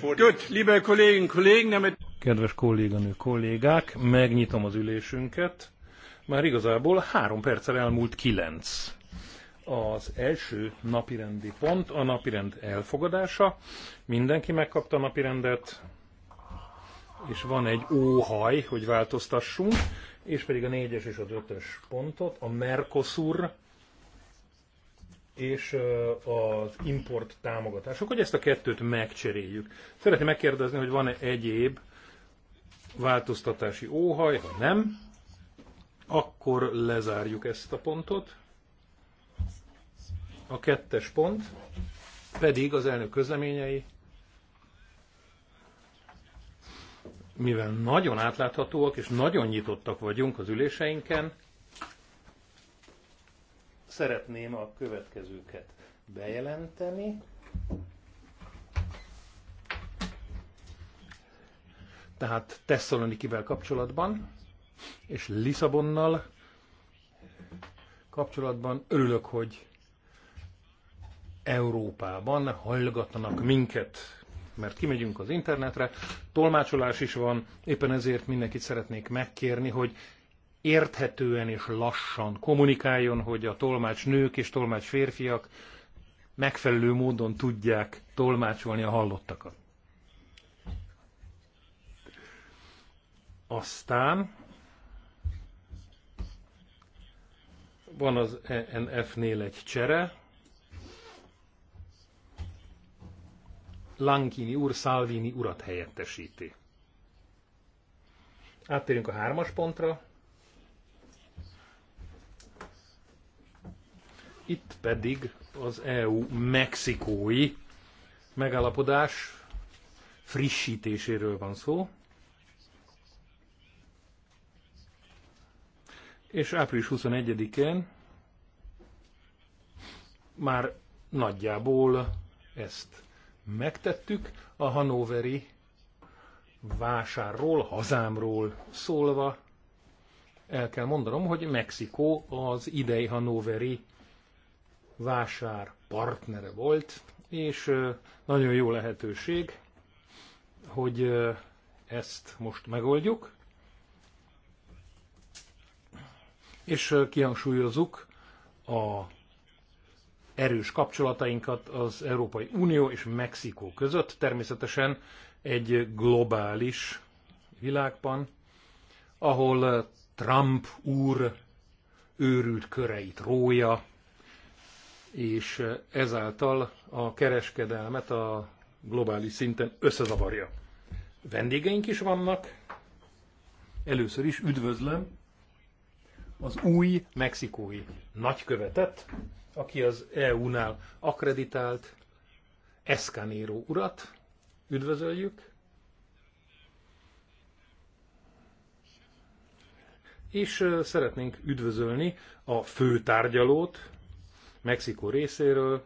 Good, liebe Kollegen, damit... Kedves kolléganő kollégák, megnyitom az ülésünket. Már igazából három perccel elmúlt kilenc. Az első napirendi pont a napirend elfogadása. Mindenki megkapta a napirendet, és van egy óhaj, hogy változtassunk, és pedig a négyes és az ötös pontot, a Mercosur és az import támogatások, hogy ezt a kettőt megcseréljük. Szeretném megkérdezni, hogy van-e egyéb változtatási óhaj, ha nem, akkor lezárjuk ezt a pontot. A kettes pont pedig az elnök közleményei, mivel nagyon átláthatóak és nagyon nyitottak vagyunk az üléseinken, szeretném a következőket bejelenteni. Tehát Tesszalonikivel kapcsolatban és Lisszabonnal kapcsolatban örülök, hogy Európában hallgatnak minket, mert kimegyünk az internetre, tolmácsolás is van, éppen ezért mindenkit szeretnék megkérni, hogy érthetően és lassan kommunikáljon, hogy a tolmács nők és tolmács férfiak megfelelő módon tudják tolmácsolni a hallottakat. Aztán van az ENF-nél egy csere. Lankini úr Salvini urat helyettesíti. Áttérünk a hármas pontra. Itt pedig az EU-mexikói megállapodás frissítéséről van szó. És április 21-én már nagyjából ezt megtettük. A hanoveri vásárról, hazámról szólva el kell mondanom, hogy Mexikó az idei hanoveri vásár partnere volt, és nagyon jó lehetőség, hogy ezt most megoldjuk, és kihangsúlyozzuk a erős kapcsolatainkat az Európai Unió és Mexikó között, természetesen egy globális világban, ahol Trump úr őrült köreit rója, és ezáltal a kereskedelmet a globális szinten összezavarja. Vendégeink is vannak. Először is üdvözlöm az új mexikói nagykövetet, aki az EU-nál akreditált Escanero urat. Üdvözöljük! És szeretnénk üdvözölni a főtárgyalót, Mexikó részéről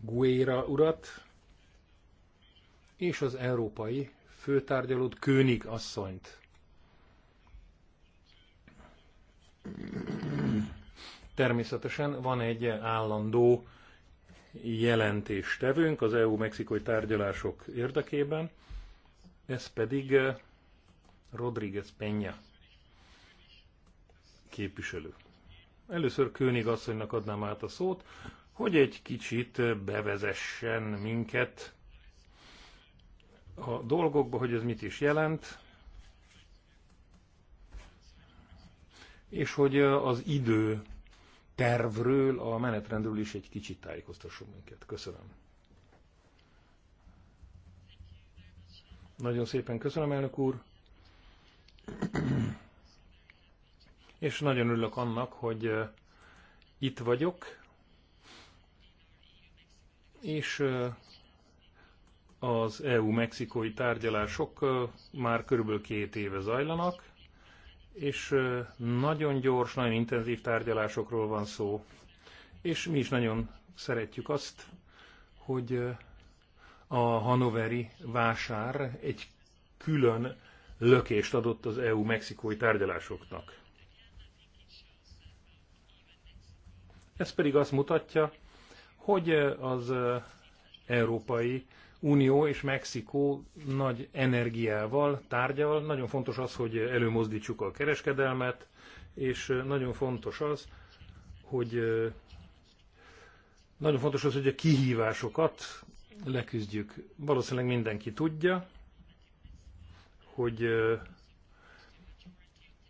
Guéra urat és az európai főtárgyalót König asszonyt. Természetesen van egy állandó jelentéstevőnk az EU-mexikai tárgyalások érdekében, ez pedig eh, Rodríguez Peña képviselő. Először König asszonynak adnám át a szót, hogy egy kicsit bevezessen minket a dolgokba, hogy ez mit is jelent, és hogy az idő tervről, a menetrendről is egy kicsit tájékoztasson minket. Köszönöm. Nagyon szépen köszönöm, elnök úr és nagyon örülök annak, hogy itt vagyok, és az EU-mexikói tárgyalások már körülbelül két éve zajlanak, és nagyon gyors, nagyon intenzív tárgyalásokról van szó, és mi is nagyon szeretjük azt, hogy a hanoveri vásár egy külön lökést adott az EU-mexikói tárgyalásoknak. Ez pedig azt mutatja, hogy az Európai Unió és Mexikó nagy energiával tárgyal. Nagyon fontos az, hogy előmozdítsuk a kereskedelmet, és nagyon fontos az, hogy nagyon fontos az, hogy a kihívásokat leküzdjük. Valószínűleg mindenki tudja, hogy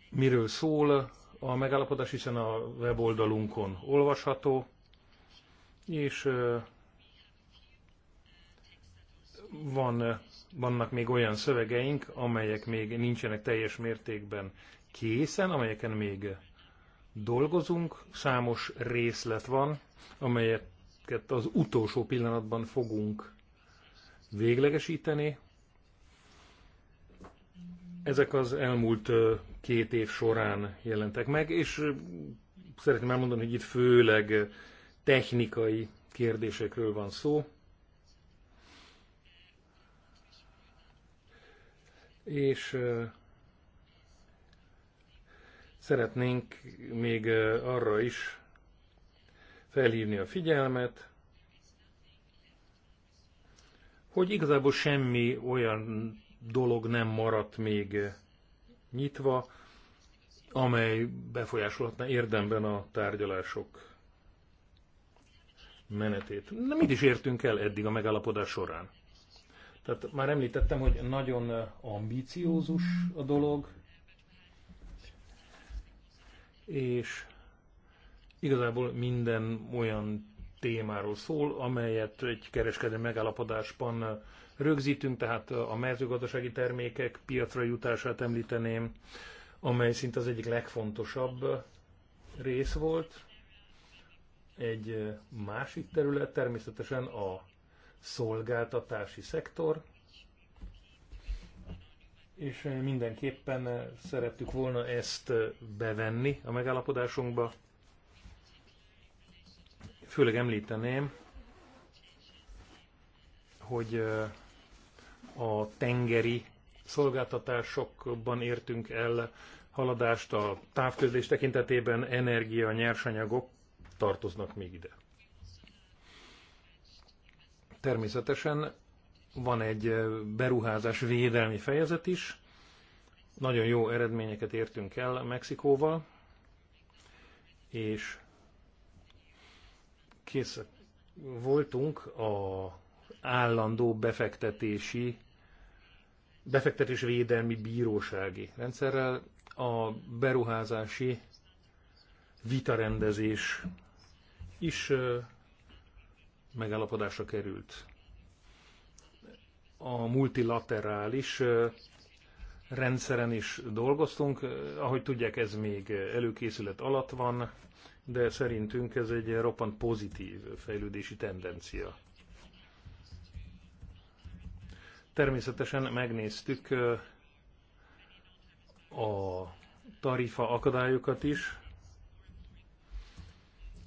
miről szól a megállapodás, hiszen a weboldalunkon olvasható, és van, vannak még olyan szövegeink, amelyek még nincsenek teljes mértékben készen, amelyeken még dolgozunk. Számos részlet van, amelyeket az utolsó pillanatban fogunk véglegesíteni, ezek az elmúlt két év során jelentek meg, és szeretném elmondani, hogy itt főleg technikai kérdésekről van szó. És szeretnénk még arra is felhívni a figyelmet, hogy igazából semmi olyan dolog nem maradt még eh, nyitva, amely befolyásolhatna érdemben a tárgyalások menetét. De mit is értünk el eddig a megállapodás során? Tehát már említettem, hogy nagyon eh, ambíciózus a dolog, és igazából minden olyan témáról szól, amelyet egy kereskedelmi megállapodásban eh, Rögzítünk tehát a mezőgazdasági termékek piacra jutását említeném, amely szinte az egyik legfontosabb rész volt. Egy másik terület természetesen a szolgáltatási szektor, és mindenképpen szerettük volna ezt bevenni a megállapodásunkba. Főleg említeném, hogy a tengeri szolgáltatásokban értünk el haladást, a távközlés tekintetében energia, nyersanyagok tartoznak még ide. Természetesen van egy beruházás védelmi fejezet is. Nagyon jó eredményeket értünk el Mexikóval, és kész voltunk a állandó befektetési befektetésvédelmi bírósági rendszerrel, a beruházási vitarendezés is megállapodásra került. A multilaterális rendszeren is dolgoztunk. Ahogy tudják, ez még előkészület alatt van, de szerintünk ez egy roppant pozitív fejlődési tendencia. Természetesen megnéztük a tarifa akadályokat is.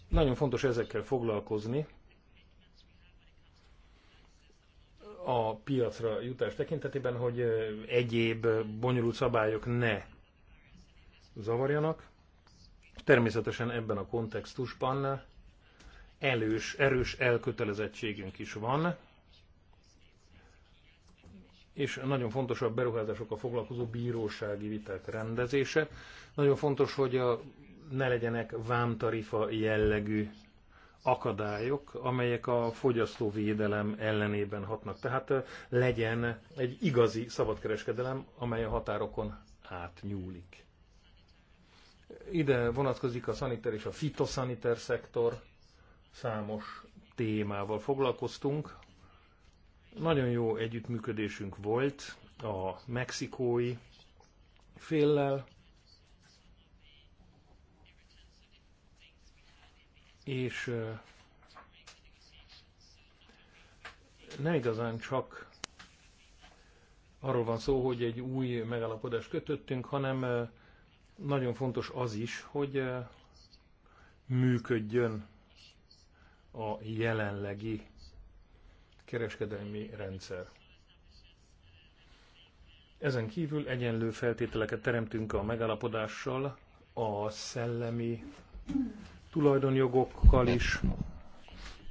Nagyon fontos ezekkel foglalkozni. A piacra jutás tekintetében, hogy egyéb bonyolult szabályok ne zavarjanak. Természetesen ebben a kontextusban elős, erős elkötelezettségünk is van és nagyon fontos a beruházásokkal foglalkozó bírósági viták rendezése. Nagyon fontos, hogy a, ne legyenek vámtarifa jellegű akadályok, amelyek a fogyasztóvédelem ellenében hatnak. Tehát legyen egy igazi szabadkereskedelem, amely a határokon átnyúlik. Ide vonatkozik a szaniter és a fitoszaniter szektor, számos témával foglalkoztunk, nagyon jó együttműködésünk volt a mexikói féllel, és nem igazán csak arról van szó, hogy egy új megalapodást kötöttünk, hanem nagyon fontos az is, hogy működjön a jelenlegi kereskedelmi rendszer. Ezen kívül egyenlő feltételeket teremtünk a megállapodással, a szellemi tulajdonjogokkal is,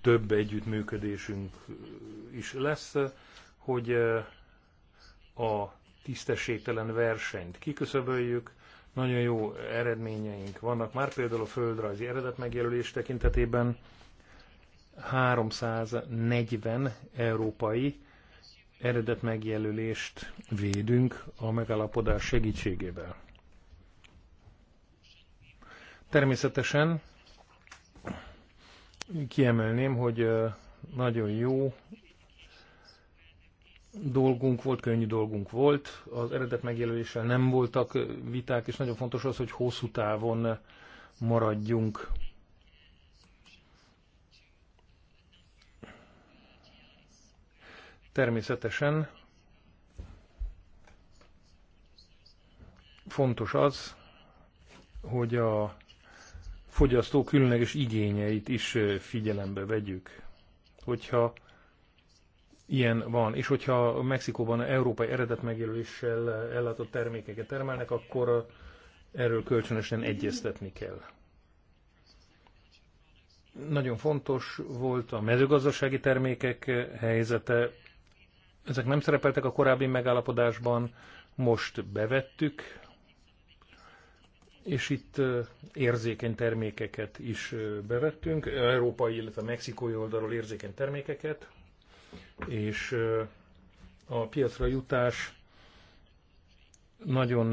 több együttműködésünk is lesz, hogy a tisztességtelen versenyt kiköszöböljük. nagyon jó eredményeink vannak már például a földrajzi eredetmegjelölés tekintetében, 340 európai eredet megjelölést védünk a megállapodás segítségével. Természetesen kiemelném, hogy nagyon jó dolgunk volt, könnyű dolgunk volt, az eredet megjelöléssel nem voltak viták, és nagyon fontos az, hogy hosszú távon maradjunk Természetesen fontos az, hogy a fogyasztó különleges igényeit is figyelembe vegyük. Hogyha ilyen van, és hogyha Mexikóban európai eredet megjelöléssel ellátott termékeket termelnek, akkor erről kölcsönösen egyeztetni kell. Nagyon fontos volt a mezőgazdasági termékek helyzete, ezek nem szerepeltek a korábbi megállapodásban, most bevettük, és itt érzékeny termékeket is bevettünk, európai, illetve mexikói oldalról érzékeny termékeket, és a piacra jutás nagyon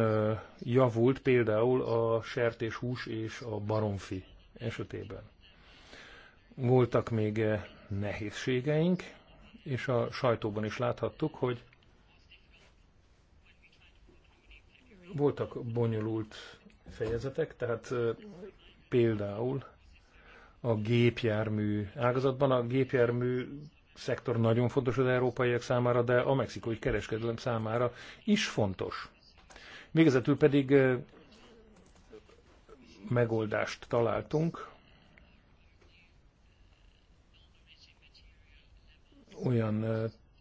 javult például a sertéshús és a baromfi esetében. Voltak még nehézségeink, és a sajtóban is láthattuk, hogy voltak bonyolult fejezetek, tehát például a gépjármű ágazatban. A gépjármű szektor nagyon fontos az európaiak számára, de a mexikói kereskedelem számára is fontos. Végezetül pedig megoldást találtunk olyan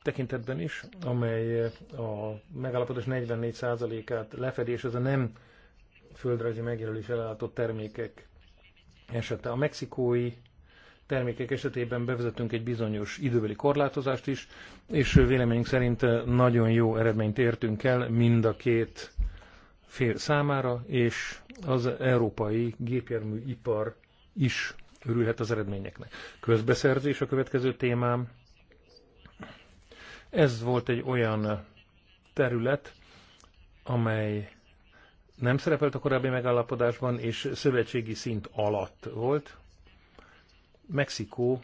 tekintetben is, amely a megállapodás 44%-át lefedi, és ez a nem földrajzi megjelölés ellátott termékek esete. A mexikói termékek esetében bevezetünk egy bizonyos időbeli korlátozást is, és véleményünk szerint nagyon jó eredményt értünk el mind a két fél számára, és az európai gépjárműipar is örülhet az eredményeknek. Közbeszerzés a következő témám. Ez volt egy olyan terület, amely nem szerepelt a korábbi megállapodásban, és szövetségi szint alatt volt. Mexikó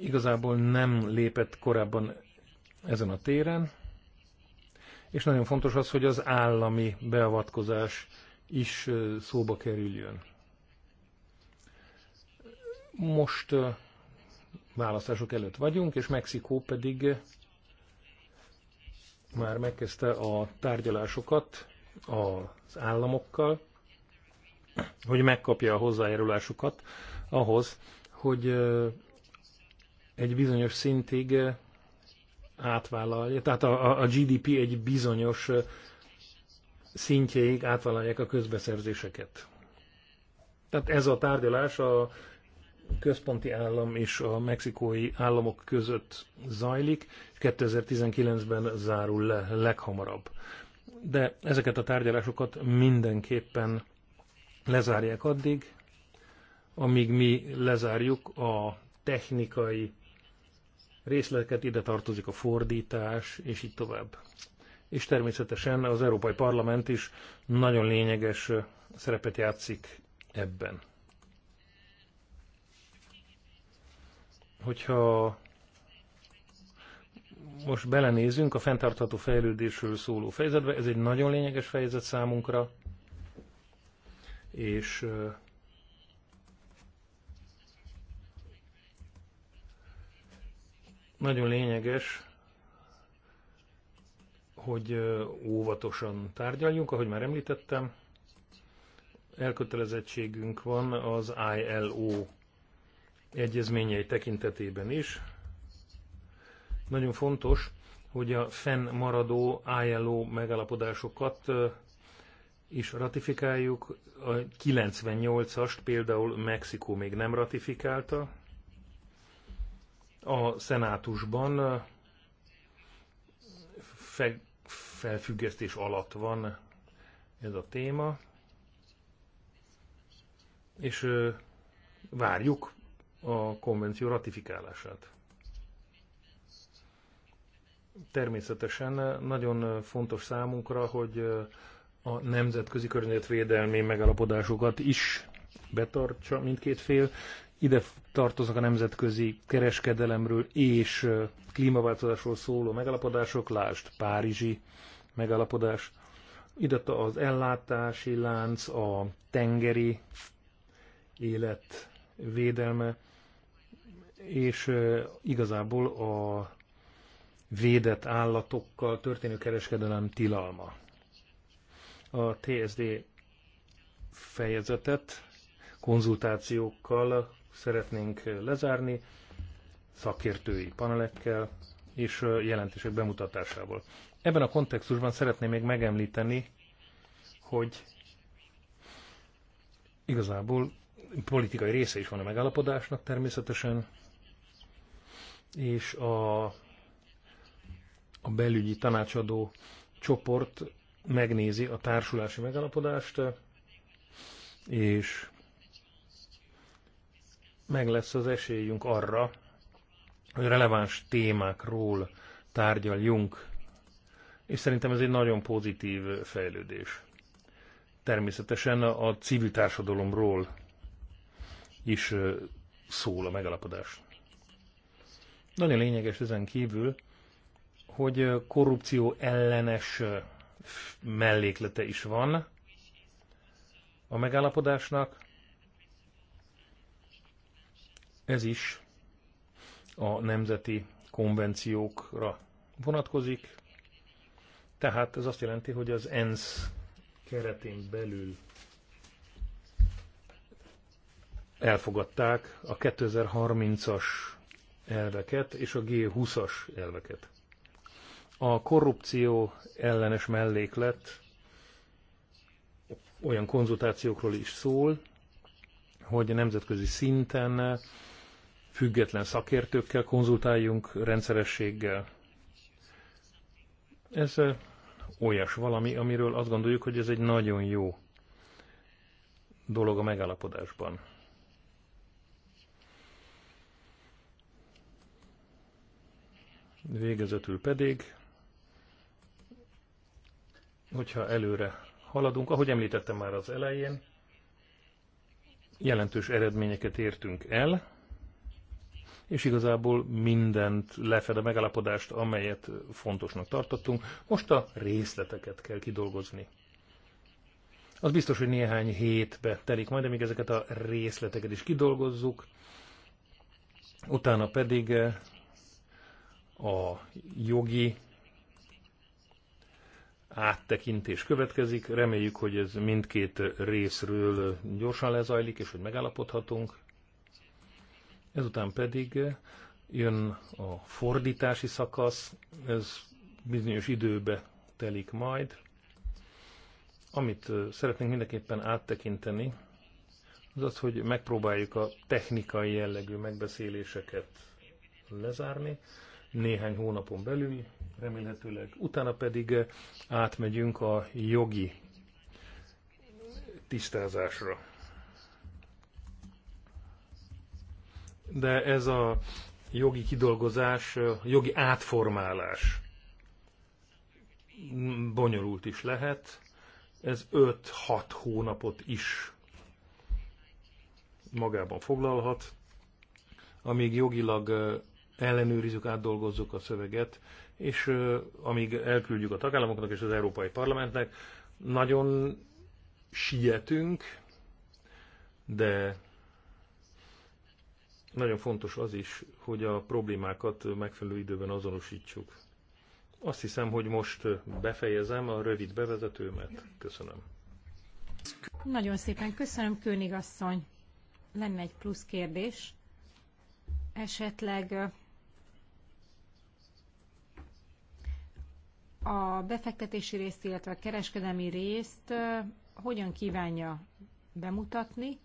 igazából nem lépett korábban ezen a téren, és nagyon fontos az, hogy az állami beavatkozás is szóba kerüljön. Most választások előtt vagyunk, és Mexikó pedig már megkezdte a tárgyalásokat az államokkal, hogy megkapja a hozzájárulásukat ahhoz, hogy egy bizonyos szintig átvállalja, tehát a, a GDP egy bizonyos szintjéig átvállalják a közbeszerzéseket. Tehát ez a tárgyalás a központi állam és a mexikói államok között zajlik, és 2019-ben zárul le leghamarabb. De ezeket a tárgyalásokat mindenképpen lezárják addig, amíg mi lezárjuk a technikai részleteket, ide tartozik a fordítás, és így tovább. És természetesen az Európai Parlament is nagyon lényeges szerepet játszik ebben. Hogyha most belenézünk a fenntartható fejlődésről szóló fejezetbe, ez egy nagyon lényeges fejezet számunkra, és nagyon lényeges, hogy óvatosan tárgyaljunk, ahogy már említettem, elkötelezettségünk van az ILO egyezményei tekintetében is. Nagyon fontos, hogy a fennmaradó ILO megállapodásokat is ratifikáljuk. A 98-ast például Mexikó még nem ratifikálta. A szenátusban fe, felfüggesztés alatt van ez a téma, és várjuk a konvenció ratifikálását. Természetesen nagyon fontos számunkra, hogy a nemzetközi környezetvédelmi megalapodásokat is betartsa mindkét fél. Ide tartoznak a nemzetközi kereskedelemről és klímaváltozásról szóló megalapodások, lást Párizsi megalapodás. Ide az ellátási lánc, a tengeri élet védelme, és igazából a védett állatokkal történő kereskedelem tilalma. A TSD fejezetet konzultációkkal szeretnénk lezárni, szakértői panelekkel és jelentések bemutatásával. Ebben a kontextusban szeretném még megemlíteni, hogy igazából politikai része is van a megállapodásnak természetesen, és a, a belügyi tanácsadó csoport megnézi a társulási megalapodást és meg lesz az esélyünk arra, hogy releváns témákról tárgyaljunk, és szerintem ez egy nagyon pozitív fejlődés. Természetesen a civil társadalomról is szól a megalapodás. Nagyon lényeges ezen kívül, hogy korrupció ellenes melléklete is van a megállapodásnak. Ez is a nemzeti konvenciókra vonatkozik. Tehát ez azt jelenti, hogy az ENSZ keretén belül elfogadták a 2030-as elveket és a G20-as elveket. A korrupció ellenes melléklet olyan konzultációkról is szól, hogy a nemzetközi szinten független szakértőkkel konzultáljunk rendszerességgel. Ez olyas valami, amiről azt gondoljuk, hogy ez egy nagyon jó dolog a megállapodásban. Végezetül pedig, hogyha előre haladunk, ahogy említettem már az elején, jelentős eredményeket értünk el, és igazából mindent lefed a megalapodást, amelyet fontosnak tartottunk. Most a részleteket kell kidolgozni. Az biztos, hogy néhány hétbe telik majd, amíg ezeket a részleteket is kidolgozzuk, utána pedig eh, a jogi áttekintés következik. Reméljük, hogy ez mindkét részről gyorsan lezajlik, és hogy megállapodhatunk. Ezután pedig jön a fordítási szakasz, ez bizonyos időbe telik majd. Amit szeretnénk mindenképpen áttekinteni, az az, hogy megpróbáljuk a technikai jellegű megbeszéléseket lezárni, néhány hónapon belül, remélhetőleg. Utána pedig eh, átmegyünk a jogi tisztázásra. De ez a jogi kidolgozás, eh, jogi átformálás bonyolult is lehet. Ez 5-6 hónapot is magában foglalhat, amíg jogilag eh, ellenőrizzük, átdolgozzuk a szöveget, és amíg elküldjük a tagállamoknak és az Európai Parlamentnek, nagyon sietünk, de nagyon fontos az is, hogy a problémákat megfelelő időben azonosítsuk. Azt hiszem, hogy most befejezem a rövid bevezetőmet. Köszönöm. Nagyon szépen köszönöm, König asszony. Lenne egy plusz kérdés. Esetleg a befektetési részt, illetve a kereskedelmi részt hogyan kívánja bemutatni.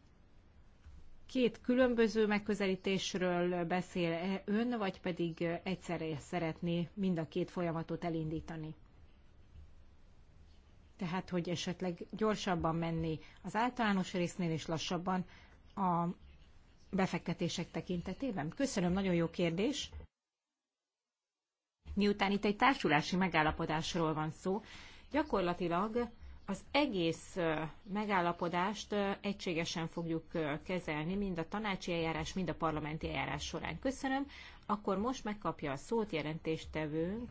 Két különböző megközelítésről beszél e ön, vagy pedig egyszerre szeretné mind a két folyamatot elindítani? Tehát, hogy esetleg gyorsabban menni az általános résznél, és lassabban a befektetések tekintetében? Köszönöm, nagyon jó kérdés miután itt egy társulási megállapodásról van szó, gyakorlatilag az egész megállapodást egységesen fogjuk kezelni, mind a tanácsi eljárás, mind a parlamenti eljárás során. Köszönöm. Akkor most megkapja a szót jelentéstevőnk,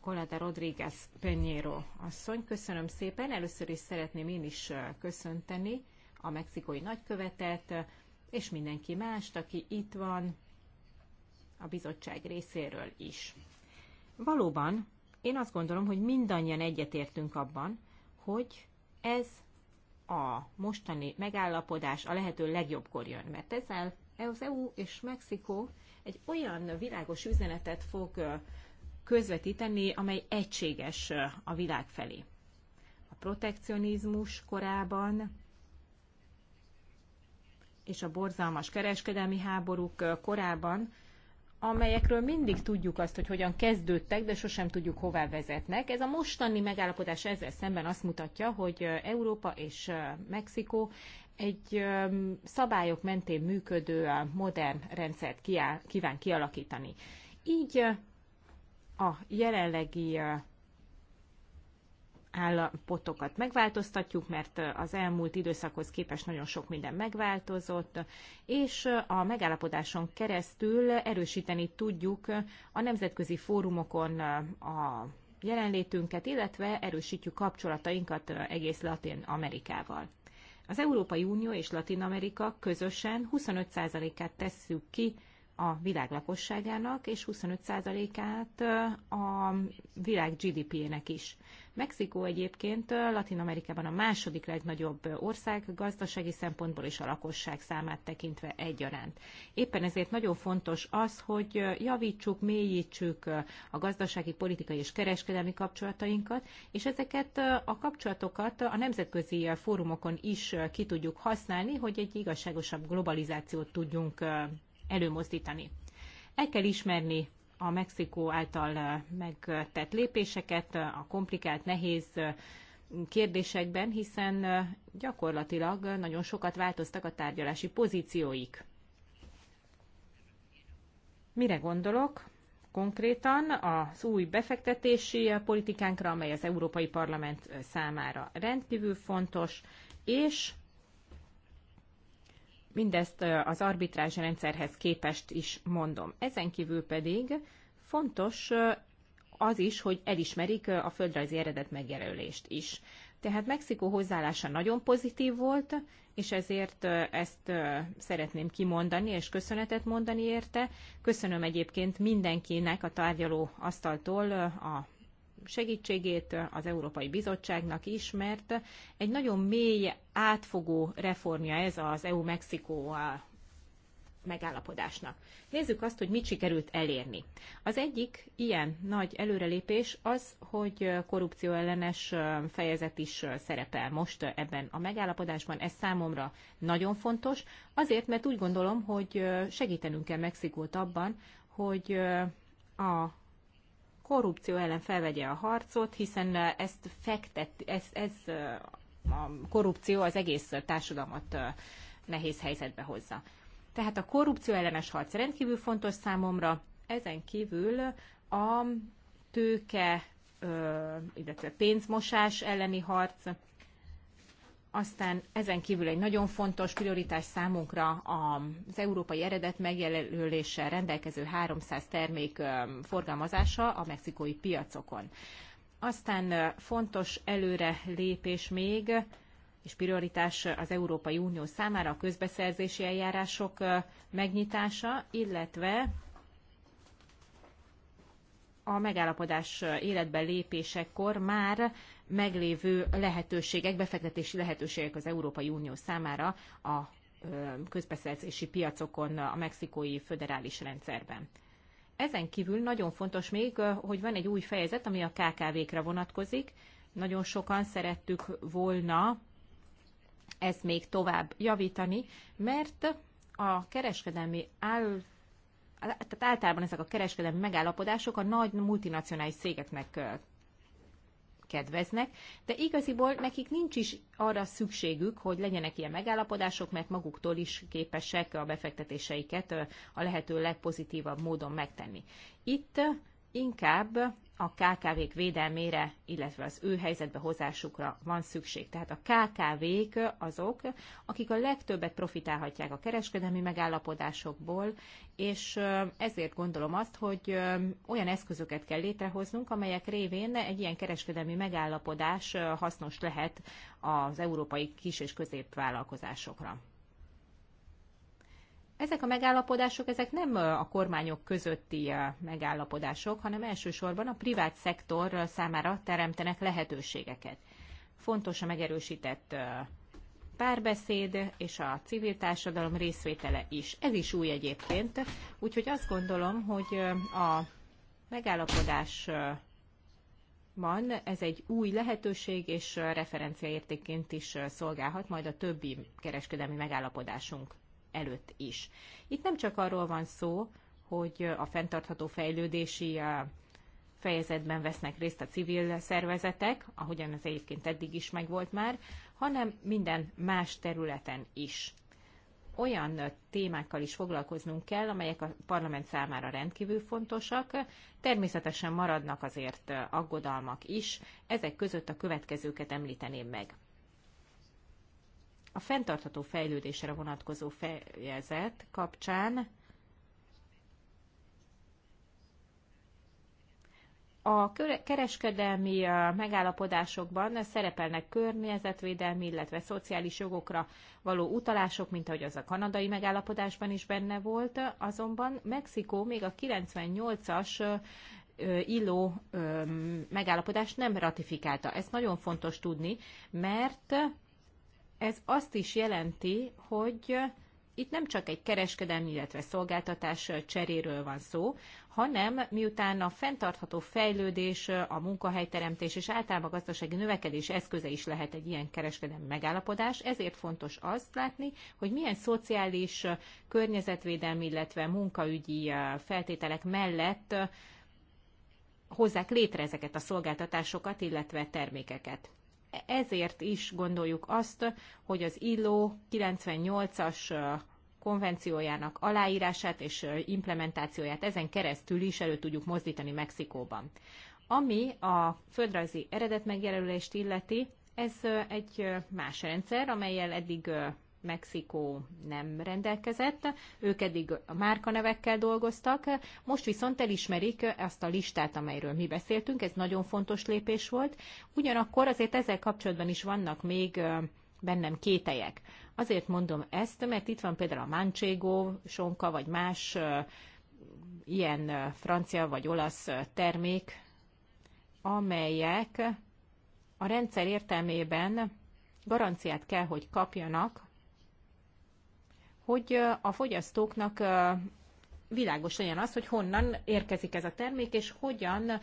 Colada Rodríguez Peñero asszony. Köszönöm szépen. Először is szeretném én is köszönteni a mexikói nagykövetet, és mindenki mást, aki itt van, a bizottság részéről is. Valóban, én azt gondolom, hogy mindannyian egyetértünk abban, hogy ez a mostani megállapodás a lehető legjobbkor jön, mert ezzel az EU és Mexikó egy olyan világos üzenetet fog közvetíteni, amely egységes a világ felé. A protekcionizmus korában és a borzalmas kereskedelmi háborúk korában amelyekről mindig tudjuk azt, hogy hogyan kezdődtek, de sosem tudjuk, hová vezetnek. Ez a mostani megállapodás ezzel szemben azt mutatja, hogy Európa és Mexikó egy szabályok mentén működő modern rendszert kíván kialakítani. Így a jelenlegi állapotokat megváltoztatjuk, mert az elmúlt időszakhoz képest nagyon sok minden megváltozott, és a megállapodáson keresztül erősíteni tudjuk a nemzetközi fórumokon a jelenlétünket, illetve erősítjük kapcsolatainkat egész Latin Amerikával. Az Európai Unió és Latin Amerika közösen 25%-át tesszük ki a világ lakosságának, és 25%-át a világ GDP-ének is. Mexikó egyébként Latin Amerikában a második legnagyobb ország gazdasági szempontból és a lakosság számát tekintve egyaránt. Éppen ezért nagyon fontos az, hogy javítsuk, mélyítsük a gazdasági, politikai és kereskedelmi kapcsolatainkat, és ezeket a kapcsolatokat a nemzetközi fórumokon is ki tudjuk használni, hogy egy igazságosabb globalizációt tudjunk előmozdítani. El kell ismerni a Mexikó által megtett lépéseket a komplikált, nehéz kérdésekben, hiszen gyakorlatilag nagyon sokat változtak a tárgyalási pozícióik. Mire gondolok? Konkrétan az új befektetési politikánkra, amely az Európai Parlament számára rendkívül fontos, és Mindezt az arbitrázs rendszerhez képest is mondom. Ezen kívül pedig fontos az is, hogy elismerik a földrajzi eredet megjelölést is. Tehát Mexikó hozzáállása nagyon pozitív volt, és ezért ezt szeretném kimondani, és köszönetet mondani érte. Köszönöm egyébként mindenkinek a tárgyaló asztaltól a segítségét az Európai Bizottságnak is, mert egy nagyon mély, átfogó reformja ez az EU-Mexikó megállapodásnak. Nézzük azt, hogy mit sikerült elérni. Az egyik ilyen nagy előrelépés az, hogy korrupcióellenes fejezet is szerepel most ebben a megállapodásban. Ez számomra nagyon fontos, azért, mert úgy gondolom, hogy segítenünk kell Mexikót abban, hogy a korrupció ellen felvegye a harcot, hiszen ezt fektet, ez, ez a korrupció az egész társadalmat nehéz helyzetbe hozza. Tehát a korrupció ellenes harc rendkívül fontos számomra, ezen kívül a tőke, illetve pénzmosás elleni harc, aztán ezen kívül egy nagyon fontos prioritás számunkra az európai eredet megjelöléssel rendelkező 300 termék forgalmazása a mexikói piacokon. Aztán fontos előre lépés még, és prioritás az Európai Unió számára a közbeszerzési eljárások megnyitása, illetve a megállapodás életbe lépésekor már meglévő lehetőségek, befektetési lehetőségek az Európai Unió számára a közbeszerzési piacokon a mexikói föderális rendszerben. Ezen kívül nagyon fontos még, hogy van egy új fejezet, ami a KKV-kra vonatkozik. Nagyon sokan szerettük volna ezt még tovább javítani, mert a kereskedelmi áll, tehát általában ezek a kereskedelmi megállapodások a nagy multinacionális cégeknek kedveznek, de igaziból nekik nincs is arra szükségük, hogy legyenek ilyen megállapodások, mert maguktól is képesek a befektetéseiket a lehető legpozitívabb módon megtenni. Itt inkább a KKV-k védelmére, illetve az ő helyzetbe hozásukra van szükség. Tehát a KKV-k azok, akik a legtöbbet profitálhatják a kereskedelmi megállapodásokból, és ezért gondolom azt, hogy olyan eszközöket kell létrehoznunk, amelyek révén egy ilyen kereskedelmi megállapodás hasznos lehet az európai kis- és középvállalkozásokra ezek a megállapodások, ezek nem a kormányok közötti megállapodások, hanem elsősorban a privát szektor számára teremtenek lehetőségeket. Fontos a megerősített párbeszéd és a civil társadalom részvétele is. Ez is új egyébként, úgyhogy azt gondolom, hogy a megállapodás van, ez egy új lehetőség és referenciaértékként is szolgálhat majd a többi kereskedelmi megállapodásunk előtt is. Itt nem csak arról van szó, hogy a fenntartható fejlődési fejezetben vesznek részt a civil szervezetek, ahogyan az egyébként eddig is megvolt már, hanem minden más területen is. Olyan témákkal is foglalkoznunk kell, amelyek a parlament számára rendkívül fontosak. Természetesen maradnak azért aggodalmak is, ezek között a következőket említeném meg. A fenntartható fejlődésre vonatkozó fejezet kapcsán A kereskedelmi megállapodásokban szerepelnek környezetvédelmi, illetve szociális jogokra való utalások, mint ahogy az a kanadai megállapodásban is benne volt, azonban Mexikó még a 98-as illó megállapodást nem ratifikálta. Ezt nagyon fontos tudni, mert ez azt is jelenti, hogy itt nem csak egy kereskedelmi, illetve szolgáltatás cseréről van szó, hanem miután a fenntartható fejlődés, a munkahelyteremtés és általában a gazdasági növekedés eszköze is lehet egy ilyen kereskedelmi megállapodás, ezért fontos azt látni, hogy milyen szociális, környezetvédelmi, illetve munkaügyi eh, feltételek mellett eh, hozzák létre ezeket a szolgáltatásokat, illetve termékeket ezért is gondoljuk azt, hogy az ILO 98-as konvenciójának aláírását és implementációját ezen keresztül is elő tudjuk mozdítani Mexikóban. Ami a földrajzi eredetmegjelölést illeti, ez egy más rendszer, amelyel eddig Mexikó nem rendelkezett, ők eddig a márkanevekkel dolgoztak, most viszont elismerik azt a listát, amelyről mi beszéltünk, ez nagyon fontos lépés volt. Ugyanakkor azért ezzel kapcsolatban is vannak még bennem kételyek. Azért mondom ezt, mert itt van például a manchego, sonka, vagy más ilyen francia vagy olasz termék, amelyek a rendszer értelmében garanciát kell, hogy kapjanak hogy a fogyasztóknak világos legyen az, hogy honnan érkezik ez a termék, és hogyan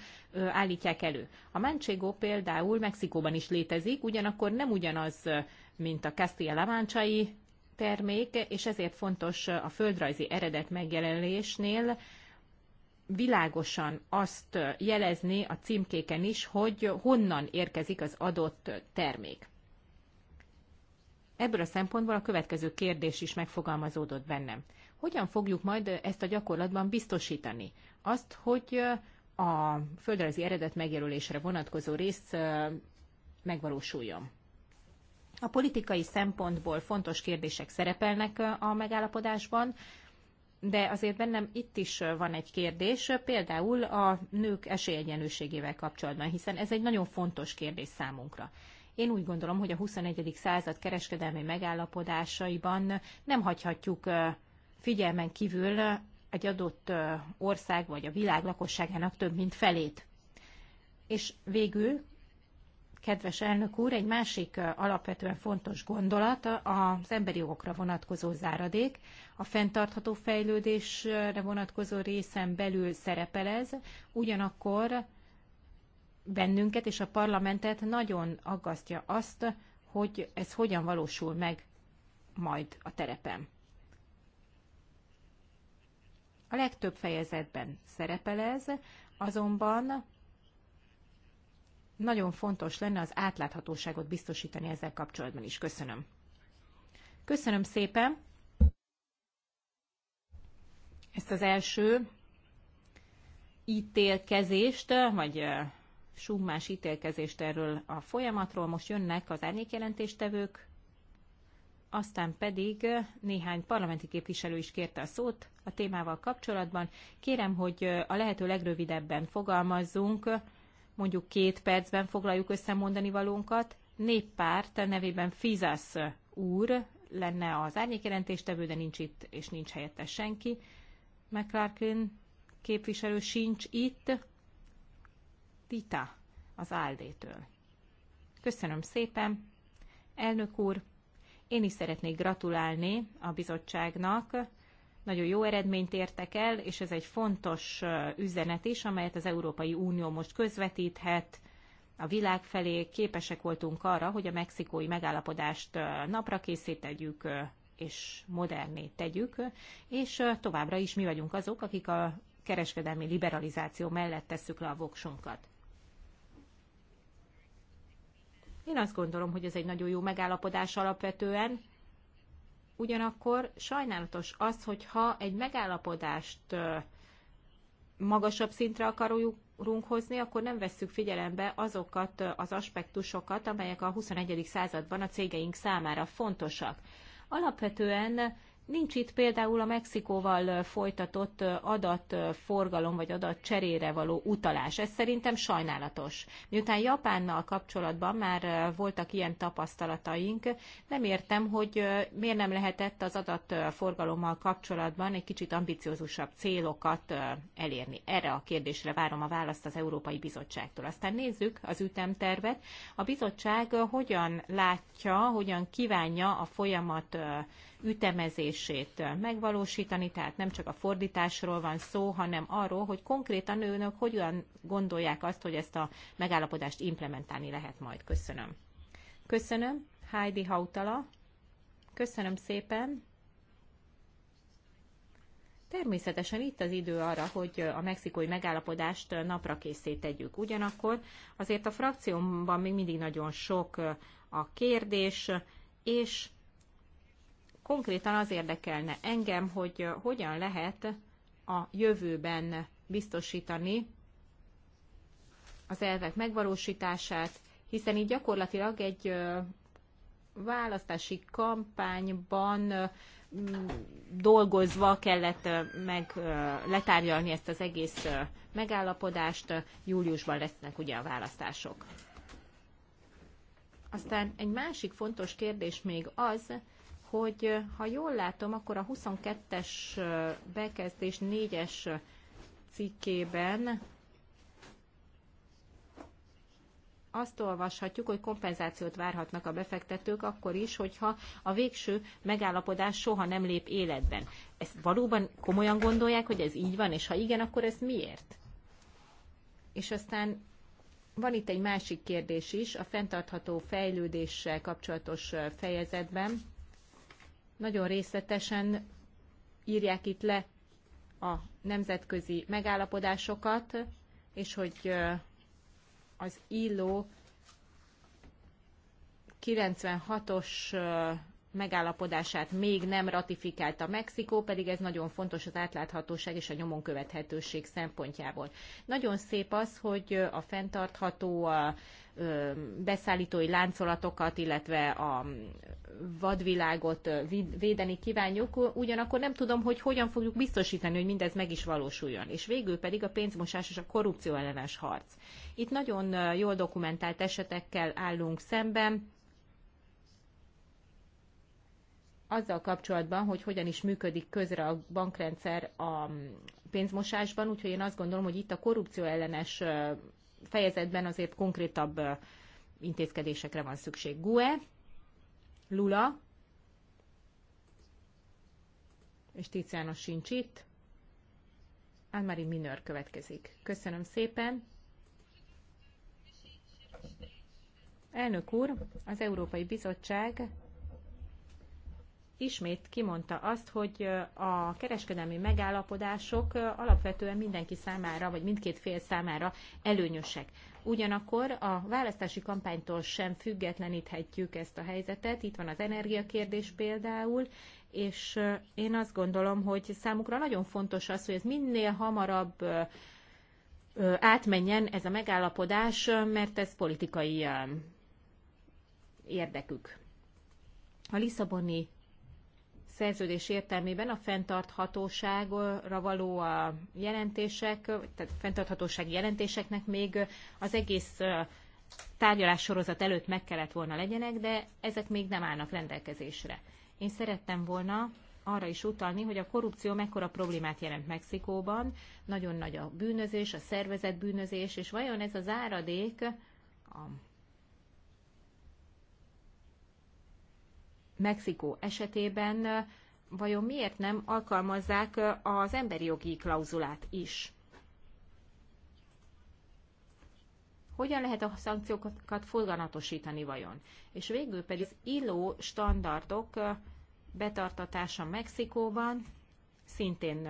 állítják elő. A manchego például Mexikóban is létezik, ugyanakkor nem ugyanaz, mint a Castilla lamáncsai termék, és ezért fontos a földrajzi eredet megjelenésnél világosan azt jelezni a címkéken is, hogy honnan érkezik az adott termék. Ebből a szempontból a következő kérdés is megfogalmazódott bennem. Hogyan fogjuk majd ezt a gyakorlatban biztosítani? Azt, hogy a földrajzi eredet megjelölésre vonatkozó rész megvalósuljon. A politikai szempontból fontos kérdések szerepelnek a megállapodásban, de azért bennem itt is van egy kérdés, például a nők esélyegyenlőségével kapcsolatban, hiszen ez egy nagyon fontos kérdés számunkra. Én úgy gondolom, hogy a 21. század kereskedelmi megállapodásaiban nem hagyhatjuk figyelmen kívül egy adott ország vagy a világ lakosságának több mint felét. És végül, kedves elnök úr, egy másik alapvetően fontos gondolat az emberi jogokra vonatkozó záradék. A fenntartható fejlődésre vonatkozó részen belül szerepel ez, ugyanakkor bennünket és a parlamentet nagyon aggasztja azt, hogy ez hogyan valósul meg majd a terepen. A legtöbb fejezetben szerepel ez, azonban nagyon fontos lenne az átláthatóságot biztosítani ezzel kapcsolatban is. Köszönöm. Köszönöm szépen ezt az első ítélkezést, vagy summás ítélkezést erről a folyamatról. Most jönnek az árnyékjelentéstevők, aztán pedig néhány parlamenti képviselő is kérte a szót a témával kapcsolatban. Kérem, hogy a lehető legrövidebben fogalmazzunk, mondjuk két percben foglaljuk össze mondani valónkat. Néppárt nevében Fizas úr lenne az árnyékjelentéstevő, de nincs itt és nincs helyette senki. McClarkin képviselő sincs itt, Pita az Áldétől. Köszönöm szépen, elnök úr! Én is szeretnék gratulálni a bizottságnak. Nagyon jó eredményt értek el, és ez egy fontos üzenet is, amelyet az Európai Unió most közvetíthet a világ felé. Képesek voltunk arra, hogy a mexikói megállapodást napra készítegyük és moderné tegyük, és továbbra is mi vagyunk azok, akik a kereskedelmi liberalizáció mellett tesszük le a voksunkat. Én azt gondolom, hogy ez egy nagyon jó megállapodás alapvetően, ugyanakkor sajnálatos az, hogyha egy megállapodást magasabb szintre akarunk hozni, akkor nem vesszük figyelembe azokat az aspektusokat, amelyek a 21. században a cégeink számára fontosak. Alapvetően Nincs itt például a Mexikóval folytatott adatforgalom vagy adatcserére való utalás. Ez szerintem sajnálatos. Miután Japánnal kapcsolatban már voltak ilyen tapasztalataink, nem értem, hogy miért nem lehetett az adatforgalommal kapcsolatban egy kicsit ambiciózusabb célokat elérni. Erre a kérdésre várom a választ az Európai Bizottságtól. Aztán nézzük az ütemtervet. A bizottság hogyan látja, hogyan kívánja a folyamat ütemezését megvalósítani, tehát nem csak a fordításról van szó, hanem arról, hogy konkrétan önök hogyan gondolják azt, hogy ezt a megállapodást implementálni lehet majd. Köszönöm. Köszönöm, Heidi Hautala. Köszönöm szépen. Természetesen itt az idő arra, hogy a mexikói megállapodást napra készé tegyük. Ugyanakkor azért a frakciómban még mindig nagyon sok a kérdés, és Konkrétan az érdekelne engem, hogy hogyan lehet a jövőben biztosítani az elvek megvalósítását, hiszen így gyakorlatilag egy választási kampányban dolgozva kellett meg letárgyalni ezt az egész megállapodást. Júliusban lesznek ugye a választások. Aztán egy másik fontos kérdés még az, hogy eh, ha jól látom, akkor a 22-es eh, bekezdés 4-es eh, cikkében azt olvashatjuk, hogy kompenzációt várhatnak a befektetők akkor is, hogyha a végső megállapodás soha nem lép életben. Ezt valóban komolyan gondolják, hogy ez így van, és ha igen, akkor ez miért? És aztán van itt egy másik kérdés is, a fenntartható fejlődéssel kapcsolatos fejezetben nagyon részletesen írják itt le a nemzetközi megállapodásokat, és hogy az ILO 96-os megállapodását még nem ratifikálta Mexikó, pedig ez nagyon fontos az átláthatóság és a nyomon követhetőség szempontjából. Nagyon szép az, hogy a fenntartható beszállítói láncolatokat, illetve a vadvilágot védeni kívánjuk, ugyanakkor nem tudom, hogy hogyan fogjuk biztosítani, hogy mindez meg is valósuljon. És végül pedig a pénzmosás és a korrupció ellenes harc. Itt nagyon jól dokumentált esetekkel állunk szemben, azzal kapcsolatban, hogy hogyan is működik közre a bankrendszer a pénzmosásban, úgyhogy én azt gondolom, hogy itt a korrupció ellenes fejezetben azért konkrétabb intézkedésekre van szükség. GUE, Lula, és Tiziános sincs itt. Ámári Minör következik. Köszönöm szépen. Elnök úr, az Európai Bizottság ismét kimondta azt, hogy a kereskedelmi megállapodások alapvetően mindenki számára, vagy mindkét fél számára előnyösek. Ugyanakkor a választási kampánytól sem függetleníthetjük ezt a helyzetet. Itt van az energiakérdés például, és én azt gondolom, hogy számukra nagyon fontos az, hogy ez minél hamarabb átmenjen ez a megállapodás, mert ez politikai érdekük. A Lisszaboni szerződés értelmében a fenntarthatóságra való a jelentések, tehát fenntarthatósági jelentéseknek még az egész tárgyalássorozat előtt meg kellett volna legyenek, de ezek még nem állnak rendelkezésre. Én szerettem volna arra is utalni, hogy a korrupció mekkora problémát jelent Mexikóban, nagyon nagy a bűnözés, a szervezet bűnözés, és vajon ez az áradék, a Mexikó esetében vajon miért nem alkalmazzák az emberi jogi klauzulát is? Hogyan lehet a szankciókat foganatosítani vajon? És végül pedig az illó standardok betartatása Mexikóban szintén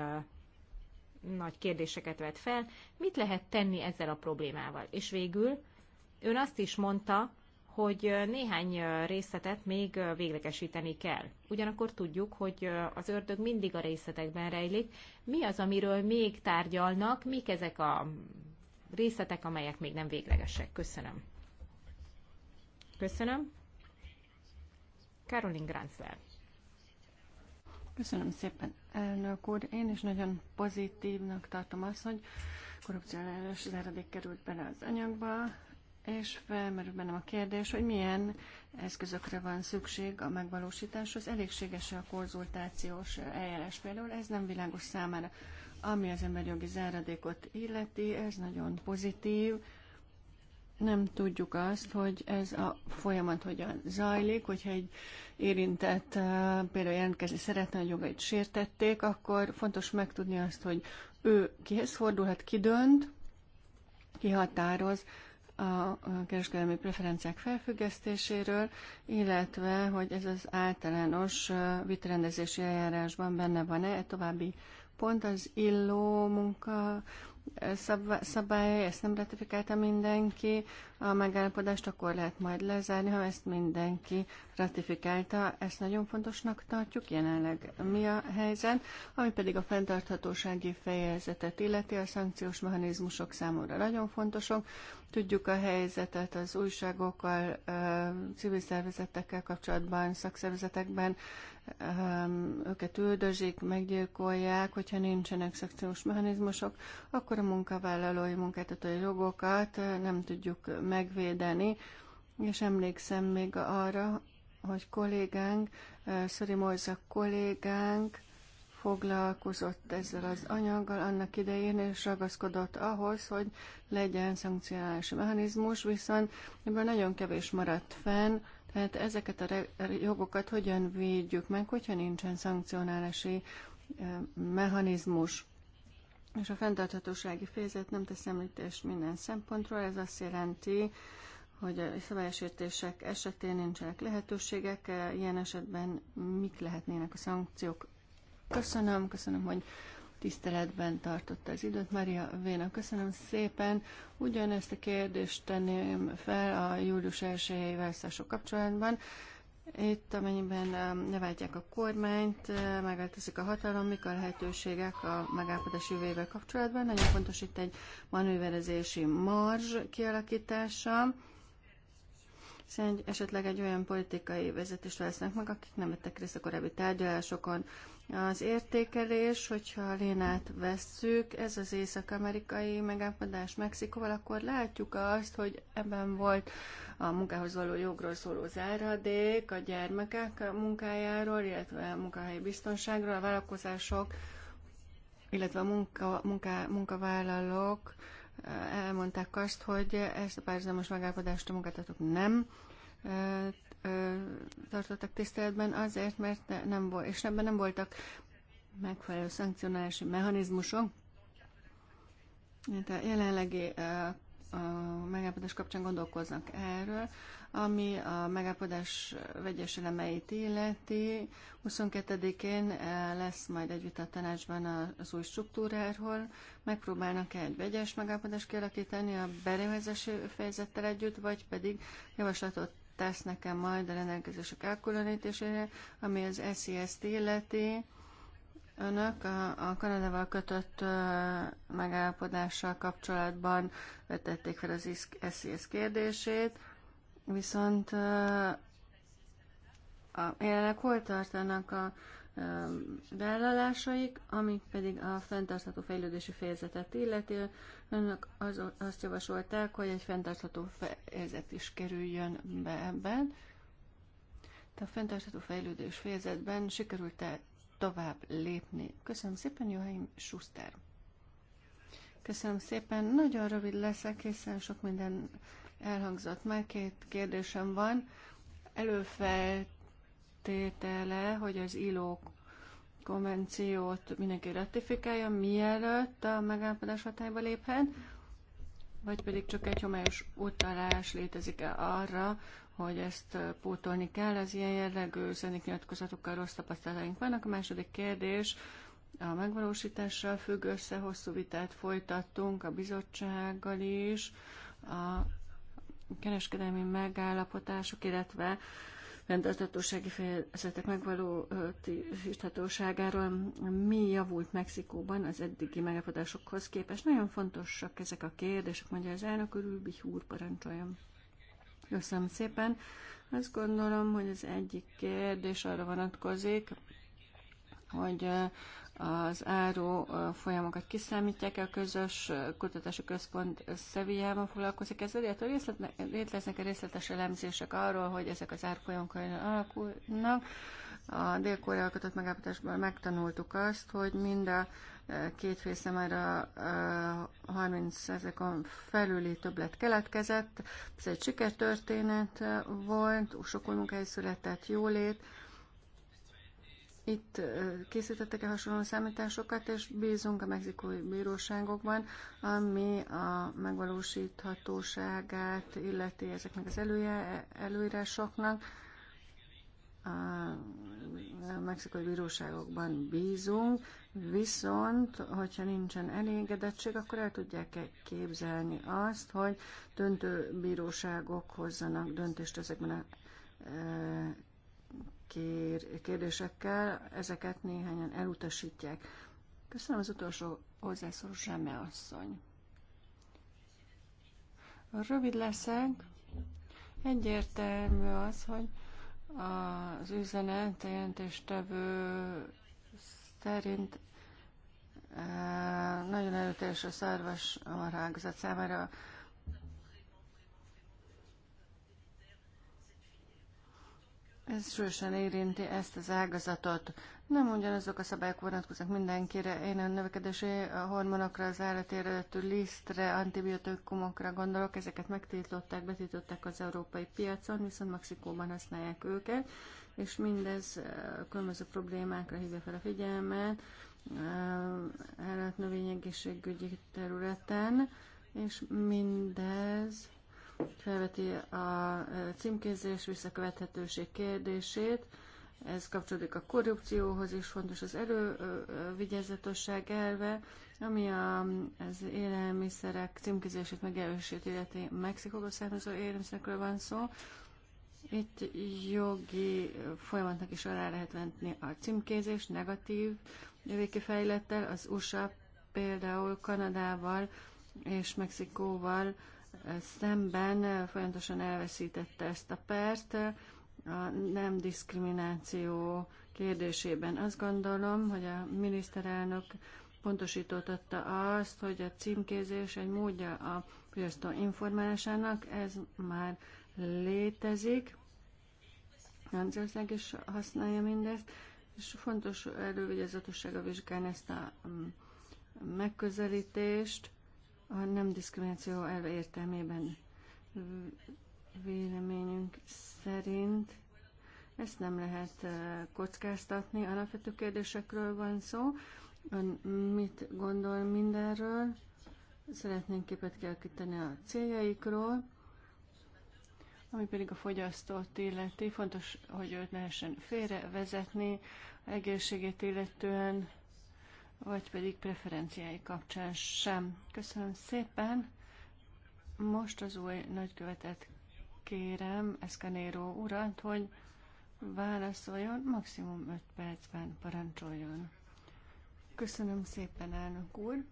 nagy kérdéseket vet fel. Mit lehet tenni ezzel a problémával? És végül ön azt is mondta, hogy néhány részletet még véglegesíteni kell. Ugyanakkor tudjuk, hogy az ördög mindig a részletekben rejlik. Mi az, amiről még tárgyalnak, mik ezek a részletek, amelyek még nem véglegesek? Köszönöm. Köszönöm. Caroline Gránzler. Köszönöm szépen, elnök úr. Én is nagyon pozitívnak tartom azt, hogy korrupciálás ellenes záradék került bele az anyagba és felmerül bennem a kérdés, hogy milyen eszközökre van szükség a megvalósításhoz. Elégséges a konzultációs eljárás például, ez nem világos számára. Ami az jogi záradékot illeti, ez nagyon pozitív. Nem tudjuk azt, hogy ez a folyamat hogyan zajlik, hogyha egy érintett eh, például jelentkezni szeretne, hogy jogait sértették, akkor fontos megtudni azt, hogy ő kihez fordulhat, ki dönt, ki határoz, a kereskedelmi preferenciák felfüggesztéséről, illetve hogy ez az általános vitrendezési eljárásban benne van-e. E további pont az illó munka szabályai, ezt nem ratifikálta mindenki, a megállapodást akkor lehet majd lezárni, ha ezt mindenki ratifikálta. Ezt nagyon fontosnak tartjuk, jelenleg mi a helyzet, ami pedig a fenntarthatósági fejezetet illeti, a szankciós mechanizmusok számomra nagyon fontosak. Tudjuk a helyzetet az újságokkal, civil szervezetekkel kapcsolatban, szakszervezetekben, őket üldözik, meggyilkolják, hogyha nincsenek szekciós mechanizmusok, akkor a munkavállalói munkáltatói jogokat nem tudjuk megvédeni. És emlékszem még arra, hogy kollégánk, Szori Morzak kollégánk foglalkozott ezzel az anyaggal annak idején, és ragaszkodott ahhoz, hogy legyen szankcionálási mechanizmus, viszont ebből nagyon kevés maradt fenn, tehát ezeket a jogokat hogyan védjük meg, hogyha nincsen szankcionálási mechanizmus. És a fenntarthatósági fejezet nem tesz említést minden szempontról, ez azt jelenti, hogy a szabályosértések esetén nincsenek lehetőségek, ilyen esetben mik lehetnének a szankciók. Köszönöm, köszönöm, hogy tiszteletben tartotta az időt. Maria Véna, köszönöm szépen. Ugyanezt a kérdést tenném fel a július 1-i választások kapcsolatban. Itt, amennyiben leváltják um, a kormányt, uh, megváltozik a hatalom, mik a lehetőségek a megállapodás jövőjével kapcsolatban. Nagyon fontos itt egy manőverezési marzs kialakítása, Szerintem esetleg egy olyan politikai vezetést vesznek meg, akik nem vettek részt a korábbi tárgyalásokon. Az értékelés, hogyha a Lénát vesszük, ez az észak-amerikai megállapodás Mexikóval, akkor látjuk azt, hogy ebben volt a munkához való jogról szóló záradék, a gyermekek munkájáról, illetve a munkahelyi biztonságról, a vállalkozások, illetve a munka, munka, munkavállalók eh, elmondták azt, hogy ezt a párzamos megállapodást a munkáltatók nem eh, tartottak tiszteletben azért, mert nem volt, és ebben nem voltak megfelelő szankcionálási mechanizmusok. A jelenlegi a megállapodás kapcsán gondolkoznak erről, ami a megállapodás vegyes elemeit illeti. 22-én lesz majd egy vita tanácsban az új struktúráról. Megpróbálnak -e egy vegyes megállapodást kialakítani a beruházási fejezettel együtt, vagy pedig javaslatot tesz nekem majd a rendelkezések elkülönítésére, ami az SZSZ t illeti. Önök a, a Kanadával kötött uh, megállapodással kapcsolatban vetették fel az SZSZ kérdését, viszont uh, a, jelenleg hol tartanak a vállalásaik, ami pedig a fenntartható fejlődési fejezetet illeti. Önök az, azt javasolták, hogy egy fenntartható fejezet is kerüljön be ebben. a fenntartható fejlődés fejezetben sikerült -e tovább lépni. Köszönöm szépen, Joachim Schuster. Köszönöm szépen, nagyon rövid leszek, hiszen sok minden elhangzott már. Két kérdésem van. Előfelt feltétele, hogy az ILO konvenciót mindenki ratifikálja, mielőtt a megállapodás hatályba léphet, vagy pedig csak egy homályos utalás létezik-e arra, hogy ezt pótolni kell, az ilyen jellegű nyilatkozatokkal rossz tapasztalataink vannak. A második kérdés, a megvalósítással függ össze, hosszú vitát folytattunk a bizottsággal is, a kereskedelmi megállapotások, illetve fenntarthatósági fejezetek tisztatóságáról. mi javult Mexikóban az eddigi megállapodásokhoz képest. Nagyon fontosak ezek a kérdések, mondja az elnök örül, úr parancsoljon. Köszönöm szépen. Azt gondolom, hogy az egyik kérdés arra vonatkozik, hogy az áró folyamokat kiszámítják, a közös kutatási központ Szevijában foglalkozik ezzel, illetve léteznek a részletes elemzések arról, hogy ezek az árfolyamok alakulnak. A dél-koreai kötött megtanultuk azt, hogy mind a két fél számára 30 ezekon felüli többlet keletkezett. Ez egy sikertörténet volt, sok új munkahely született, jólét, itt készítettek-e hasonló számításokat, és bízunk a mexikói bíróságokban, ami a megvalósíthatóságát illeti ezeknek az elője, előírásoknak. A mexikai bíróságokban bízunk, viszont, hogyha nincsen elégedettség, akkor el tudják -e képzelni azt, hogy döntő bíróságok hozzanak döntést ezekben a kér, kérdésekkel, ezeket néhányan elutasítják. Köszönöm az utolsó hozzászóló Zseme asszony. Rövid leszek. Egyértelmű az, hogy az üzenet a jelentéstevő szerint eh, nagyon előteljes a szarvas marhágzat számára Ez sősen érinti ezt az ágazatot. Nem ugyanazok a szabályok vonatkoznak mindenkire. Én a növekedési hormonokra, az állati eredetű lisztre, antibiotikumokra gondolok. Ezeket megtiltották, betiltották az európai piacon, viszont Mexikóban használják őket, és mindez különböző problémákra hívja fel a figyelmet állatnövényegészségügyi területen, és mindez felveti a címkézés visszakövethetőség kérdését. Ez kapcsolódik a korrupcióhoz is, fontos az elővigyázatosság elve, ami a, az élelmiszerek címkézését megerősít, illeti Mexikóból származó élelmiszerekről van szó. Itt jogi folyamatnak is alá lehet venni a címkézés negatív végkifejlettel. Az USA például Kanadával és Mexikóval szemben folyamatosan elveszítette ezt a pert a nem diszkrimináció kérdésében. Azt gondolom, hogy a miniszterelnök pontosította azt, hogy a címkézés egy módja a fogyasztó informálásának, ez már létezik. Franciaország is használja mindezt, és fontos elővigyázatossága vizsgálni ezt a mm, megközelítést, a nem diszkrimináció elve értelmében véleményünk szerint ezt nem lehet eh, kockáztatni. Alapvető kérdésekről van szó. Ön mit gondol mindenről? Szeretnénk képet kialakítani a céljaikról, ami pedig a fogyasztót illeti. Fontos, hogy őt lehessen félrevezetni, egészségét illetően vagy pedig preferenciái kapcsán sem. Köszönöm szépen. Most az új nagykövetet kérem, Eszkanéró urat, hogy válaszoljon, maximum 5 percben parancsoljon. Köszönöm szépen, elnök úr.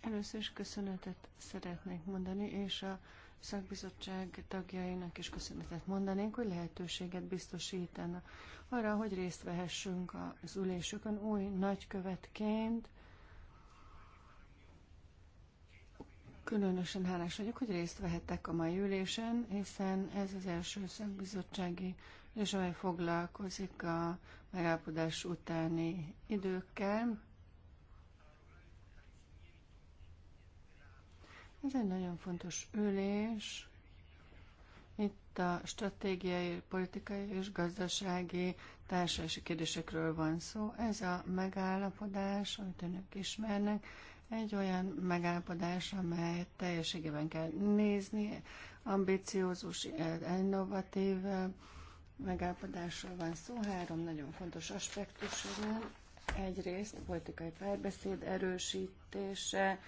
Először is köszönetet szeretnék mondani, és a szakbizottság tagjainak is köszönetet mondanék, hogy lehetőséget biztosítanak arra, hogy részt vehessünk az ülésükön új nagykövetként. Különösen hálás vagyok, hogy részt vehettek a mai ülésen, hiszen ez az első szakbizottsági és amely foglalkozik a megállapodás utáni időkkel. Ez egy nagyon fontos ülés, itt a stratégiai, politikai és gazdasági társadalmi kérdésekről van szó. Ez a megállapodás, amit önök ismernek, egy olyan megállapodás, amelyet teljeségében kell nézni, ambiciózus, innovatív megállapodásról van szó. Három nagyon fontos aspektus van. Egyrészt a politikai párbeszéd erősítése,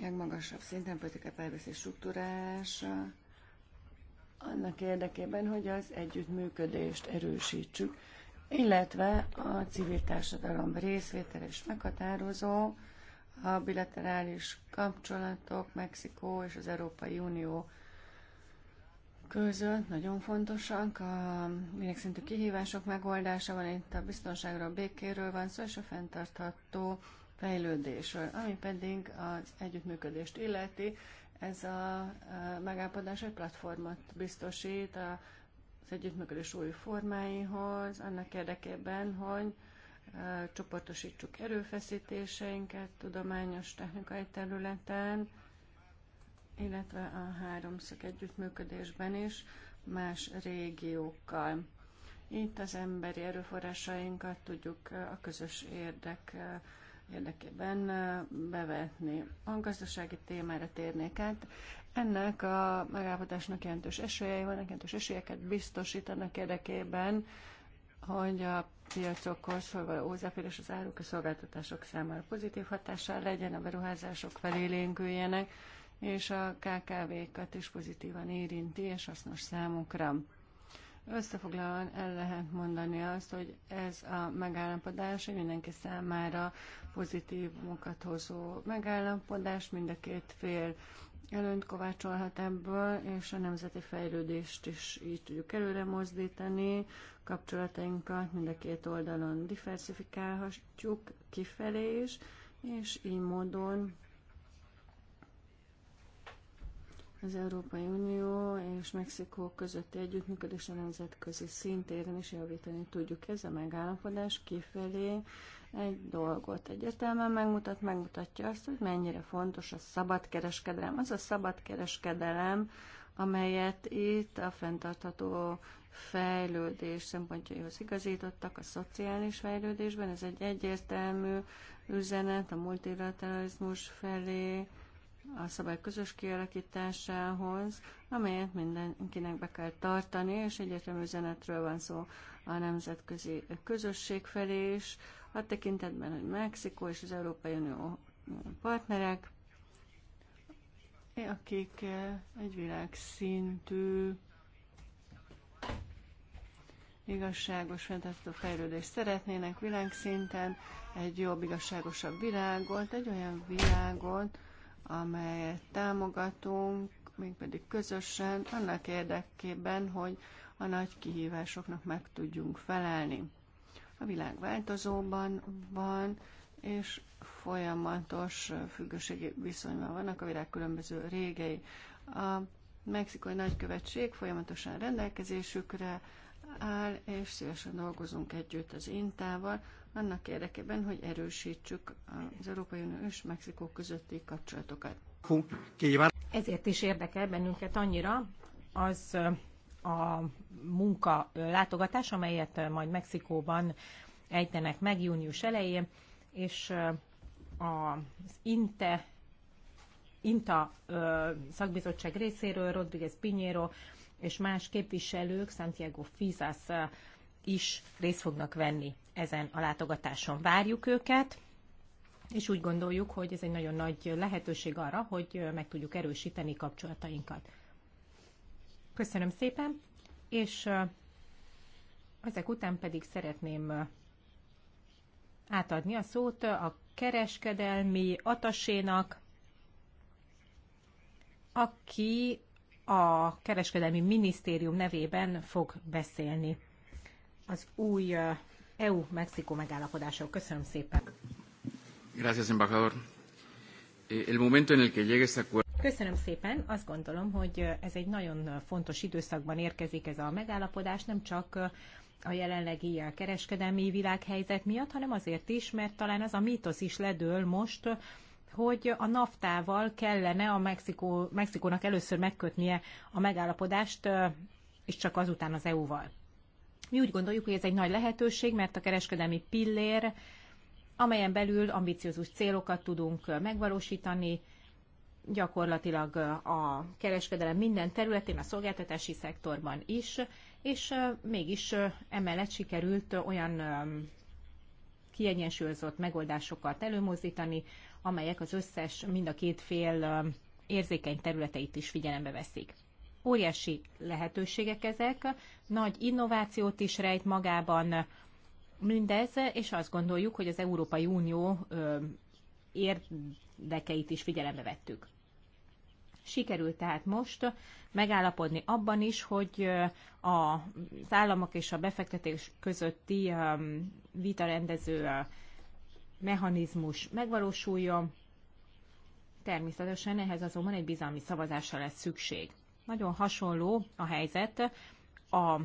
legmagasabb szinten politikai párbeszéd struktúrása annak érdekében, hogy az együttműködést erősítsük, illetve a civil társadalom részvétel és meghatározó, a bilaterális kapcsolatok Mexikó és az Európai Unió között nagyon fontosak. A világszintű kihívások megoldása van itt a biztonságról, a békéről van szó, és a fenntartható fejlődésről. Ami pedig az együttműködést illeti, ez a megállapodás egy platformot biztosít az együttműködés új formáihoz, annak érdekében, hogy csoportosítsuk erőfeszítéseinket tudományos technikai területen, illetve a háromszög együttműködésben is más régiókkal. Itt az emberi erőforrásainkat tudjuk a közös érdek érdekében bevetni. A gazdasági témára térnék át. Ennek a megállapodásnak jelentős esélyei vannak, jelentős esélyeket biztosítanak érdekében, hogy a piacokhoz való hozzáférés az áruk és szolgáltatások számára pozitív hatással legyen, a beruházások felélénküljenek, és a KKV-kat is pozitívan érinti, és hasznos számukra. Összefoglalóan el lehet mondani azt, hogy ez a megállapodás egy mindenki számára pozitívumokat hozó megállapodás, mind a két fél előnyt kovácsolhat ebből, és a nemzeti fejlődést is így tudjuk előre mozdítani, kapcsolatainkat mind a két oldalon diversifikálhatjuk kifelé is, és így módon Az Európai Unió és Mexikó közötti együttműködés a nemzetközi szintéren is javítani tudjuk. Ez a megállapodás kifelé egy dolgot egyértelműen megmutat, megmutatja azt, hogy mennyire fontos a szabadkereskedelem. Az a szabadkereskedelem, amelyet itt a fenntartható fejlődés szempontjaihoz igazítottak a szociális fejlődésben. Ez egy egyértelmű üzenet a multilateralizmus felé, a szabály közös kialakításához, amelyet mindenkinek be kell tartani, és egyetemű üzenetről van szó a nemzetközi közösség felé is, a tekintetben, hogy Mexikó és az Európai Unió partnerek, akik eh, egy világszintű igazságos, fenntartó fejlődést szeretnének világszinten, egy jobb, igazságosabb világot, egy olyan világot, amelyet támogatunk, mégpedig közösen, annak érdekében, hogy a nagy kihívásoknak meg tudjunk felelni. A világ változóban van, és folyamatos függőségi viszonyban vannak a világ különböző régei. A mexikai nagykövetség folyamatosan rendelkezésükre áll, és szívesen dolgozunk együtt az Intával, annak érdekében, hogy erősítsük az Európai Unió és Mexikó közötti kapcsolatokat. Ezért is érdekel bennünket annyira az a munka látogatás, amelyet majd Mexikóban ejtenek meg június elején, és az INTE, INTA szakbizottság részéről Rodriguez Pinheiro és más képviselők, Santiago Fizas is részt fognak venni ezen a látogatáson várjuk őket, és úgy gondoljuk, hogy ez egy nagyon nagy lehetőség arra, hogy meg tudjuk erősíteni kapcsolatainkat. Köszönöm szépen, és ezek után pedig szeretném átadni a szót a kereskedelmi atasénak, aki a kereskedelmi minisztérium nevében fog beszélni az új EU-Mexikó megállapodásról. Köszönöm szépen. Gracias, embajador. Eh, el momento en el que llegue este acuerdo... Köszönöm szépen. Azt gondolom, hogy eh, ez egy nagyon eh, fontos időszakban érkezik ez a megállapodás, nem csak a jelenlegi kereskedelmi világhelyzet miatt, hanem azért is, mert talán az a mítosz is ledől most, hogy a naftával kellene a Mexikó, Mexikónak először megkötnie a megállapodást, és csak azután az EU-val. Mi úgy gondoljuk, hogy ez egy nagy lehetőség, mert a kereskedelmi pillér, amelyen belül ambiciózus célokat tudunk megvalósítani, gyakorlatilag a kereskedelem minden területén, a szolgáltatási szektorban is, és mégis emellett sikerült olyan kiegyensúlyozott megoldásokat előmozdítani, amelyek az összes, mind a két fél érzékeny területeit is figyelembe veszik. Óriási lehetőségek ezek, nagy innovációt is rejt magában mindez, és azt gondoljuk, hogy az Európai Unió érdekeit is figyelembe vettük. Sikerült tehát most megállapodni abban is, hogy az államok és a befektetés közötti vitarendező mechanizmus megvalósuljon. Természetesen ehhez azonban egy bizalmi szavazásra lesz szükség. Nagyon hasonló a helyzet a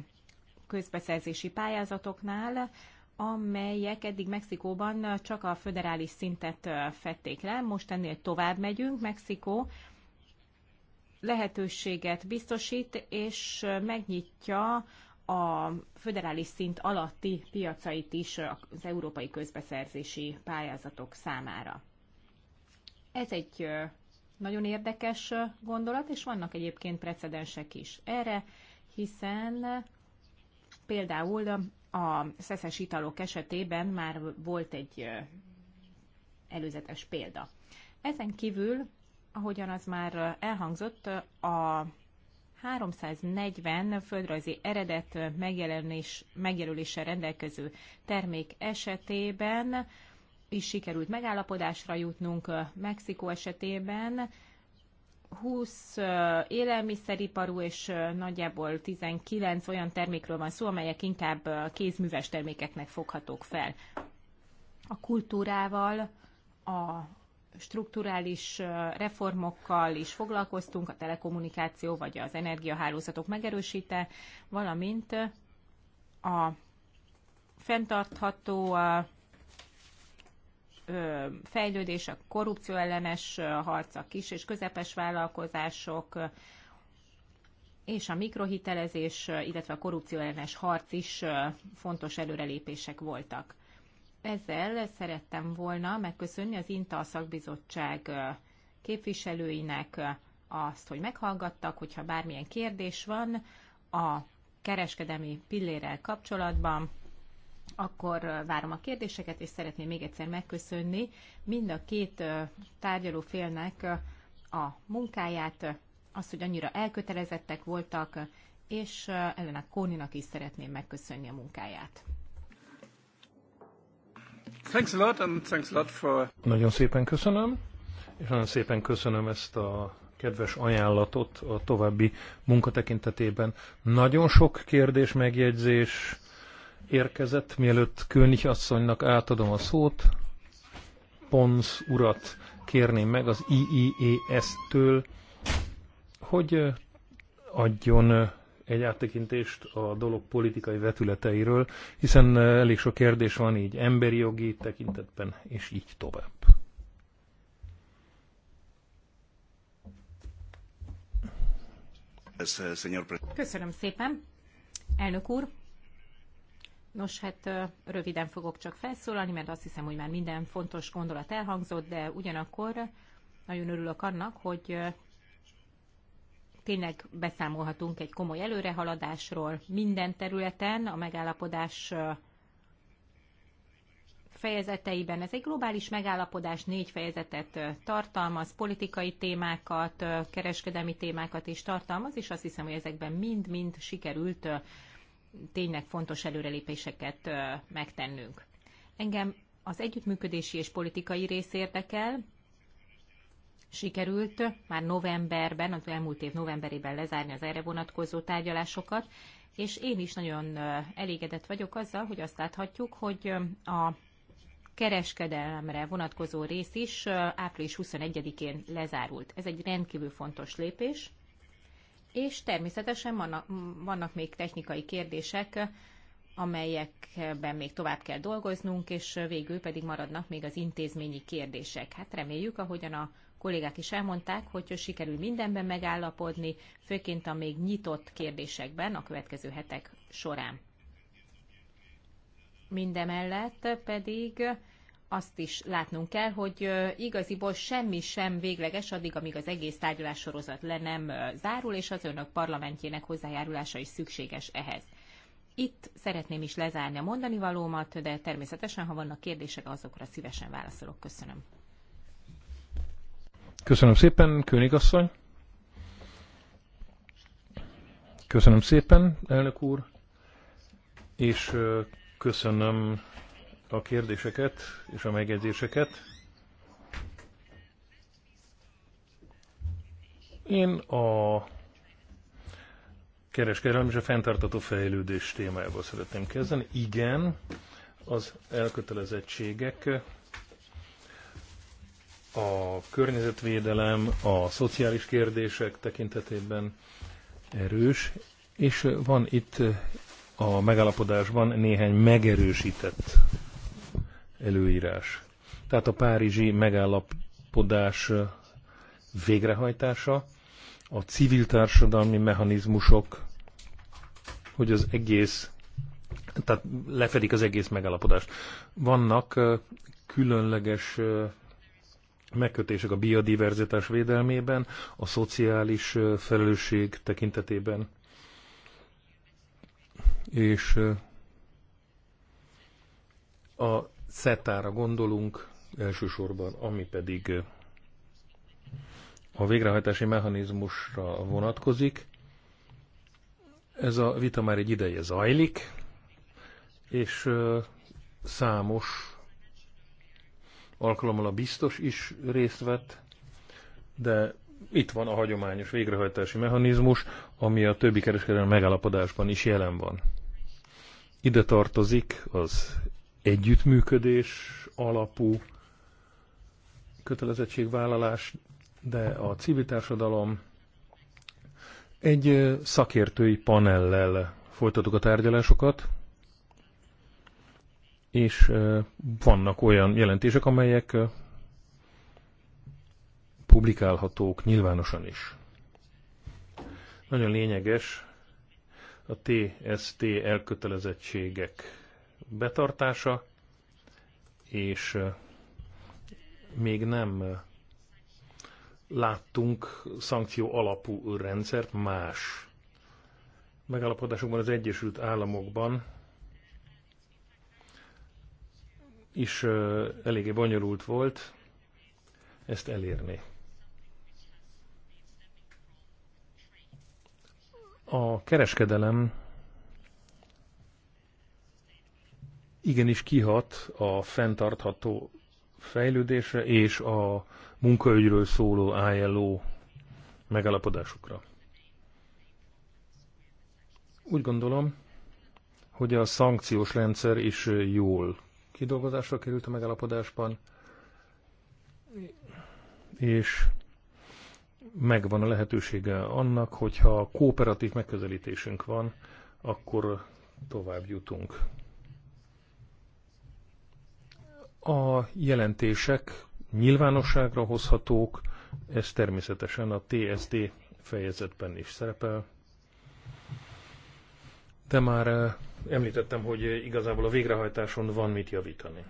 közbeszerzési pályázatoknál, amelyek eddig Mexikóban csak a föderális szintet fették le. Most ennél tovább megyünk. Mexikó lehetőséget biztosít, és megnyitja a föderális szint alatti piacait is az európai közbeszerzési pályázatok számára. Ez egy nagyon érdekes gondolat, és vannak egyébként precedensek is erre, hiszen például a szeszes italok esetében már volt egy előzetes példa. Ezen kívül, ahogyan az már elhangzott, a 340 földrajzi eredet megjelenés, megjelöléssel rendelkező termék esetében is sikerült megállapodásra jutnunk Mexikó esetében. 20 élelmiszeriparú és nagyjából 19 olyan termékről van szó, amelyek inkább kézműves termékeknek foghatók fel. A kultúrával, a strukturális reformokkal is foglalkoztunk, a telekommunikáció vagy az energiahálózatok megerősíte, valamint a fenntartható fejlődés, a korrupció ellenes harc, a kis és közepes vállalkozások, és a mikrohitelezés, illetve a korrupció ellenes harc is fontos előrelépések voltak. Ezzel szerettem volna megköszönni az INTA szakbizottság képviselőinek azt, hogy meghallgattak, hogyha bármilyen kérdés van a kereskedelmi pillérrel kapcsolatban, akkor várom a kérdéseket, és szeretném még egyszer megköszönni mind a két tárgyaló félnek a munkáját, azt, hogy annyira elkötelezettek voltak, és Elena Kóninak is szeretném megköszönni a munkáját. Thanks a lot and thanks a lot for... Nagyon szépen köszönöm, és nagyon szépen köszönöm ezt a kedves ajánlatot a további munka tekintetében. Nagyon sok kérdés, megjegyzés érkezett, mielőtt Kőnich asszonynak átadom a szót. Pons urat kérném meg az IIES-től, hogy adjon egy áttekintést a dolog politikai vetületeiről, hiszen elég sok kérdés van így emberi jogi tekintetben, és így tovább. Eh, Köszönöm szépen, elnök úr, Nos, hát röviden fogok csak felszólalni, mert azt hiszem, hogy már minden fontos gondolat elhangzott, de ugyanakkor nagyon örülök annak, hogy tényleg beszámolhatunk egy komoly előrehaladásról minden területen, a megállapodás fejezeteiben. Ez egy globális megállapodás, négy fejezetet tartalmaz, politikai témákat, kereskedelmi témákat is tartalmaz, és azt hiszem, hogy ezekben mind-mind sikerült tényleg fontos előrelépéseket megtennünk. Engem az együttműködési és politikai rész érdekel. Sikerült már novemberben, az elmúlt év novemberében lezárni az erre vonatkozó tárgyalásokat, és én is nagyon elégedett vagyok azzal, hogy azt láthatjuk, hogy a kereskedelemre vonatkozó rész is április 21-én lezárult. Ez egy rendkívül fontos lépés, és természetesen vannak még technikai kérdések, amelyekben még tovább kell dolgoznunk, és végül pedig maradnak még az intézményi kérdések. Hát reméljük, ahogyan a kollégák is elmondták, hogy sikerül mindenben megállapodni, főként a még nyitott kérdésekben a következő hetek során. Mindemellett pedig azt is látnunk kell, hogy igaziból semmi sem végleges addig, amíg az egész tárgyalássorozat le nem zárul, és az önök parlamentjének hozzájárulása is szükséges ehhez. Itt szeretném is lezárni a mondani valómat, de természetesen, ha vannak kérdések, azokra szívesen válaszolok. Köszönöm. Köszönöm szépen, asszony. Köszönöm szépen, elnök úr, és köszönöm a kérdéseket és a megjegyzéseket. Én a kereskedelem és a fenntartató fejlődés témájával szeretném kezdeni. Igen, az elkötelezettségek, a környezetvédelem, a szociális kérdések tekintetében erős, és van itt a megállapodásban néhány megerősített előírás. Tehát a párizsi megállapodás végrehajtása, a civil társadalmi mechanizmusok, hogy az egész, tehát lefedik az egész megállapodást. Vannak különleges megkötések a biodiverzitás védelmében, a szociális felelősség tekintetében, és a szetára gondolunk elsősorban, ami pedig a végrehajtási mechanizmusra vonatkozik. Ez a vita már egy ideje zajlik, és számos alkalommal a biztos is részt vett, de itt van a hagyományos végrehajtási mechanizmus, ami a többi kereskedelmi megállapodásban is jelen van. Ide tartozik az együttműködés alapú kötelezettségvállalás, de a civil társadalom egy szakértői panellel folytatok a tárgyalásokat, és vannak olyan jelentések, amelyek publikálhatók nyilvánosan is. Nagyon lényeges a TST elkötelezettségek betartása, és még nem láttunk szankció alapú rendszert más megállapodásokban az Egyesült Államokban is eléggé bonyolult volt ezt elérni. A kereskedelem igenis kihat a fenntartható fejlődésre és a munkaügyről szóló ILO megállapodásokra. Úgy gondolom, hogy a szankciós rendszer is jól kidolgozásra került a megállapodásban, és megvan a lehetősége annak, hogyha kooperatív megközelítésünk van, akkor tovább jutunk. A jelentések nyilvánosságra hozhatók, ez természetesen a TSD fejezetben is szerepel. De már eh, említettem, hogy eh, igazából a végrehajtáson van mit javítani.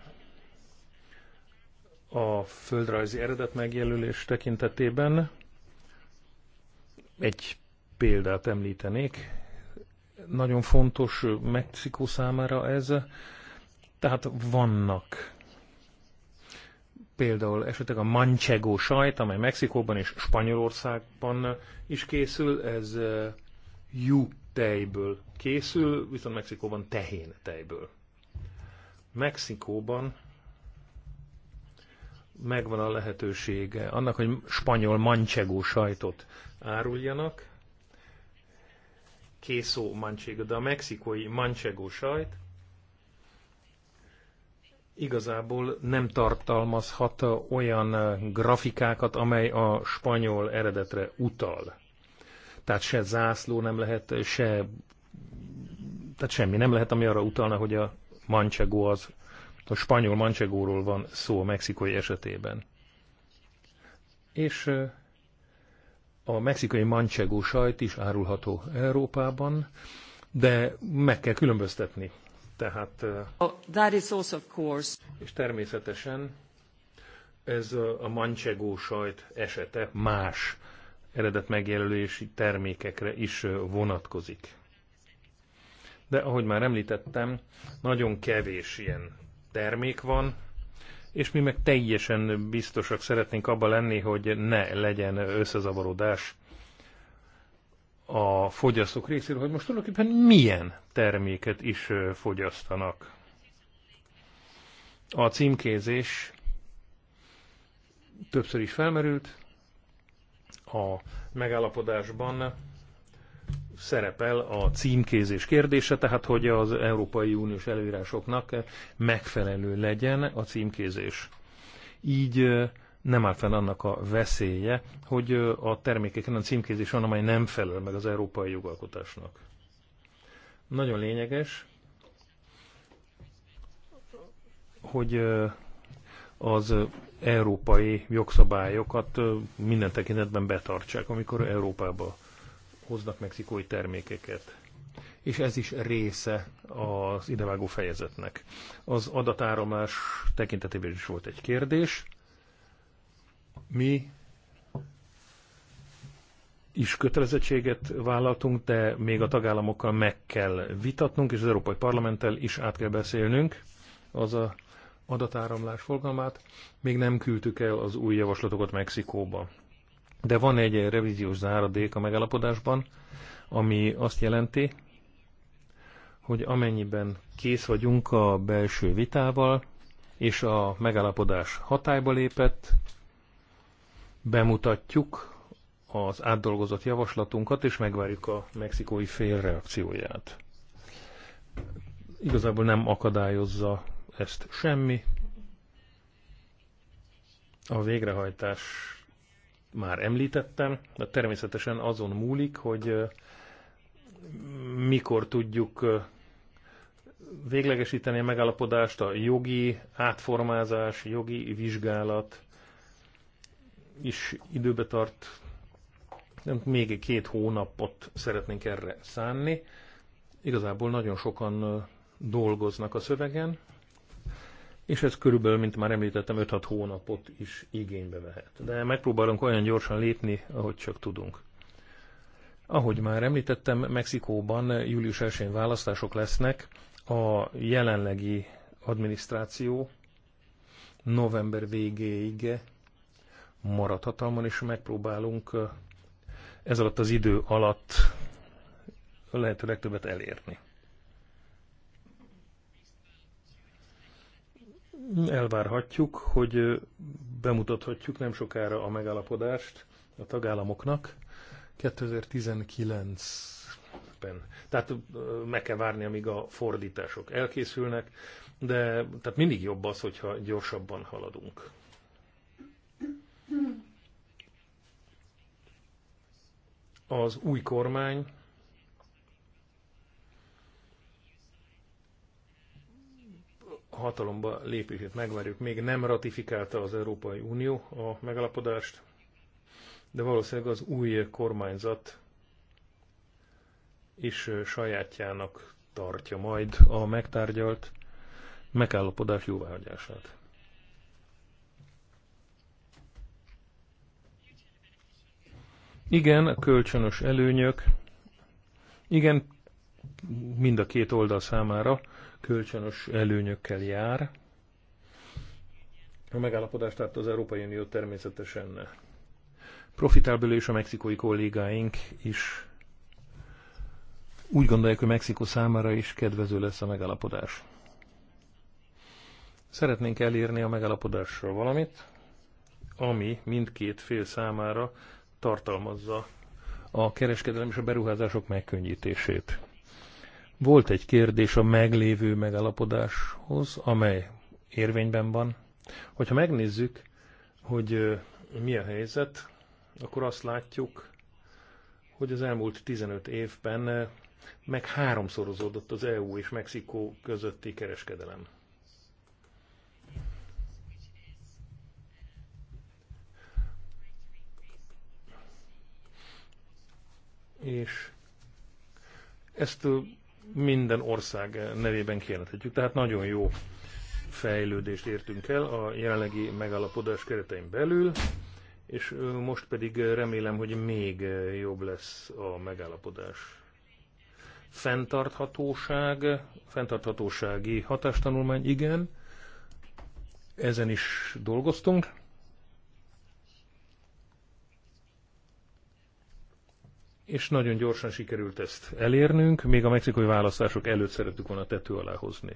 A földrajzi eredet megjelölés tekintetében egy példát említenék. Nagyon fontos Mexikó számára ez. Tehát vannak például esetleg a manchego sajt, amely Mexikóban és Spanyolországban is készül, ez jú tejből készül, viszont Mexikóban tehén tejből. Mexikóban megvan a lehetősége annak, hogy spanyol manchego sajtot áruljanak, készó manchego, de a mexikói manchego sajt igazából nem tartalmazhat olyan grafikákat, amely a spanyol eredetre utal. Tehát se zászló nem lehet, se tehát semmi nem lehet, ami arra utalna, hogy a manchego az, a spanyol manchegóról van szó a mexikai esetében. És eh, a mexikai manchego sajt is árulható Európában, de meg kell különböztetni tehát, oh, that is also of course. És természetesen ez a mancsegó sajt esete más eredet megjelölési termékekre is vonatkozik. De ahogy már említettem, nagyon kevés ilyen termék van, és mi meg teljesen biztosak szeretnénk abba lenni, hogy ne legyen összezavarodás a fogyasztók részéről, hogy most tulajdonképpen milyen terméket is fogyasztanak. A címkézés többször is felmerült, a megállapodásban szerepel a címkézés kérdése, tehát hogy az Európai Uniós előírásoknak megfelelő legyen a címkézés. Így nem áll fenn annak a veszélye, hogy a termékeken a címkézés van, amely nem felel meg az európai jogalkotásnak. Nagyon lényeges, hogy az európai jogszabályokat minden tekintetben betartsák, amikor Európába hoznak mexikói termékeket. És ez is része az idevágó fejezetnek. Az adatáramlás tekintetében is volt egy kérdés. Mi is kötelezettséget vállaltunk, de még a tagállamokkal meg kell vitatnunk, és az Európai Parlamenttel is át kell beszélnünk az a adatáramlás forgalmát. Még nem küldtük el az új javaslatokat Mexikóba. De van egy revíziós záradék a megállapodásban, ami azt jelenti, hogy amennyiben kész vagyunk a belső vitával, és a megállapodás hatályba lépett, bemutatjuk az átdolgozott javaslatunkat, és megvárjuk a mexikói fél reakcióját. Igazából nem akadályozza ezt semmi. A végrehajtás már említettem, de természetesen azon múlik, hogy mikor tudjuk véglegesíteni a megállapodást, a jogi átformázás, jogi vizsgálat, is időbe tart. Nem, még két hónapot szeretnénk erre szánni. Igazából nagyon sokan dolgoznak a szövegen, és ez körülbelül, mint már említettem, 5-6 hónapot is igénybe vehet. De megpróbálunk olyan gyorsan lépni, ahogy csak tudunk. Ahogy már említettem, Mexikóban július 1-én választások lesznek. A jelenlegi adminisztráció november végéig marad hatalmon, és megpróbálunk ez alatt az idő alatt lehető legtöbbet elérni. Elvárhatjuk, hogy bemutathatjuk nem sokára a megállapodást a tagállamoknak 2019-ben. Tehát meg kell várni, amíg a fordítások elkészülnek, de tehát mindig jobb az, hogyha gyorsabban haladunk. Az új kormány hatalomba lépését megvárjuk. Még nem ratifikálta az Európai Unió a megalapodást, de valószínűleg az új kormányzat is sajátjának tartja majd a megtárgyalt megállapodás jóváhagyását. Igen, a kölcsönös előnyök. Igen, mind a két oldal számára kölcsönös előnyökkel jár. A megállapodást tehát az Európai Unió természetesen profitál belőle, és a mexikói kollégáink is úgy gondolják, hogy Mexikó számára is kedvező lesz a megállapodás. Szeretnénk elérni a megállapodásra valamit, ami mindkét fél számára tartalmazza a kereskedelem és a beruházások megkönnyítését. Volt egy kérdés a meglévő megállapodáshoz, amely érvényben van. Hogyha megnézzük, hogy mi a helyzet, akkor azt látjuk, hogy az elmúlt 15 évben meg háromszorozódott az EU és Mexikó közötti kereskedelem. és ezt minden ország nevében kérhetjük. Tehát nagyon jó fejlődést értünk el a jelenlegi megállapodás keretein belül, és most pedig remélem, hogy még jobb lesz a megállapodás. Fentarthatóság, fenntarthatósági hatástanulmány, igen, ezen is dolgoztunk. és nagyon gyorsan sikerült ezt elérnünk, még a mexikai választások előtt szerettük volna tető alá hozni.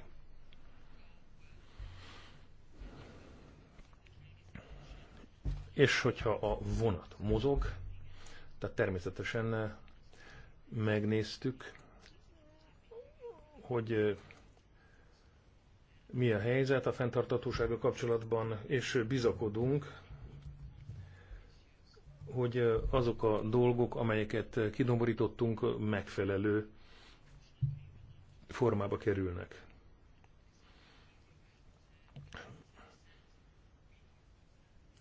És hogyha a vonat mozog, tehát természetesen eh, megnéztük, hogy eh, mi a helyzet a fenntartatósága kapcsolatban, és eh, bizakodunk, hogy azok a dolgok, amelyeket kidomborítottunk, megfelelő formába kerülnek.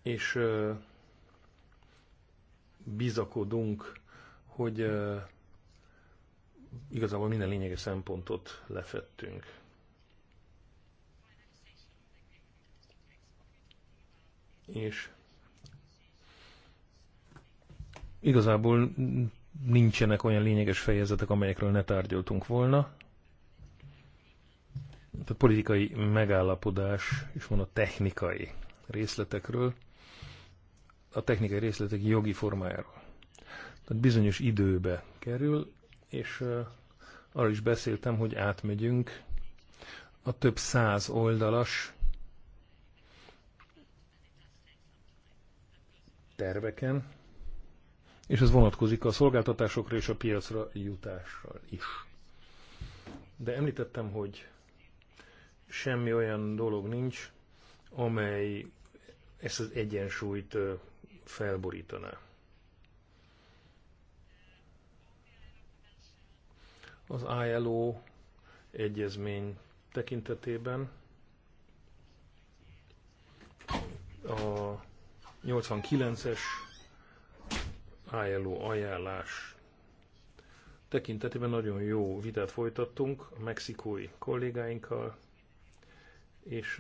És bizakodunk, hogy igazából minden lényeges szempontot lefettünk. És Igazából nincsenek olyan lényeges fejezetek, amelyekről ne tárgyaltunk volna. A politikai megállapodás is van a technikai részletekről, a technikai részletek jogi formájáról. Tehát bizonyos időbe kerül, és arra is beszéltem, hogy átmegyünk a több száz oldalas terveken, és ez vonatkozik a szolgáltatásokra és a piacra jutásra is. De említettem, hogy semmi olyan dolog nincs, amely ezt az egyensúlyt felborítaná. Az ILO egyezmény tekintetében a 89-es ILO ajánlás tekintetében nagyon jó vitát folytattunk a mexikói kollégáinkkal, és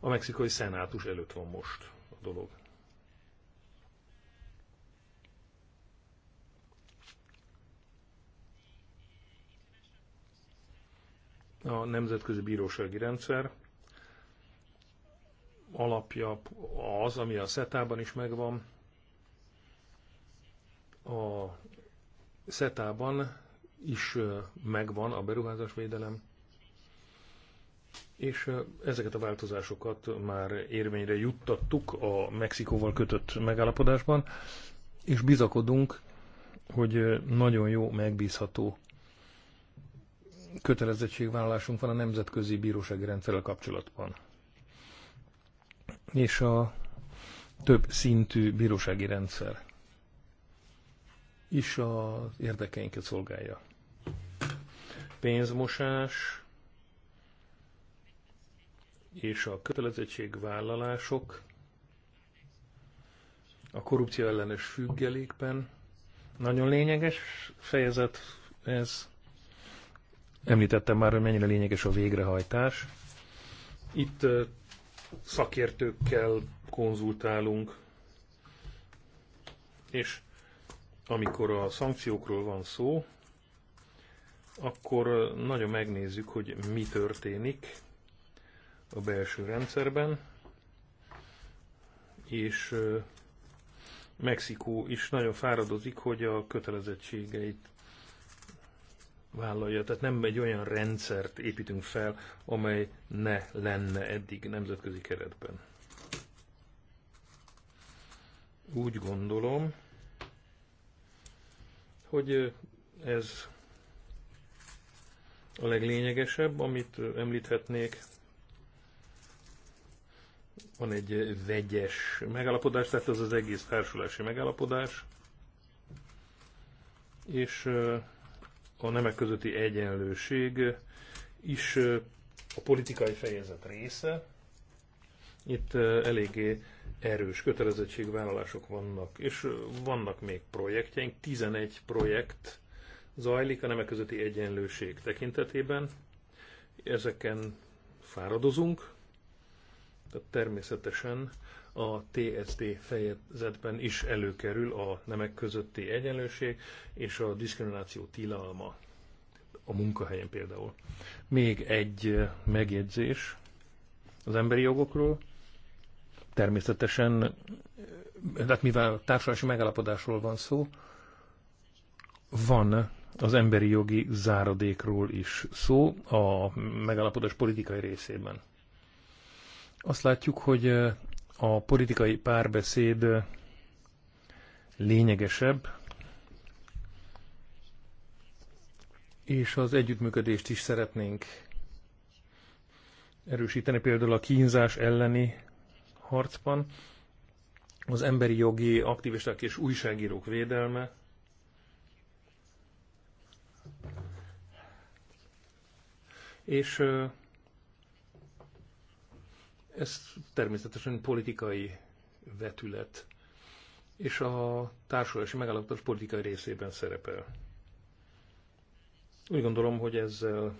a mexikai szenátus előtt van most a dolog. A nemzetközi bírósági rendszer alapja az, ami a szetában is megvan, a SETA-ban is megvan a beruházásvédelem, és ezeket a változásokat már érvényre juttattuk a Mexikóval kötött megállapodásban, és bizakodunk, hogy nagyon jó, megbízható kötelezettségvállalásunk van a nemzetközi bírósági rendszerrel kapcsolatban. És a több szintű bírósági rendszer is az érdekeinket szolgálja. Pénzmosás és a kötelezettségvállalások a korrupció ellenes függelékben. Nagyon lényeges fejezet ez. Említettem már, hogy mennyire lényeges a végrehajtás. Itt szakértőkkel konzultálunk, és amikor a szankciókról van szó, akkor nagyon megnézzük, hogy mi történik a belső rendszerben, és Mexikó is nagyon fáradozik, hogy a kötelezettségeit vállalja. Tehát nem egy olyan rendszert építünk fel, amely ne lenne eddig nemzetközi keretben. Úgy gondolom, hogy ez a leglényegesebb, amit említhetnék. Van egy vegyes megállapodás, tehát ez az egész társulási megállapodás, és a nemek közötti egyenlőség is a politikai fejezet része, itt eléggé erős kötelezettségvállalások vannak, és vannak még projektjeink, 11 projekt zajlik a nemek közötti egyenlőség tekintetében. Ezeken fáradozunk, tehát természetesen a TST fejezetben is előkerül a nemek közötti egyenlőség és a diszkrimináció tilalma a munkahelyen például. Még egy megjegyzés az emberi jogokról természetesen, hát mivel társadalmi megállapodásról van szó, van az emberi jogi záradékról is szó a megállapodás politikai részében. Azt látjuk, hogy a politikai párbeszéd lényegesebb, és az együttműködést is szeretnénk erősíteni, például a kínzás elleni harcban, az emberi jogi aktivisták és újságírók védelme, és ez természetesen politikai vetület, és a társulási megállapodás politikai részében szerepel. Úgy gondolom, hogy ezzel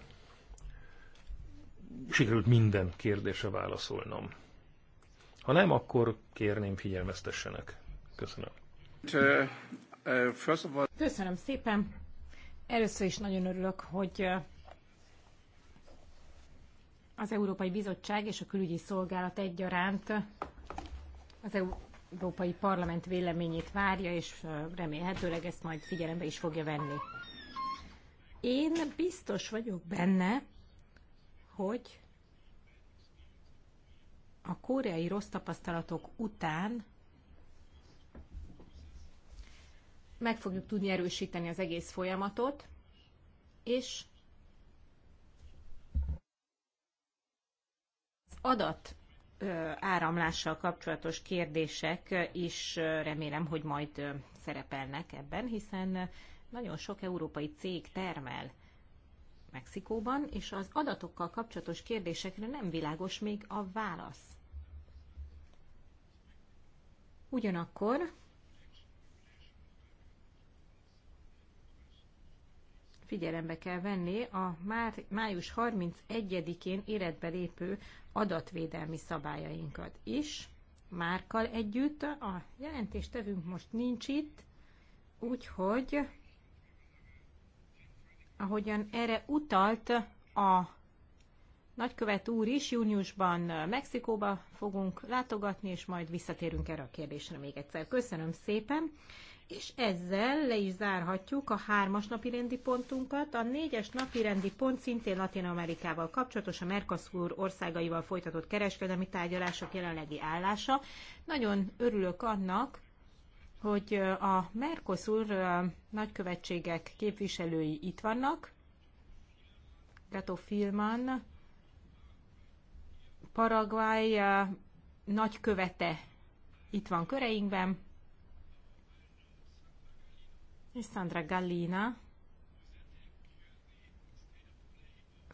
sikerült minden kérdése válaszolnom. Ha nem, akkor kérném figyelmeztessenek. Köszönöm. Köszönöm szépen. Először is nagyon örülök, hogy az Európai Bizottság és a Külügyi Szolgálat egyaránt az Európai Parlament véleményét várja, és remélhetőleg ezt majd figyelembe is fogja venni. Én biztos vagyok benne, hogy a koreai rossz tapasztalatok után meg fogjuk tudni erősíteni az egész folyamatot, és az adat áramlással kapcsolatos kérdések is remélem, hogy majd szerepelnek ebben, hiszen nagyon sok európai cég termel Mexikóban, és az adatokkal kapcsolatos kérdésekre nem világos még a válasz. Ugyanakkor figyelembe kell venni a már május 31-én életbe lépő adatvédelmi szabályainkat is. Márkal együtt a jelentéstevünk most nincs itt, úgyhogy ahogyan erre utalt a nagykövet úr is júniusban Mexikóba fogunk látogatni, és majd visszatérünk erre a kérdésre még egyszer. Köszönöm szépen! És ezzel le is zárhatjuk a hármas napi rendi pontunkat. A négyes napi rendi pont szintén Latin Amerikával kapcsolatos, a Mercosur országaival folytatott kereskedelmi tárgyalások jelenlegi állása. Nagyon örülök annak, hogy a Mercosur nagykövetségek képviselői itt vannak. Gato Filman, Paraguay követe itt van köreinkben, és Sandra Gallina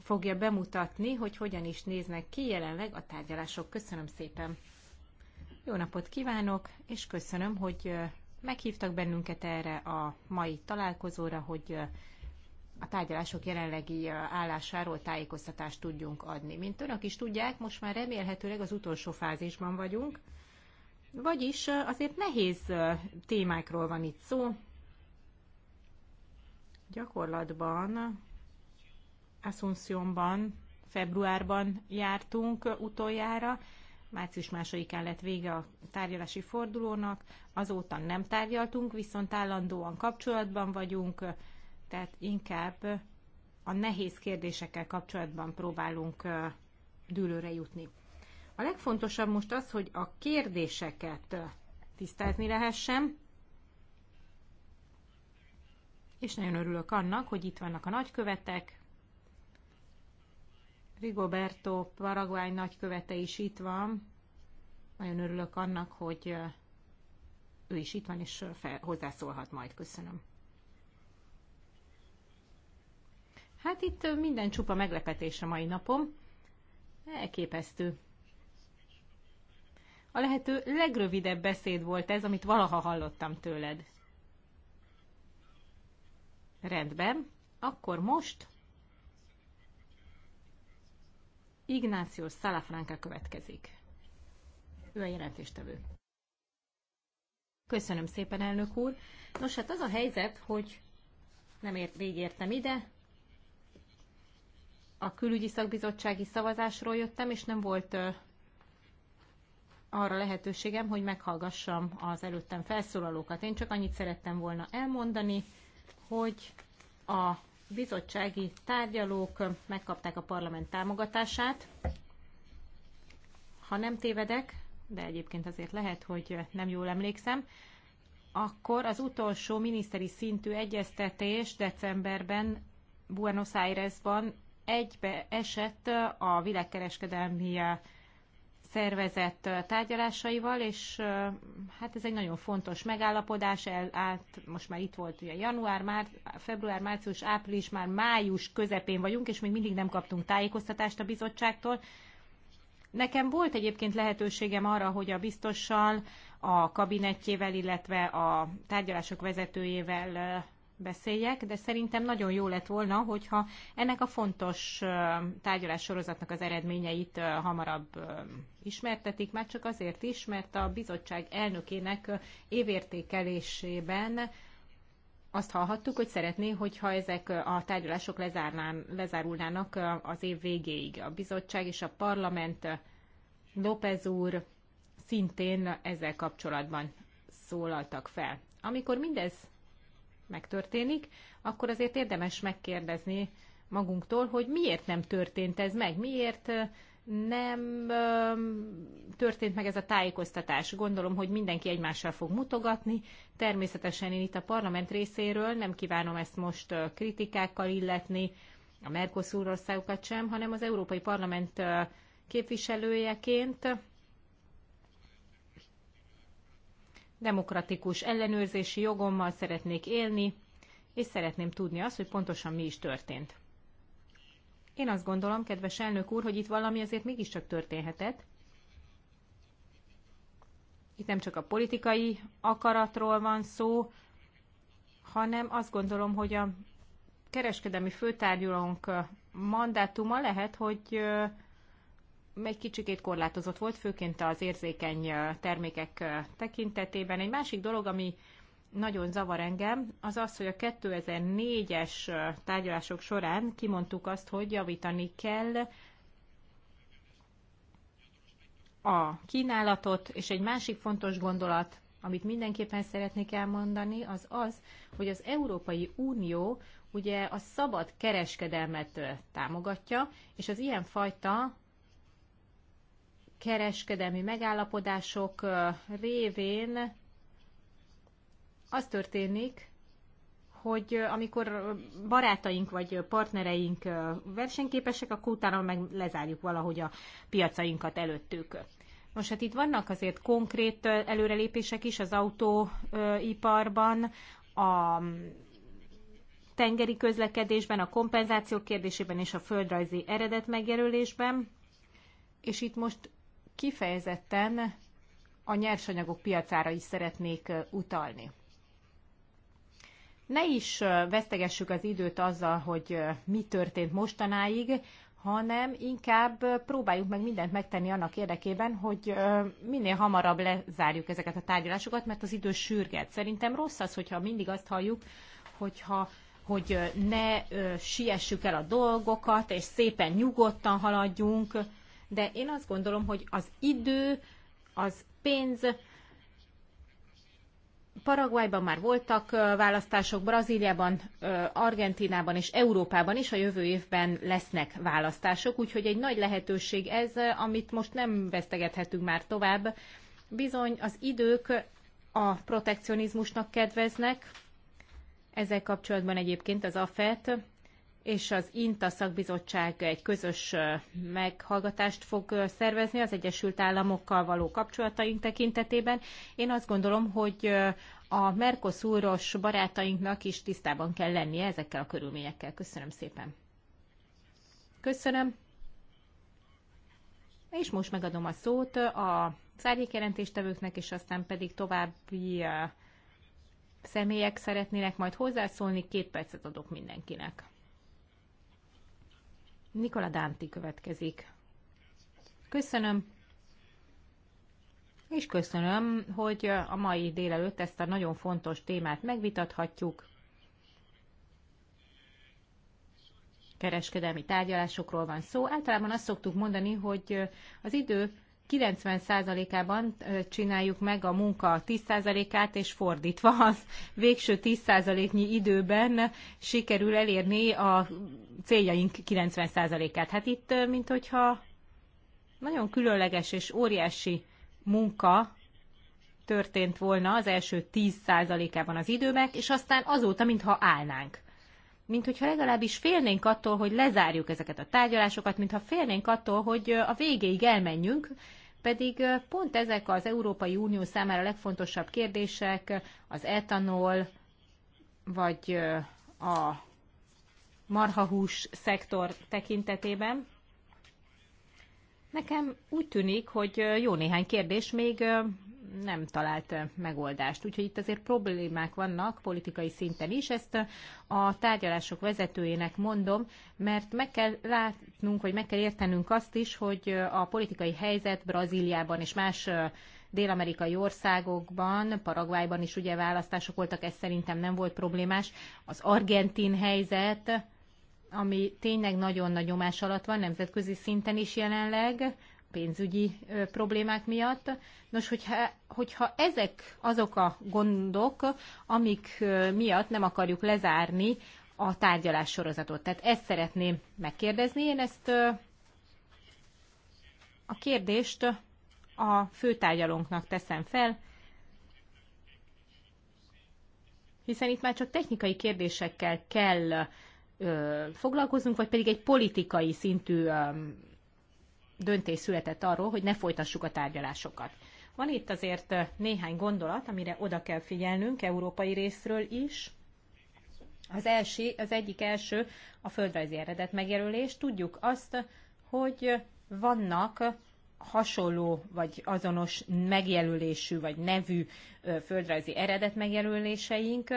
fogja bemutatni, hogy hogyan is néznek ki jelenleg a tárgyalások. Köszönöm szépen! Jó napot kívánok, és köszönöm, hogy meghívtak bennünket erre a mai találkozóra, hogy a tárgyalások jelenlegi állásáról tájékoztatást tudjunk adni. Mint önök is tudják, most már remélhetőleg az utolsó fázisban vagyunk, vagyis azért nehéz témákról van itt szó. Gyakorlatban Asunciónban februárban jártunk utoljára, március másodikán lett vége a tárgyalási fordulónak, azóta nem tárgyaltunk, viszont állandóan kapcsolatban vagyunk, tehát inkább a nehéz kérdésekkel kapcsolatban próbálunk dűlőre jutni. A legfontosabb most az, hogy a kérdéseket tisztázni lehessen, és nagyon örülök annak, hogy itt vannak a nagykövetek, Rigoberto Paraguay nagykövete is itt van. Nagyon örülök annak, hogy ő is itt van, és fel, hozzászólhat majd. Köszönöm. Hát itt minden csupa meglepetés a mai napom. Elképesztő. A lehető legrövidebb beszéd volt ez, amit valaha hallottam tőled. Rendben, akkor most Ignácio Salafranca következik. Ő a jelentéstevő. Köszönöm szépen, elnök úr. Nos, hát az a helyzet, hogy nem ért, végértem ide, a külügyi szakbizottsági szavazásról jöttem, és nem volt arra lehetőségem, hogy meghallgassam az előttem felszólalókat. Én csak annyit szerettem volna elmondani, hogy a bizottsági tárgyalók megkapták a parlament támogatását. Ha nem tévedek, de egyébként azért lehet, hogy nem jól emlékszem, akkor az utolsó miniszteri szintű egyeztetés decemberben Buenos Airesban egybe esett a világkereskedelmi eh, szervezett eh, tárgyalásaival, és eh, hát ez egy nagyon fontos megállapodás, elállt, most már itt volt ugye január, már, február, március, április, már május közepén vagyunk, és még mindig nem kaptunk tájékoztatást a bizottságtól. Nekem volt egyébként lehetőségem arra, hogy a biztossal, a kabinetjével, illetve a tárgyalások vezetőjével beszéljek, de szerintem nagyon jó lett volna, hogyha ennek a fontos tárgyalás sorozatnak az eredményeit hamarabb ismertetik, már csak azért is, mert a bizottság elnökének évértékelésében azt hallhattuk, hogy szeretné, hogyha ezek a tárgyalások lezárnán, lezárulnának az év végéig. A bizottság és a parlament, López úr szintén ezzel kapcsolatban szólaltak fel. Amikor mindez megtörténik, akkor azért érdemes megkérdezni magunktól, hogy miért nem történt ez meg, miért nem történt meg ez a tájékoztatás. Gondolom, hogy mindenki egymással fog mutogatni. Természetesen én itt a parlament részéről nem kívánom ezt most kritikákkal illetni, a Mercosur országokat sem, hanem az Európai Parlament képviselőjeként demokratikus ellenőrzési jogommal szeretnék élni, és szeretném tudni azt, hogy pontosan mi is történt. Én azt gondolom, kedves elnök úr, hogy itt valami azért mégiscsak történhetett. Itt nem csak a politikai akaratról van szó, hanem azt gondolom, hogy a kereskedelmi főtárgyalónk mandátuma lehet, hogy egy kicsikét korlátozott volt, főként az érzékeny termékek tekintetében. Egy másik dolog, ami nagyon zavar engem, az az, hogy a 2004-es tárgyalások során kimondtuk azt, hogy javítani kell a kínálatot, és egy másik fontos gondolat, amit mindenképpen szeretnék elmondani, az az, hogy az Európai Unió ugye a szabad kereskedelmet támogatja, és az ilyenfajta kereskedelmi megállapodások révén az történik, hogy amikor barátaink vagy partnereink versenyképesek, akkor utána meg lezárjuk valahogy a piacainkat előttük. Most hát itt vannak azért konkrét előrelépések is az autóiparban, a tengeri közlekedésben, a kompenzáció kérdésében és a földrajzi eredet megjelölésben. És itt most kifejezetten a nyersanyagok piacára is szeretnék utalni. Ne is vesztegessük az időt azzal, hogy mi történt mostanáig, hanem inkább próbáljuk meg mindent megtenni annak érdekében, hogy minél hamarabb lezárjuk ezeket a tárgyalásokat, mert az idő sürget. Szerintem rossz az, hogyha mindig azt halljuk, hogyha hogy ne ö, siessük el a dolgokat, és szépen nyugodtan haladjunk, de én azt gondolom, hogy az idő, az pénz, Paraguayban már voltak választások, Brazíliában, Argentinában és Európában is a jövő évben lesznek választások, úgyhogy egy nagy lehetőség ez, amit most nem vesztegethetünk már tovább. Bizony az idők a protekcionizmusnak kedveznek, ezzel kapcsolatban egyébként az AFET és az INTA szakbizottság egy közös meghallgatást fog szervezni az Egyesült Államokkal való kapcsolataink tekintetében. Én azt gondolom, hogy a Mercosuros barátainknak is tisztában kell lennie ezekkel a körülményekkel. Köszönöm szépen. Köszönöm. És most megadom a szót a szárnyékjelentéstevőknek, és aztán pedig további személyek szeretnének majd hozzászólni. Két percet adok mindenkinek. Nikola Dánti következik. Köszönöm. És köszönöm, hogy a mai délelőtt ezt a nagyon fontos témát megvitathatjuk. Kereskedelmi tárgyalásokról van szó. Általában azt szoktuk mondani, hogy az idő 90%-ában csináljuk meg a munka 10%-át, és fordítva az végső 10%-nyi időben sikerül elérni a céljaink 90%-át. Hát itt, mint hogyha nagyon különleges és óriási munka történt volna az első 10%-ában az időnek, és aztán azóta, mintha állnánk mint hogyha legalábbis félnénk attól, hogy lezárjuk ezeket a tárgyalásokat, mintha félnénk attól, hogy a végéig elmenjünk, pedig pont ezek az Európai Unió számára legfontosabb kérdések, az etanol, vagy a marhahús szektor tekintetében. Nekem úgy tűnik, hogy jó néhány kérdés még nem talált megoldást. Úgyhogy itt azért problémák vannak politikai szinten is. Ezt a tárgyalások vezetőjének mondom, mert meg kell látnunk, vagy meg kell értenünk azt is, hogy a politikai helyzet Brazíliában és más dél-amerikai országokban, Paraguayban is ugye választások voltak, ez szerintem nem volt problémás. Az argentin helyzet, ami tényleg nagyon nagy nyomás alatt van, nemzetközi szinten is jelenleg, pénzügyi problémák miatt. Nos, hogyha, hogyha ezek azok a gondok, amik miatt nem akarjuk lezárni a tárgyalás sorozatot. Tehát ezt szeretném megkérdezni. Én ezt a kérdést a főtárgyalónknak teszem fel, hiszen itt már csak technikai kérdésekkel kell ö, foglalkoznunk, vagy pedig egy politikai szintű ö, döntés született arról, hogy ne folytassuk a tárgyalásokat. Van itt azért néhány gondolat, amire oda kell figyelnünk európai részről is. Az, első, az egyik első a földrajzi eredet megjelölés. Tudjuk azt, hogy vannak hasonló vagy azonos megjelölésű vagy nevű földrajzi eredet megjelöléseink,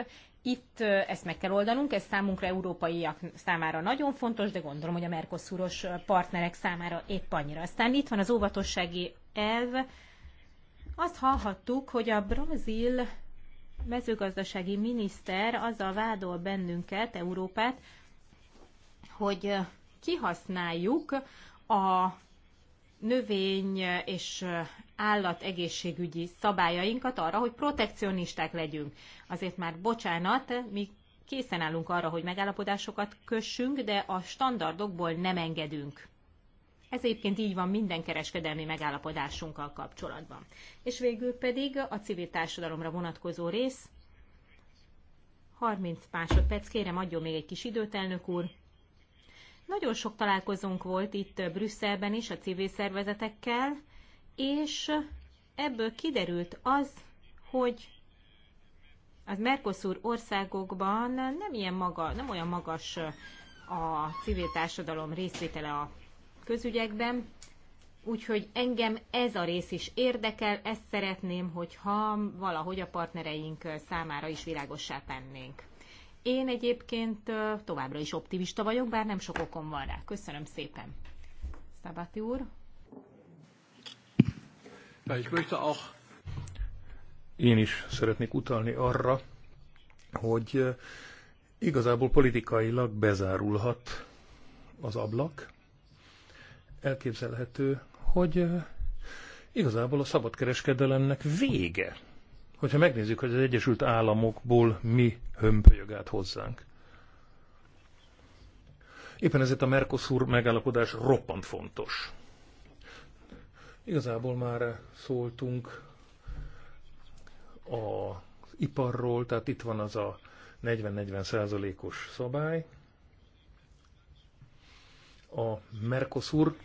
itt ezt meg kell oldanunk, ez számunkra európaiak számára nagyon fontos, de gondolom, hogy a Mercosuros partnerek számára épp annyira. Aztán itt van az óvatossági elv. Azt hallhattuk, hogy a brazil mezőgazdasági miniszter azzal vádol bennünket, Európát, hogy kihasználjuk a növény és állat egészségügyi szabályainkat arra, hogy protekcionisták legyünk. Azért már bocsánat, mi készen állunk arra, hogy megállapodásokat kössünk, de a standardokból nem engedünk. Ez egyébként így van minden kereskedelmi megállapodásunkkal kapcsolatban. És végül pedig a civil társadalomra vonatkozó rész. 30 másodperc, kérem adjon még egy kis időt, elnök úr. Nagyon sok találkozónk volt itt Brüsszelben is a civil szervezetekkel, és ebből kiderült az, hogy az Mercosur országokban nem, ilyen maga, nem olyan magas a civil társadalom részvétele a közügyekben, úgyhogy engem ez a rész is érdekel, ezt szeretném, hogyha valahogy a partnereink számára is világossá tennénk. Én egyébként továbbra is optimista vagyok, bár nem sok okom van rá. Köszönöm szépen. Szabati úr. Én is szeretnék utalni arra, hogy igazából politikailag bezárulhat az ablak. Elképzelhető, hogy igazából a szabadkereskedelemnek vége Hogyha megnézzük, hogy az Egyesült Államokból mi hömpölyög át hozzánk. Éppen ezért a Mercosur megállapodás roppant fontos. Igazából már szóltunk az iparról, tehát itt van az a 40-40 százalékos szabály. A Mercosur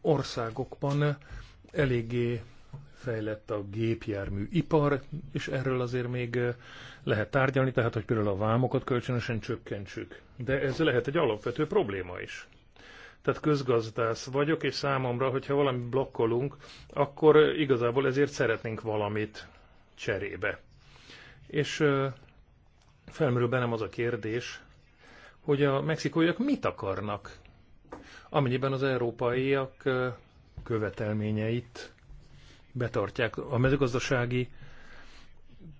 országokban eléggé fejlett a gépjármű ipar, és erről azért még lehet tárgyalni, tehát hogy például a vámokat kölcsönösen csökkentsük. De ez lehet egy alapvető probléma is. Tehát közgazdász vagyok, és számomra, hogyha valami blokkolunk, akkor igazából ezért szeretnénk valamit cserébe. És felmerül bennem az a kérdés, hogy a mexikóiak mit akarnak, amennyiben az európaiak követelményeit betartják. A mezőgazdasági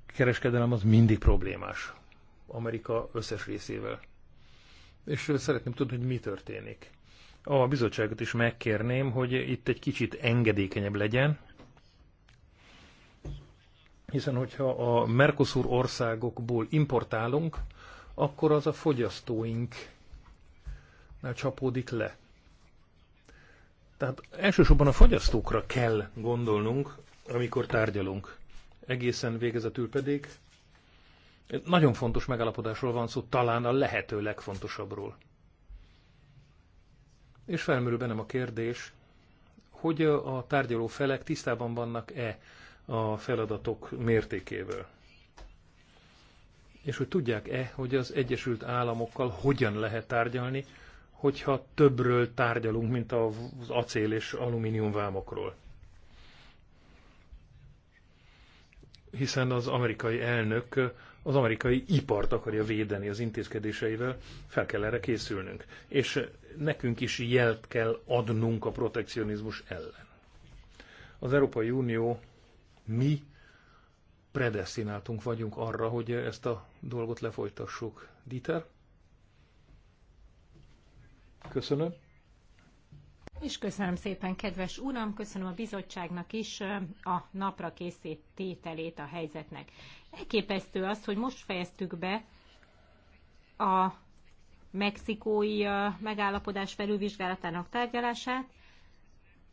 kereskedelem az mindig problémás. Amerika összes részével. És szeretném tudni, hogy mi történik. A bizottságot is megkérném, hogy itt egy kicsit engedékenyebb legyen, hiszen hogyha a Mercosur országokból importálunk, akkor az a fogyasztóink csapódik le. Tehát elsősorban a fogyasztókra kell gondolnunk, amikor tárgyalunk. Egészen végezetül pedig nagyon fontos megállapodásról van szó, talán a lehető legfontosabbról. És felmerül bennem a kérdés, hogy a tárgyaló felek tisztában vannak-e a feladatok mértékével? És hogy tudják-e, hogy az Egyesült Államokkal hogyan lehet tárgyalni, hogyha többről tárgyalunk, mint az acél és alumínium vámokról. Hiszen az amerikai elnök az amerikai ipart akarja védeni az intézkedéseivel, fel kell erre készülnünk. És nekünk is jelt kell adnunk a protekcionizmus ellen. Az Európai Unió mi predestináltunk vagyunk arra, hogy ezt a dolgot lefolytassuk. Dieter? Köszönöm. És köszönöm szépen, kedves uram, köszönöm a bizottságnak is a napra készít tételét a helyzetnek. Elképesztő az, hogy most fejeztük be a mexikói megállapodás felülvizsgálatának tárgyalását,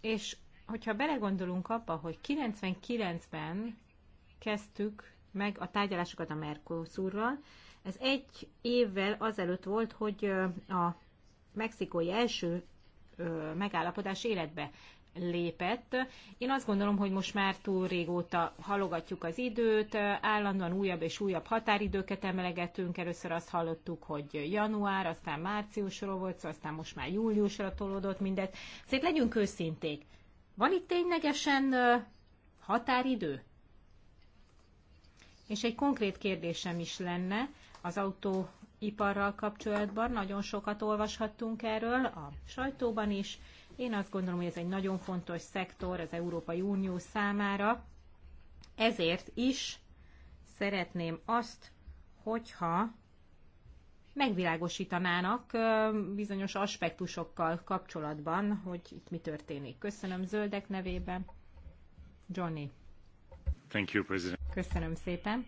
és hogyha belegondolunk abba, hogy 99-ben kezdtük meg a tárgyalásokat a Mercosurral, ez egy évvel azelőtt volt, hogy a mexikói első megállapodás életbe lépett. Én azt gondolom, hogy most már túl régóta halogatjuk az időt, állandóan újabb és újabb határidőket emelegetünk. Először azt hallottuk, hogy január, aztán márciusról volt szó, aztán most már júliusra tolódott mindet. Szóval legyünk őszinték. Van itt ténylegesen határidő? És egy konkrét kérdésem is lenne az autó iparral kapcsolatban. Nagyon sokat olvashattunk erről a sajtóban is. Én azt gondolom, hogy ez egy nagyon fontos szektor az Európai Unió számára. Ezért is szeretném azt, hogyha megvilágosítanának bizonyos aspektusokkal kapcsolatban, hogy itt mi történik. Köszönöm zöldek nevében. Johnny. Thank you, President. Köszönöm szépen.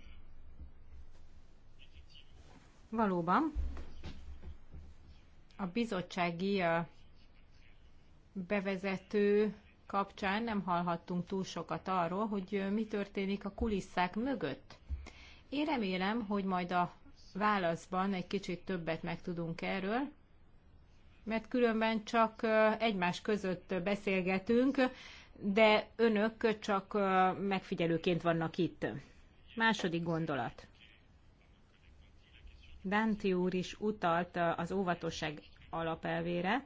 Valóban a bizottsági bevezető kapcsán nem hallhattunk túl sokat arról, hogy mi történik a kulisszák mögött. Én remélem, hogy majd a válaszban egy kicsit többet megtudunk erről, mert különben csak egymás között beszélgetünk, de önök csak megfigyelőként vannak itt. Második gondolat. Danti úr is utalt uh, az óvatosság alapelvére.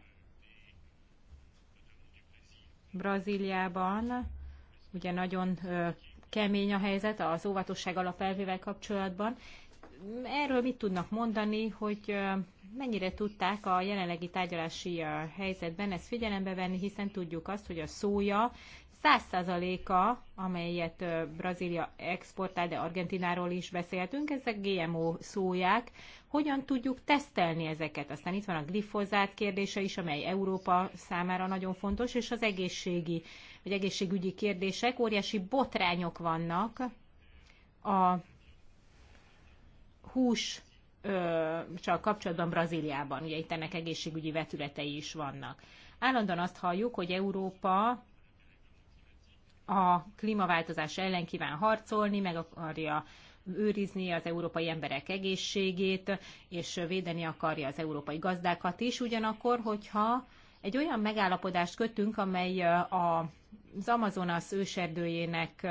Brazíliában ugye nagyon uh, kemény a helyzet az óvatosság alapelvével kapcsolatban. Erről mit tudnak mondani, hogy uh, mennyire tudták a jelenlegi tárgyalási helyzetben ezt figyelembe venni, hiszen tudjuk azt, hogy a szója 100%-a, amelyet Brazília exportál, de Argentináról is beszéltünk, ezek GMO szóják. Hogyan tudjuk tesztelni ezeket? Aztán itt van a glifozát kérdése is, amely Európa számára nagyon fontos, és az egészségi, vagy egészségügyi kérdések. Óriási botrányok vannak a hús csak kapcsolatban Brazíliában. Ugye itt ennek egészségügyi vetületei is vannak. Állandóan azt halljuk, hogy Európa a klímaváltozás ellen kíván harcolni, meg akarja őrizni az európai emberek egészségét, és védeni akarja az európai gazdákat is. Ugyanakkor, hogyha egy olyan megállapodást kötünk, amely a az Amazonas őserdőjének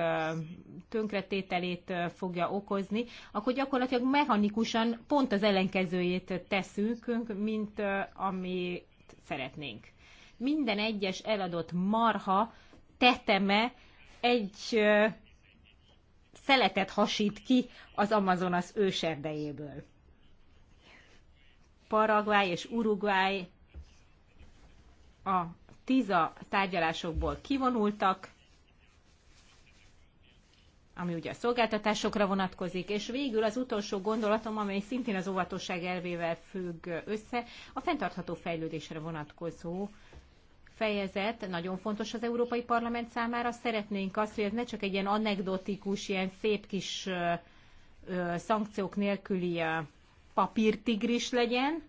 tönkretételét fogja okozni, akkor gyakorlatilag mechanikusan pont az ellenkezőjét teszünk, mint amit szeretnénk. Minden egyes eladott marha teteme egy szeletet hasít ki az Amazonas őserdejéből. Paraguay és Uruguay a TISA tárgyalásokból kivonultak, ami ugye a szolgáltatásokra vonatkozik, és végül az utolsó gondolatom, amely szintén az óvatosság elvével függ össze, a fenntartható fejlődésre vonatkozó fejezet nagyon fontos az Európai Parlament számára. Szeretnénk azt, hogy ez ne csak egy ilyen anekdotikus, ilyen szép kis ö, ö, szankciók nélküli ö, papírtigris legyen.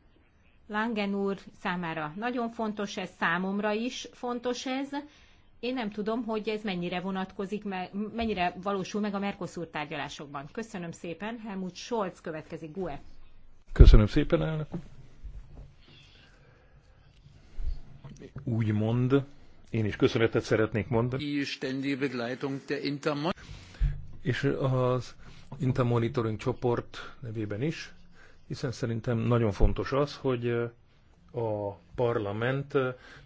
Langen úr számára nagyon fontos ez, számomra is fontos ez. Én nem tudom, hogy ez mennyire vonatkozik, mennyire valósul meg a Mercosur tárgyalásokban. Köszönöm szépen. Helmut Scholz következik, GUE. Köszönöm szépen, elnök. úgymond, én is köszönetet szeretnék mondani. És az Intermonitoring csoport nevében is, hiszen szerintem nagyon fontos az, hogy a parlament,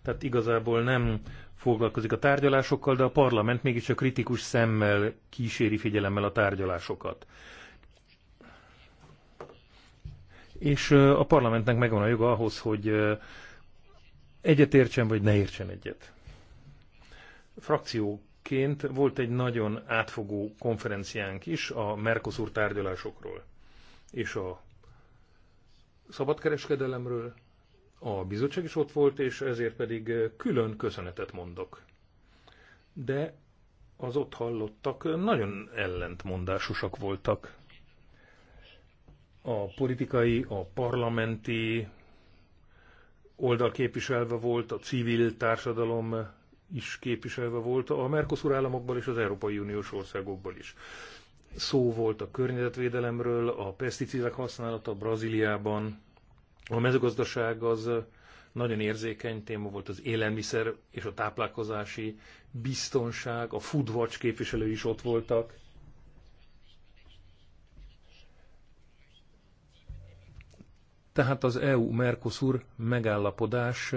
tehát igazából nem foglalkozik a tárgyalásokkal, de a parlament mégis a kritikus szemmel kíséri figyelemmel a tárgyalásokat. És a parlamentnek megvan a joga ahhoz, hogy egyet értsen, vagy ne értsen egyet. Frakcióként volt egy nagyon átfogó konferenciánk is a Mercosur tárgyalásokról, és a szabadkereskedelemről, a bizottság is ott volt, és ezért pedig külön köszönetet mondok. De az ott hallottak nagyon ellentmondásosak voltak. A politikai, a parlamenti oldal képviselve volt, a civil társadalom is képviselve volt, a Mercosur államokból és az Európai Uniós országokból is. Szó volt a környezetvédelemről, a peszticidek használata Brazíliában, a mezőgazdaság az nagyon érzékeny téma volt az élelmiszer és a táplálkozási biztonság, a foodwatch képviselői is ott voltak, Tehát az EU-Mercosur megállapodás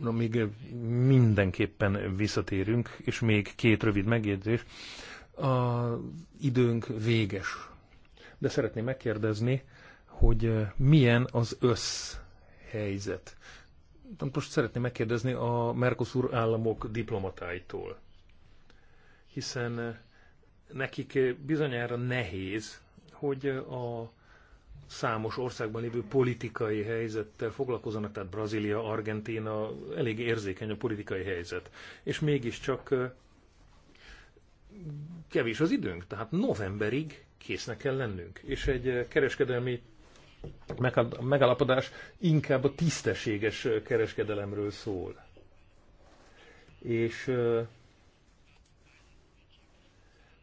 na még mindenképpen visszatérünk, és még két rövid megjegyzés. A időnk véges. De szeretném megkérdezni, hogy milyen az összhelyzet. Most szeretném megkérdezni a Mercosur államok diplomatáitól. Hiszen nekik bizonyára nehéz, hogy a számos országban lévő politikai helyzettel foglalkozanak, tehát Brazília, Argentína, elég érzékeny a politikai helyzet. És mégiscsak kevés az időnk, tehát novemberig késznek kell lennünk. És egy kereskedelmi megállapodás inkább a tisztességes kereskedelemről szól. És euh,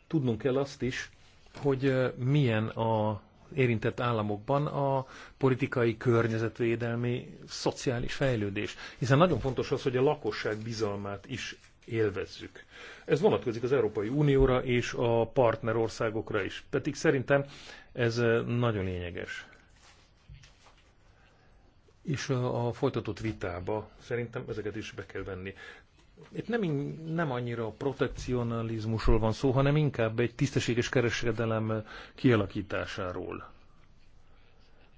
tudnunk kell azt is, hogy milyen a érintett államokban a politikai, környezetvédelmi, szociális fejlődés. Hiszen nagyon fontos az, hogy a lakosság bizalmát is élvezzük. Ez vonatkozik az Európai Unióra és a partnerországokra is, pedig szerintem ez eh, nagyon lényeges. És a folytatott vitába szerintem ezeket is be kell venni itt nem, nem annyira a protekcionalizmusról van szó, hanem inkább egy tisztességes kereskedelem kialakításáról,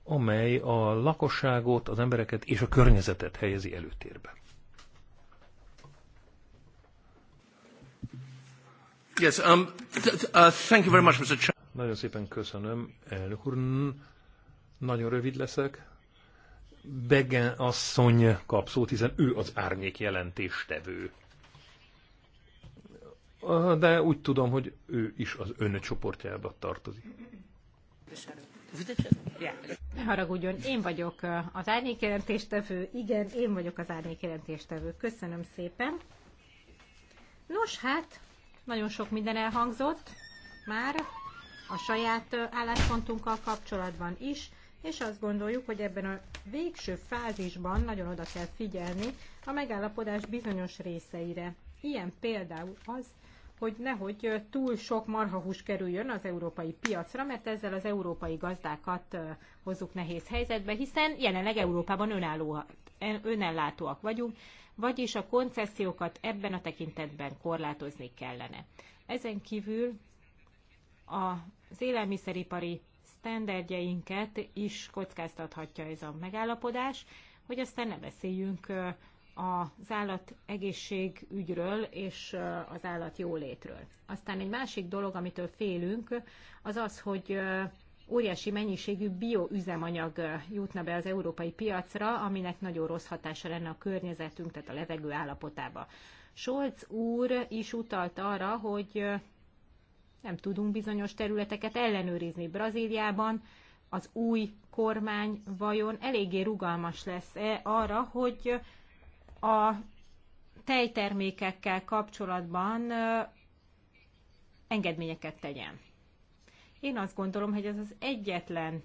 amely a lakosságot, az embereket és a környezetet helyezi előtérbe. Yes, um, uh, thank you very much, Mr. Nagyon szépen köszönöm, elnök úr. Nagyon rövid leszek. Begen asszony kap szót, hiszen ő az árnyék jelentéstevő. De úgy tudom, hogy ő is az ön csoportjába tartozik. Ne haragudjon, én vagyok az árnyék jelentéstevő. Igen, én vagyok az árnyék jelentéstevő. Köszönöm szépen. Nos, hát, nagyon sok minden elhangzott már a saját álláspontunkkal kapcsolatban is és azt gondoljuk, hogy ebben a végső fázisban nagyon oda kell figyelni a megállapodás bizonyos részeire. Ilyen például az, hogy nehogy túl sok marhahús kerüljön az európai piacra, mert ezzel az európai gazdákat hozzuk nehéz helyzetbe, hiszen jelenleg Európában önálló, önellátóak vagyunk, vagyis a koncesziókat ebben a tekintetben korlátozni kellene. Ezen kívül az élelmiszeripari sztenderdjeinket is kockáztathatja ez a megállapodás, hogy aztán ne beszéljünk az állat egészségügyről és az állat jólétről. Aztán egy másik dolog, amitől félünk, az az, hogy óriási mennyiségű bioüzemanyag jutna be az európai piacra, aminek nagyon rossz hatása lenne a környezetünk, tehát a levegő állapotába. Scholz úr is utalt arra, hogy nem tudunk bizonyos területeket ellenőrizni. Brazíliában az új kormány vajon eléggé rugalmas lesz-e arra, hogy a tejtermékekkel kapcsolatban engedményeket tegyen. Én azt gondolom, hogy ez az egyetlen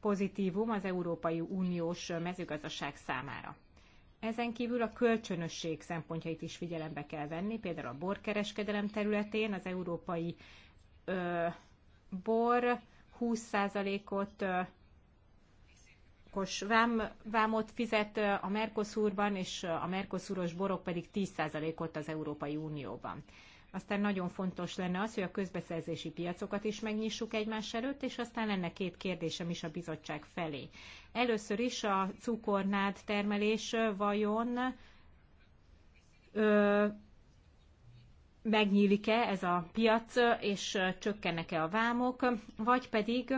pozitívum az Európai Uniós mezőgazdaság számára. Ezen kívül a kölcsönösség szempontjait is figyelembe kell venni, például a borkereskedelem területén az európai ö, bor 20%-ot os vám, vámot fizet a Mercosurban, és a Mercosuros borok pedig 10%-ot az Európai Unióban. Aztán nagyon fontos lenne az, hogy a közbeszerzési piacokat is megnyissuk egymás előtt, és aztán lenne két kérdésem is a bizottság felé. Először is a cukornád termelés vajon ö, megnyílik-e ez a piac, és csökkennek-e a vámok, vagy pedig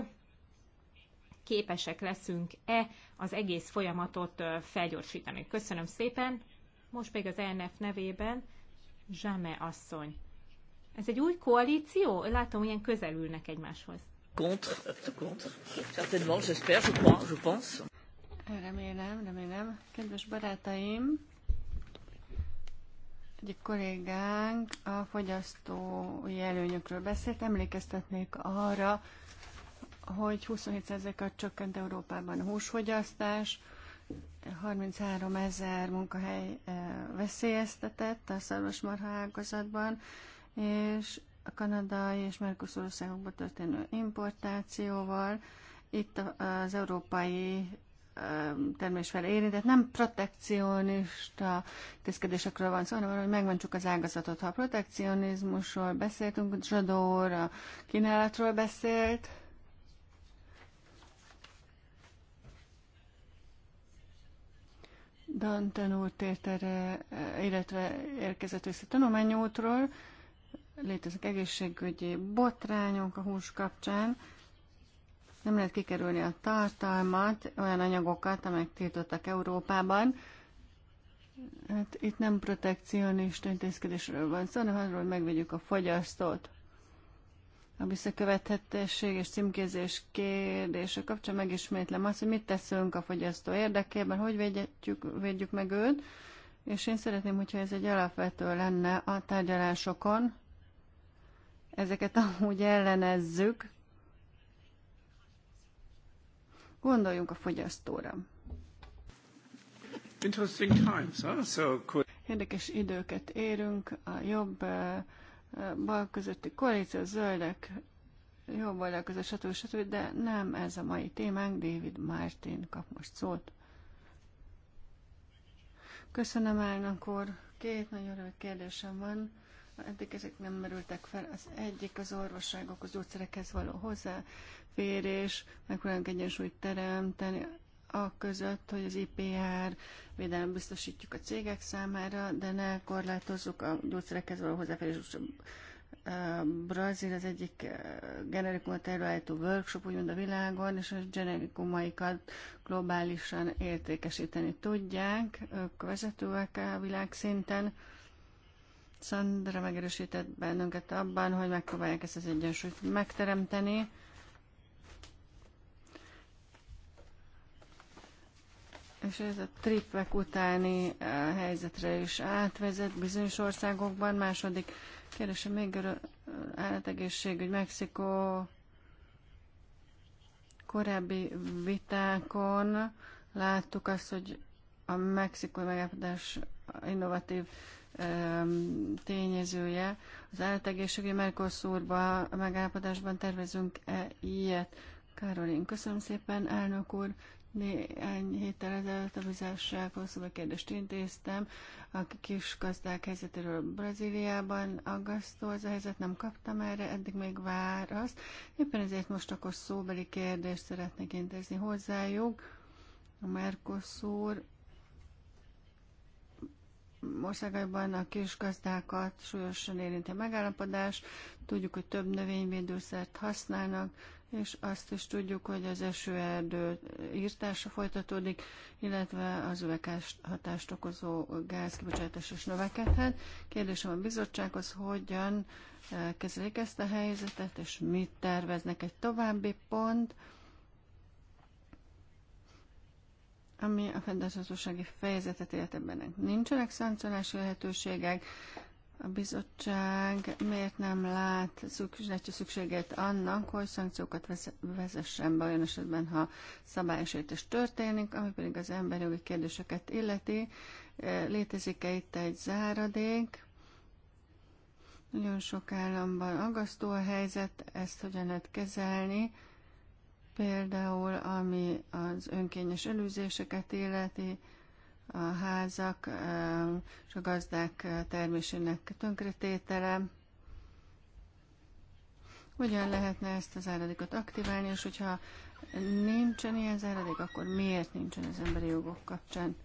képesek leszünk-e az egész folyamatot felgyorsítani. Köszönöm szépen, most pedig az ENF nevében Zsame asszony. Ez egy új koalíció? Látom, ilyen közelülnek egymáshoz. Contre, contre. Certainement, j'espère, je crois, je pense. Remélem, remélem. Kedves barátaim, Egy kollégánk a fogyasztói előnyökről beszélt, emlékeztetnék arra, hogy 27%-kal csökkent Európában a húsfogyasztás, 33 ezer munkahely eh, veszélyeztetett a szarvasmarha ágazatban, és a kanadai és Mercosur országokba történő importációval. Itt az európai um, termésfel érintett, nem protekcionista intézkedésekről van szó, hanem arról, hogy megmentsük az ágazatot. Ha a protekcionizmusról beszéltünk, Zsadó a kínálatról beszélt, Danten úr tért erre, illetve érkezett vissza tanulmányútról, léteznek egészségügyi botrányok a hús kapcsán, nem lehet kikerülni a tartalmat, olyan anyagokat, amelyek tiltottak Európában. Hát itt nem protekcionista intézkedésről van szó, hanem arról, hogy megvegyük a fogyasztót. A visszakövethetesség és címkézés kérdése kapcsán megismétlem azt, hogy mit teszünk a fogyasztó érdekében, hogy védjük, védjük meg őt, és én szeretném, hogyha ez egy alapvető lenne a tárgyalásokon, ezeket amúgy ellenezzük. Gondoljunk a fogyasztóra. Interesting times, huh? so Érdekes időket érünk, a jobb eh, eh, bal közötti koalíció, zöldek, jobb oldal között, stb. stb. De nem ez a mai témánk, David Martin kap most szót. Köszönöm, elnök úr. Két nagyon rövid kérdésem van. Eddig ezek nem merültek fel. Az egyik az orvosságok, az gyógyszerekhez való hozzáférés, tudunk egyensúlyt teremteni a között, hogy az IPR védelem biztosítjuk a cégek számára, de ne korlátozzuk a gyógyszerekhez való hozzáférés. Brazil az egyik generikumot előállító workshop, úgymond a világon, és a generikumaikat globálisan értékesíteni tudják, ők vezetőek a világszinten. szinten Szandra megerősített bennünket abban, hogy megpróbálják ezt az egyensúlyt megteremteni. És ez a tripek utáni eh, helyzetre is átvezet bizonyos országokban. Második kérdése még hogy Mexikó korábbi vitákon láttuk azt, hogy a mexikói megállapodás innovatív tényezője. Az állategészségügyi Mercosurba megállapodásban tervezünk-e ilyet? Károlin, köszönöm szépen, elnök úr. Néhány héttel ezelőtt a bizottsághoz szóba kérdést intéztem, a kis gazdák helyzetéről Brazíliában aggasztó az a helyzet, nem kaptam erre, eddig még választ. Éppen ezért most akkor szóbeli kérdést szeretnék intézni hozzájuk. A Mercosur országaiban a kis gazdákat súlyosan érinti a megállapodás, tudjuk, hogy több növényvédőszert használnak, és azt is tudjuk, hogy az esőerdő írtása folytatódik, illetve az hatást okozó gázkibocsátás is növekedhet. Kérdésem a bizottsághoz, hogyan eh, kezelik ezt a helyzetet, és mit terveznek egy további pont, ami a fenntarthatósági fejezetet életebbenek nincsenek szankcionási lehetőségek, a bizottság miért nem lát szükséget, szükséget annak, hogy szankciókat vezessen be olyan esetben, ha szabályosítés történik, ami pedig az jogi kérdéseket illeti. E, létezik-e itt egy záradék? Nagyon sok államban agasztó a helyzet, ezt hogyan lehet kezelni? Például, ami az önkényes előzéseket életi a házak és a gazdák termésének tönkretétele. Hogyan lehetne ezt az áradékot aktiválni, és hogyha nincsen ilyen záradék, akkor miért nincsen az emberi jogok kapcsán?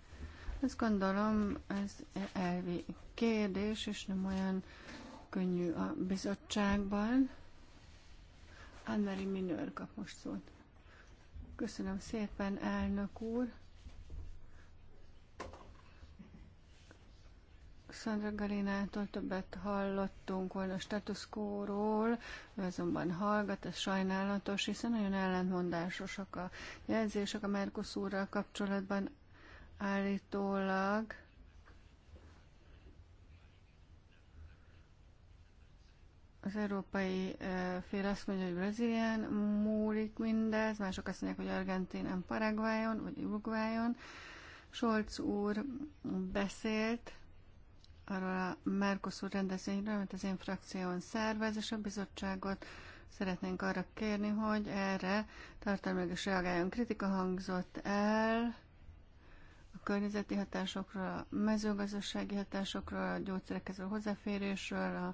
Azt gondolom, ez elvi kérdés, és nem olyan könnyű a bizottságban. Anne-Marie Minőr kap most szót. Köszönöm szépen, elnök úr. Szandra Galinától többet hallottunk volna a statuszkóról, ő azonban hallgat, ez sajnálatos, hiszen nagyon ellentmondásosak a jelzések a Mercosurral kapcsolatban állítólag Az európai fél azt mondja, hogy Brazílián múlik mindez, mások azt mondják, hogy Argentinán, Paraguayon vagy Uruguayon. Scholz úr beszélt arról a Mercosur rendezvényről, amit az én frakción szervez, és a bizottságot szeretnénk arra kérni, hogy erre tartalmilag is reagáljon. Kritika hangzott el környezeti hatásokról, a mezőgazdasági hatásokról, a gyógyszerekhez való hozzáférésről,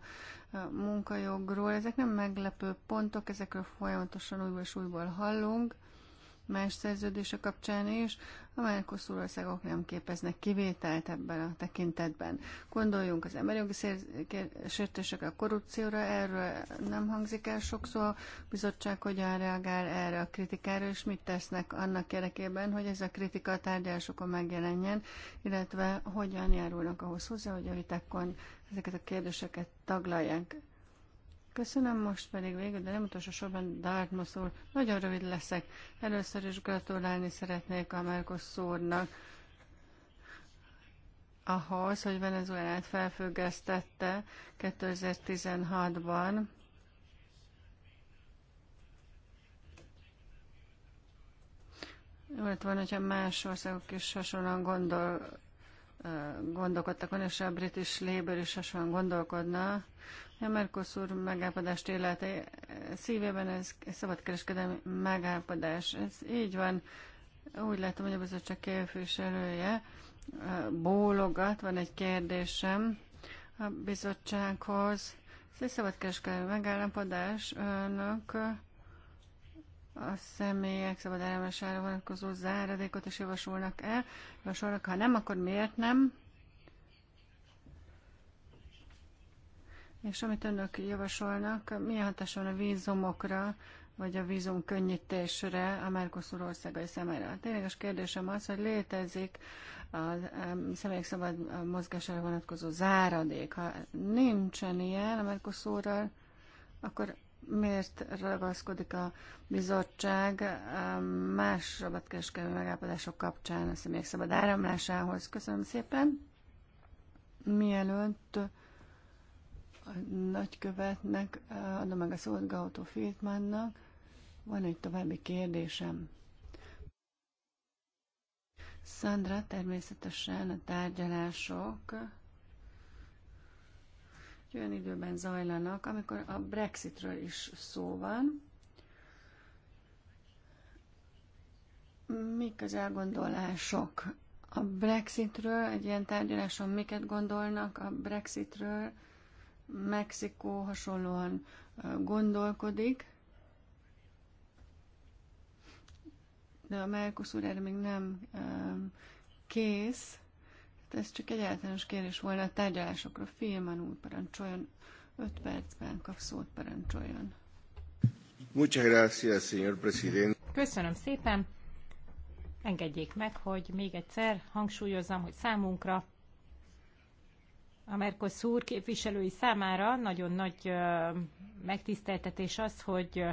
a munkajogról. Ezek nem meglepő pontok, ezekről folyamatosan újból és újból hallunk más szerződése kapcsán is, a a országok nem képeznek kivételt ebben a tekintetben. Gondoljunk az emberi jogi sértésekre, a korrupcióra, erről nem hangzik el sokszor. A bizottság hogyan reagál erre a kritikára, és mit tesznek annak érdekében, hogy ez a kritika a tárgyalásokon megjelenjen, illetve hogyan járulnak ahhoz hozzá, hogy a vitákon ezeket a kérdéseket taglalják. Köszönöm, most pedig végül, de nem utolsó sorban Dartmouth úr. Nagyon rövid leszek. Először is gratulálni szeretnék a Mercosurnak ahhoz, hogy Venezuelát felfüggesztette 2016-ban. Jó lett volna, hogyha más országok is hasonlóan gondol, gondolkodtak és a British Labour is hasonlóan gondolkodna a Mercosur megállapodást illeti szívében ez, szabadkereskedelmi megállapodás. Ez így van. Úgy látom, hogy a bizottság képviselője bólogat. Van egy kérdésem a bizottsághoz. Ez egy szabadkereskedelmi megállapodás. Önök a személyek szabad elemesára vonatkozó záradékot is javasolnak el. Javasolnak, ha nem, akkor miért nem? És amit önök javasolnak, milyen hatása van a vízumokra, vagy a vízum könnyítésre a Mercosur országai szemére? A tényleges kérdésem az, hogy létezik a személyek szabad mozgására vonatkozó záradék. Ha nincsen ilyen a Mercosurral, akkor miért ragaszkodik a bizottság más szabadkereskedelmi megállapodások kapcsán a személyek szabad áramlásához? Köszönöm szépen. Mielőtt a nagykövetnek, adom meg a szót Gautó Filtmánnak. Van egy további kérdésem. Szandra, természetesen a tárgyalások olyan időben zajlanak, amikor a Brexitről is szó van. Mik az elgondolások a Brexitről, egy ilyen tárgyaláson miket gondolnak a Brexitről, Mexikó hasonlóan gondolkodik, de a Mercosur erre még nem kész. Hát ez csak egy általános kérés volna a tárgyalásokra. Filmen úr parancsoljon, 5 percben kap szót parancsoljon. Köszönöm szépen. Engedjék meg, hogy még egyszer hangsúlyozzam, hogy számunkra a Mercosur képviselői számára nagyon nagy megtiszteltetés az, hogy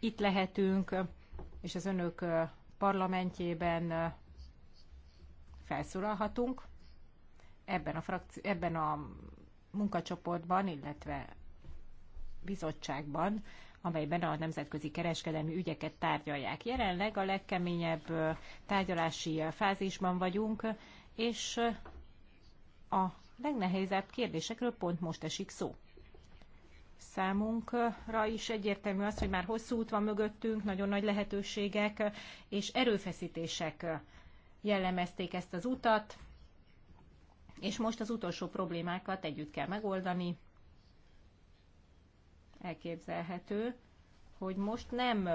itt lehetünk, és az önök parlamentjében felszólalhatunk ebben a, frakció, ebben a munkacsoportban, illetve bizottságban, amelyben a nemzetközi kereskedelmi ügyeket tárgyalják. Jelenleg a legkeményebb tárgyalási fázisban vagyunk, és a legnehezebb kérdésekről pont most esik szó. Számunkra is egyértelmű az, hogy már hosszú út van mögöttünk, nagyon nagy lehetőségek és erőfeszítések jellemezték ezt az utat, és most az utolsó problémákat együtt kell megoldani. Elképzelhető, hogy most nem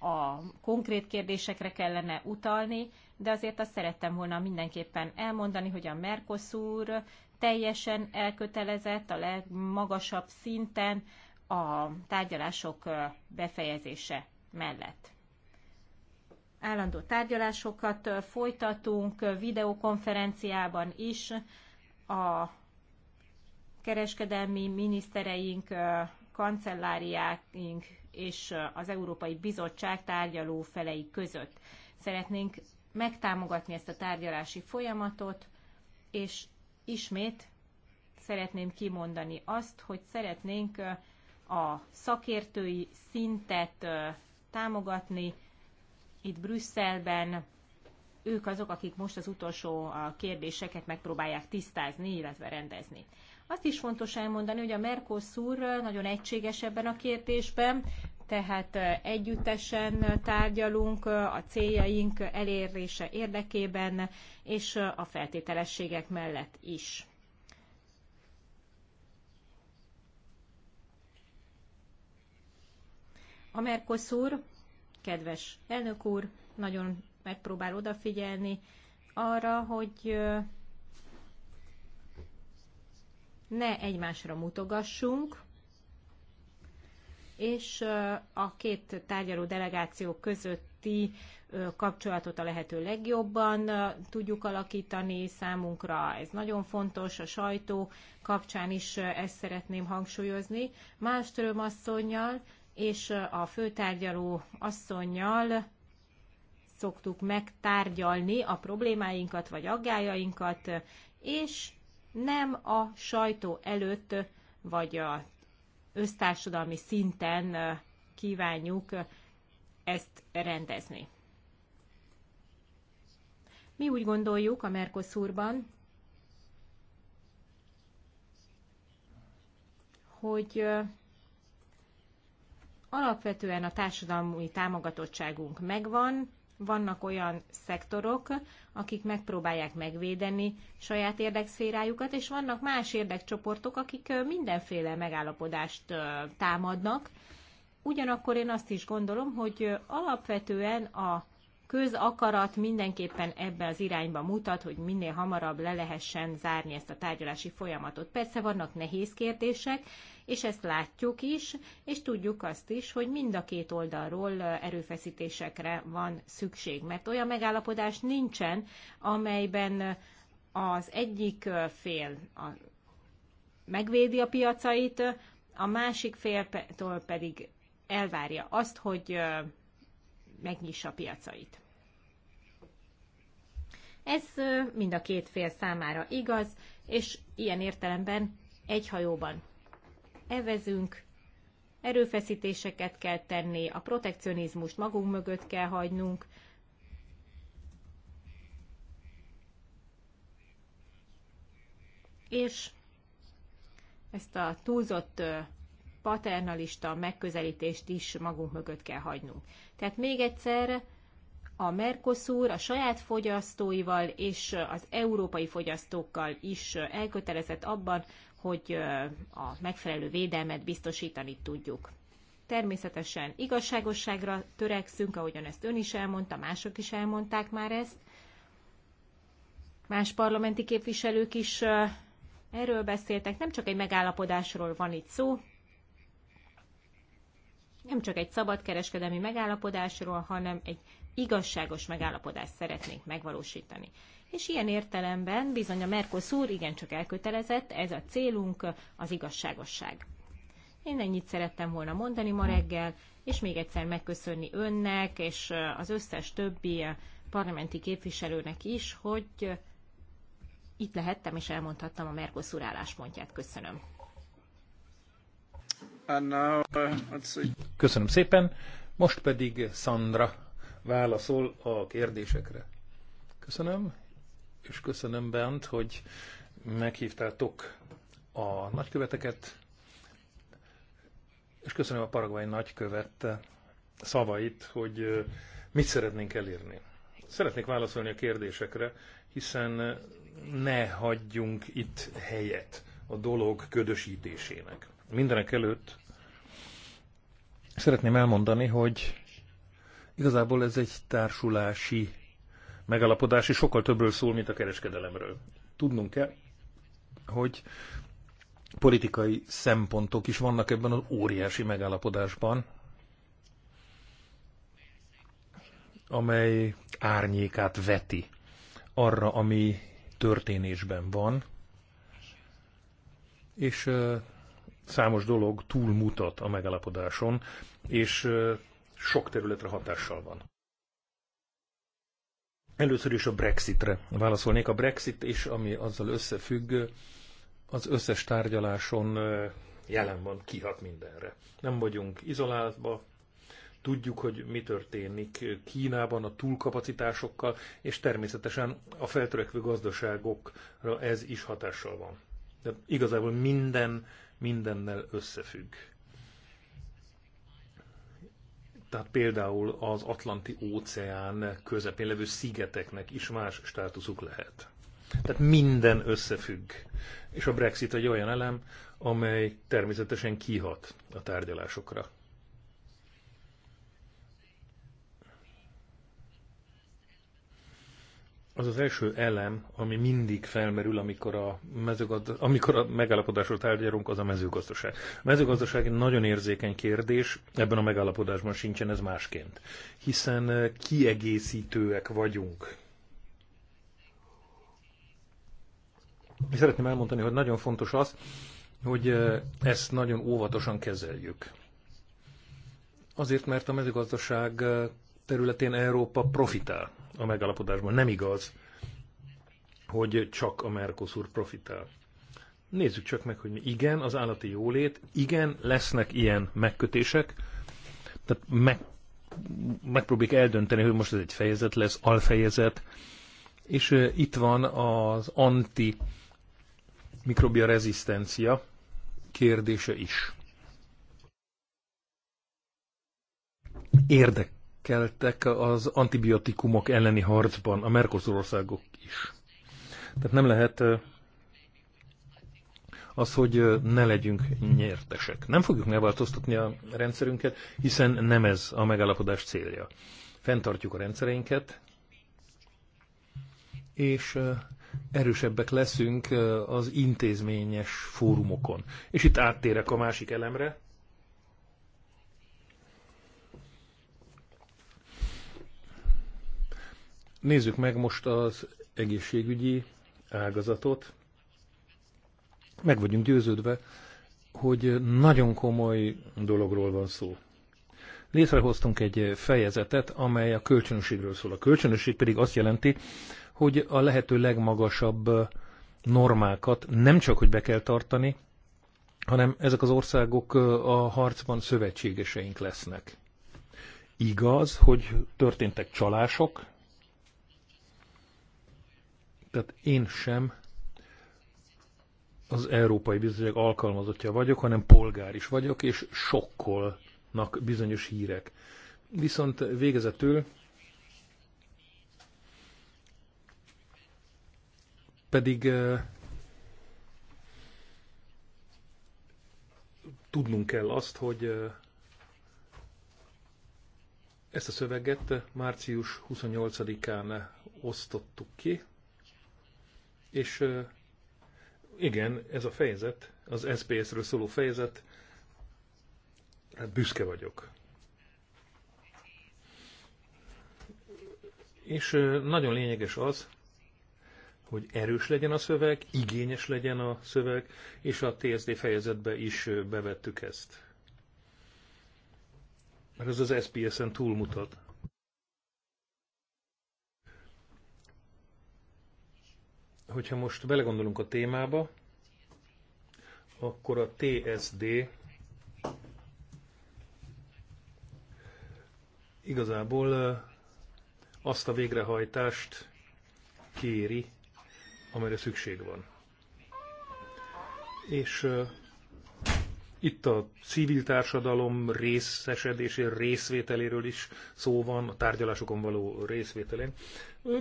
a konkrét kérdésekre kellene utalni, de azért azt szerettem volna mindenképpen elmondani, hogy a Mercosur teljesen elkötelezett a legmagasabb szinten a tárgyalások befejezése mellett. Állandó tárgyalásokat folytatunk videokonferenciában is a kereskedelmi minisztereink, kancelláriáink és az Európai Bizottság tárgyaló felei között. Szeretnénk megtámogatni ezt a tárgyalási folyamatot, és ismét szeretném kimondani azt, hogy szeretnénk a szakértői szintet támogatni itt Brüsszelben. Ők azok, akik most az utolsó kérdéseket megpróbálják tisztázni, illetve rendezni. Azt is fontos elmondani, hogy a Mercosur nagyon egységes ebben a kérdésben, tehát együttesen tárgyalunk a céljaink elérése érdekében és a feltételességek mellett is. A Mercosur, kedves elnök úr, nagyon megpróbál odafigyelni arra, hogy ne egymásra mutogassunk, és a két tárgyaló delegáció közötti kapcsolatot a lehető legjobban tudjuk alakítani. Számunkra ez nagyon fontos, a sajtó kapcsán is ezt szeretném hangsúlyozni. más asszonynal és a főtárgyaló asszonynal szoktuk megtárgyalni a problémáinkat vagy aggájainkat, és nem a sajtó előtt, vagy a össztársadalmi szinten kívánjuk ezt rendezni. Mi úgy gondoljuk a Mercosurban, hogy alapvetően a társadalmi támogatottságunk megvan, vannak olyan szektorok, akik megpróbálják megvédeni saját érdekszférájukat, és vannak más érdekcsoportok, akik mindenféle megállapodást támadnak. Ugyanakkor én azt is gondolom, hogy alapvetően a közakarat mindenképpen ebbe az irányba mutat, hogy minél hamarabb le lehessen zárni ezt a tárgyalási folyamatot. Persze vannak nehéz kérdések, és ezt látjuk is, és tudjuk azt is, hogy mind a két oldalról erőfeszítésekre van szükség, mert olyan megállapodás nincsen, amelyben az egyik fél a, megvédi a piacait, a másik féltől pedig elvárja azt, hogy megnyissa a piacait. Ez mind a két fél számára igaz, és ilyen értelemben egy hajóban evezünk, erőfeszítéseket kell tenni, a protekcionizmust magunk mögött kell hagynunk, és ezt a túlzott paternalista megközelítést is magunk mögött kell hagynunk. Tehát még egyszer a Mercosur a saját fogyasztóival és az európai fogyasztókkal is elkötelezett abban, hogy a megfelelő védelmet biztosítani tudjuk. Természetesen igazságosságra törekszünk, ahogyan ezt ön is elmondta, mások is elmondták már ezt. Más parlamenti képviselők is erről beszéltek. Nem csak egy megállapodásról van itt szó, nem csak egy szabadkereskedelmi megállapodásról, hanem egy igazságos megállapodást szeretnénk megvalósítani és ilyen értelemben bizony a Mercosur igencsak elkötelezett, ez a célunk, az igazságosság. Én ennyit szerettem volna mondani ma reggel, és még egyszer megköszönni önnek, és az összes többi parlamenti képviselőnek is, hogy itt lehettem és elmondhattam a Mercosur álláspontját. Köszönöm. Uh, Köszönöm szépen. Most pedig Sandra válaszol a kérdésekre. Köszönöm és köszönöm Bent, hogy meghívtátok a nagyköveteket, és köszönöm a Paraguay nagykövet szavait, hogy mit szeretnénk elérni. Szeretnék válaszolni a kérdésekre, hiszen ne hagyjunk itt helyet a dolog ködösítésének. Mindenek előtt szeretném elmondani, hogy igazából ez egy társulási megalapodás, és sokkal többről szól, mint a kereskedelemről. Tudnunk kell, hogy politikai szempontok is vannak ebben az óriási megállapodásban, amely árnyékát veti arra, ami történésben van, és ö, számos dolog túlmutat a megállapodáson, és ö, sok területre hatással van. Először is a Brexitre válaszolnék. A Brexit és ami azzal összefügg, az összes tárgyaláson jelen van, kihat mindenre. Nem vagyunk izolálva, tudjuk, hogy mi történik Kínában a túlkapacitásokkal, és természetesen a feltörekvő gazdaságokra ez is hatással van. De igazából minden mindennel összefügg tehát például az Atlanti óceán közepén levő szigeteknek is más státuszuk lehet. Tehát minden összefügg. És a Brexit egy olyan elem, amely természetesen kihat a tárgyalásokra. az az első elem, ami mindig felmerül, amikor a, mezőgazda, amikor a megállapodásról tárgyalunk, az a mezőgazdaság. A mezőgazdaság egy nagyon érzékeny kérdés, ebben a megállapodásban sincsen ez másként, hiszen eh, kiegészítőek vagyunk. És szeretném elmondani, hogy nagyon fontos az, hogy eh, ezt nagyon óvatosan kezeljük. Azért, mert a mezőgazdaság eh, területén Európa profitál a megalapodásban. Nem igaz, hogy csak a Mercosur profitál. Nézzük csak meg, hogy igen, az állati jólét, igen, lesznek ilyen megkötések, tehát meg, megpróbáljuk eldönteni, hogy most ez egy fejezet lesz, alfejezet, és itt van az anti mikrobia rezisztencia kérdése is. Érdek, érdekeltek az antibiotikumok elleni harcban, a Mercosur országok is. Tehát nem lehet az, hogy ne legyünk nyertesek. Nem fogjuk megváltoztatni a rendszerünket, hiszen nem ez a megállapodás célja. Fentartjuk a rendszereinket, és erősebbek leszünk az intézményes fórumokon. És itt áttérek a másik elemre, Nézzük meg most az egészségügyi ágazatot. Meg vagyunk győződve, hogy nagyon komoly dologról van szó. Létrehoztunk egy fejezetet, amely a kölcsönösségről szól. A kölcsönösség pedig azt jelenti, hogy a lehető legmagasabb normákat nem csak, hogy be kell tartani, hanem ezek az országok a harcban szövetségeseink lesznek. Igaz, hogy történtek csalások, tehát én sem az Európai Bizottság alkalmazottja vagyok, hanem polgár is vagyok, és sokkolnak bizonyos hírek. Viszont végezetül pedig eh, tudnunk kell azt, hogy eh, ezt a szöveget március 28-án osztottuk ki, és igen, ez a fejezet, az SPS-ről szóló fejezet, hát büszke vagyok. És nagyon lényeges az, hogy erős legyen a szöveg, igényes legyen a szöveg, és a TSD fejezetbe is bevettük ezt. Mert ez az SPS-en túlmutat. hogyha most belegondolunk a témába, akkor a TSD igazából azt a végrehajtást kéri, amire szükség van. És itt a civil társadalom részesedésé, részvételéről is szó van, a tárgyalásokon való részvételén.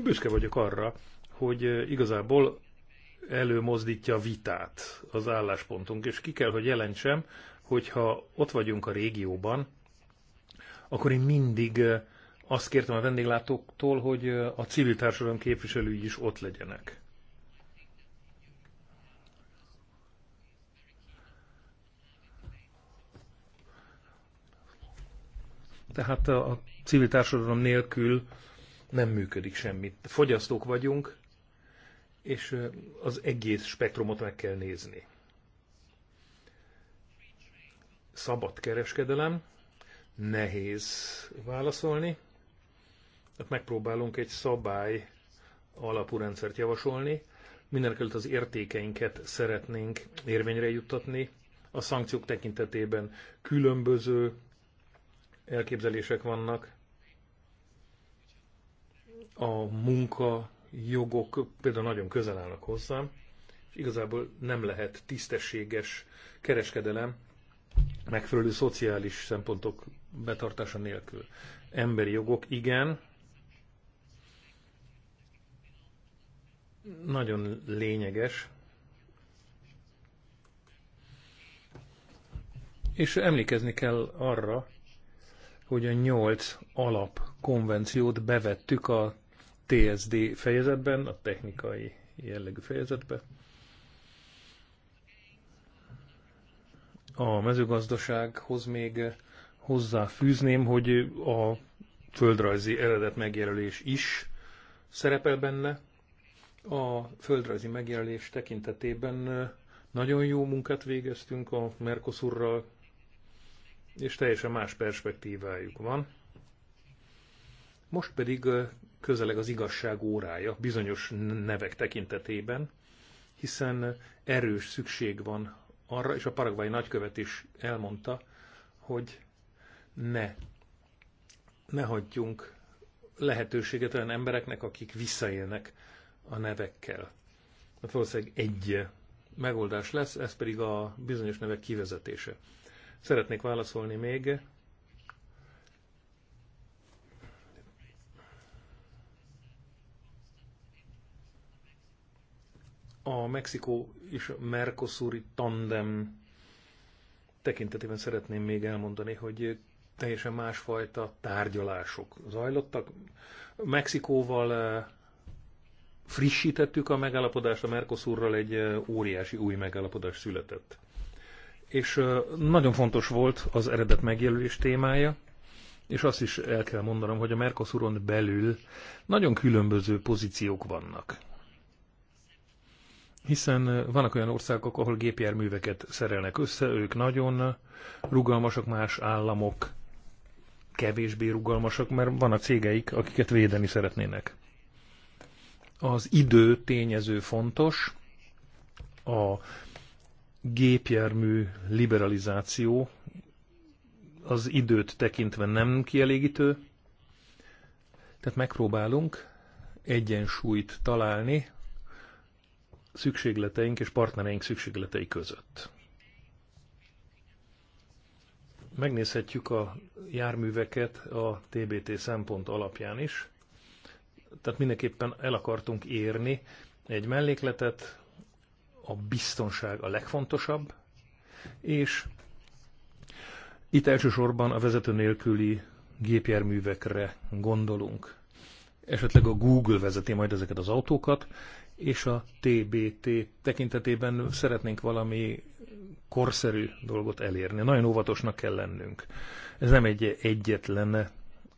Büszke vagyok arra, hogy igazából előmozdítja a vitát az álláspontunk, és ki kell, hogy jelentsem, hogyha ott vagyunk a régióban, akkor én mindig azt kértem a vendéglátóktól, hogy a civil társadalom képviselői is ott legyenek. Tehát a civil társadalom nélkül nem működik semmit. Fogyasztók vagyunk, és az egész spektrumot meg kell nézni. Szabad kereskedelem, nehéz válaszolni. Megpróbálunk egy szabály alapú rendszert javasolni. Mindenekelőtt az értékeinket szeretnénk érvényre juttatni. A szankciók tekintetében különböző elképzelések vannak. A munka jogok például nagyon közel állnak hozzám, és igazából nem lehet tisztességes kereskedelem megfelelő szociális szempontok betartása nélkül. Emberi jogok, igen, nagyon lényeges, És emlékezni kell arra, hogy a nyolc alapkonvenciót bevettük a TSD fejezetben, a technikai jellegű fejezetben. A mezőgazdasághoz még hozzáfűzném, hogy a földrajzi eredet megjelölés is szerepel benne. A földrajzi megjelölés tekintetében nagyon jó munkát végeztünk a Mercosurral, és teljesen más perspektívájuk van. Most pedig közeleg az igazság órája bizonyos nevek tekintetében, hiszen erős szükség van arra, és a paragvai nagykövet is elmondta, hogy ne, ne hagyjunk lehetőséget olyan embereknek, akik visszaélnek a nevekkel. Hát valószínűleg egy megoldás lesz, ez pedig a bizonyos nevek kivezetése. Szeretnék válaszolni még a Mexikó és a Mercosuri tandem tekintetében szeretném még elmondani, hogy teljesen másfajta tárgyalások zajlottak. Mexikóval eh, frissítettük a megállapodást, a Mercosurral egy eh, óriási új megállapodás született. És eh, nagyon fontos volt az eredet megjelölés témája, és azt is el kell mondanom, hogy a Mercosuron belül nagyon különböző pozíciók vannak hiszen vannak olyan országok, ahol gépjárműveket szerelnek össze, ők nagyon rugalmasak, más államok kevésbé rugalmasak, mert van a cégeik, akiket védeni szeretnének. Az idő tényező fontos, a gépjármű liberalizáció az időt tekintve nem kielégítő, tehát megpróbálunk egyensúlyt találni szükségleteink és partnereink szükségletei között. Megnézhetjük a járműveket a TBT szempont alapján is. Tehát mindenképpen el akartunk érni egy mellékletet, a biztonság a legfontosabb, és itt elsősorban a vezető nélküli gépjárművekre gondolunk. Esetleg a Google vezeti majd ezeket az autókat, és a TBT tekintetében szeretnénk valami korszerű dolgot elérni. Nagyon óvatosnak kell lennünk. Ez nem egy egyetlen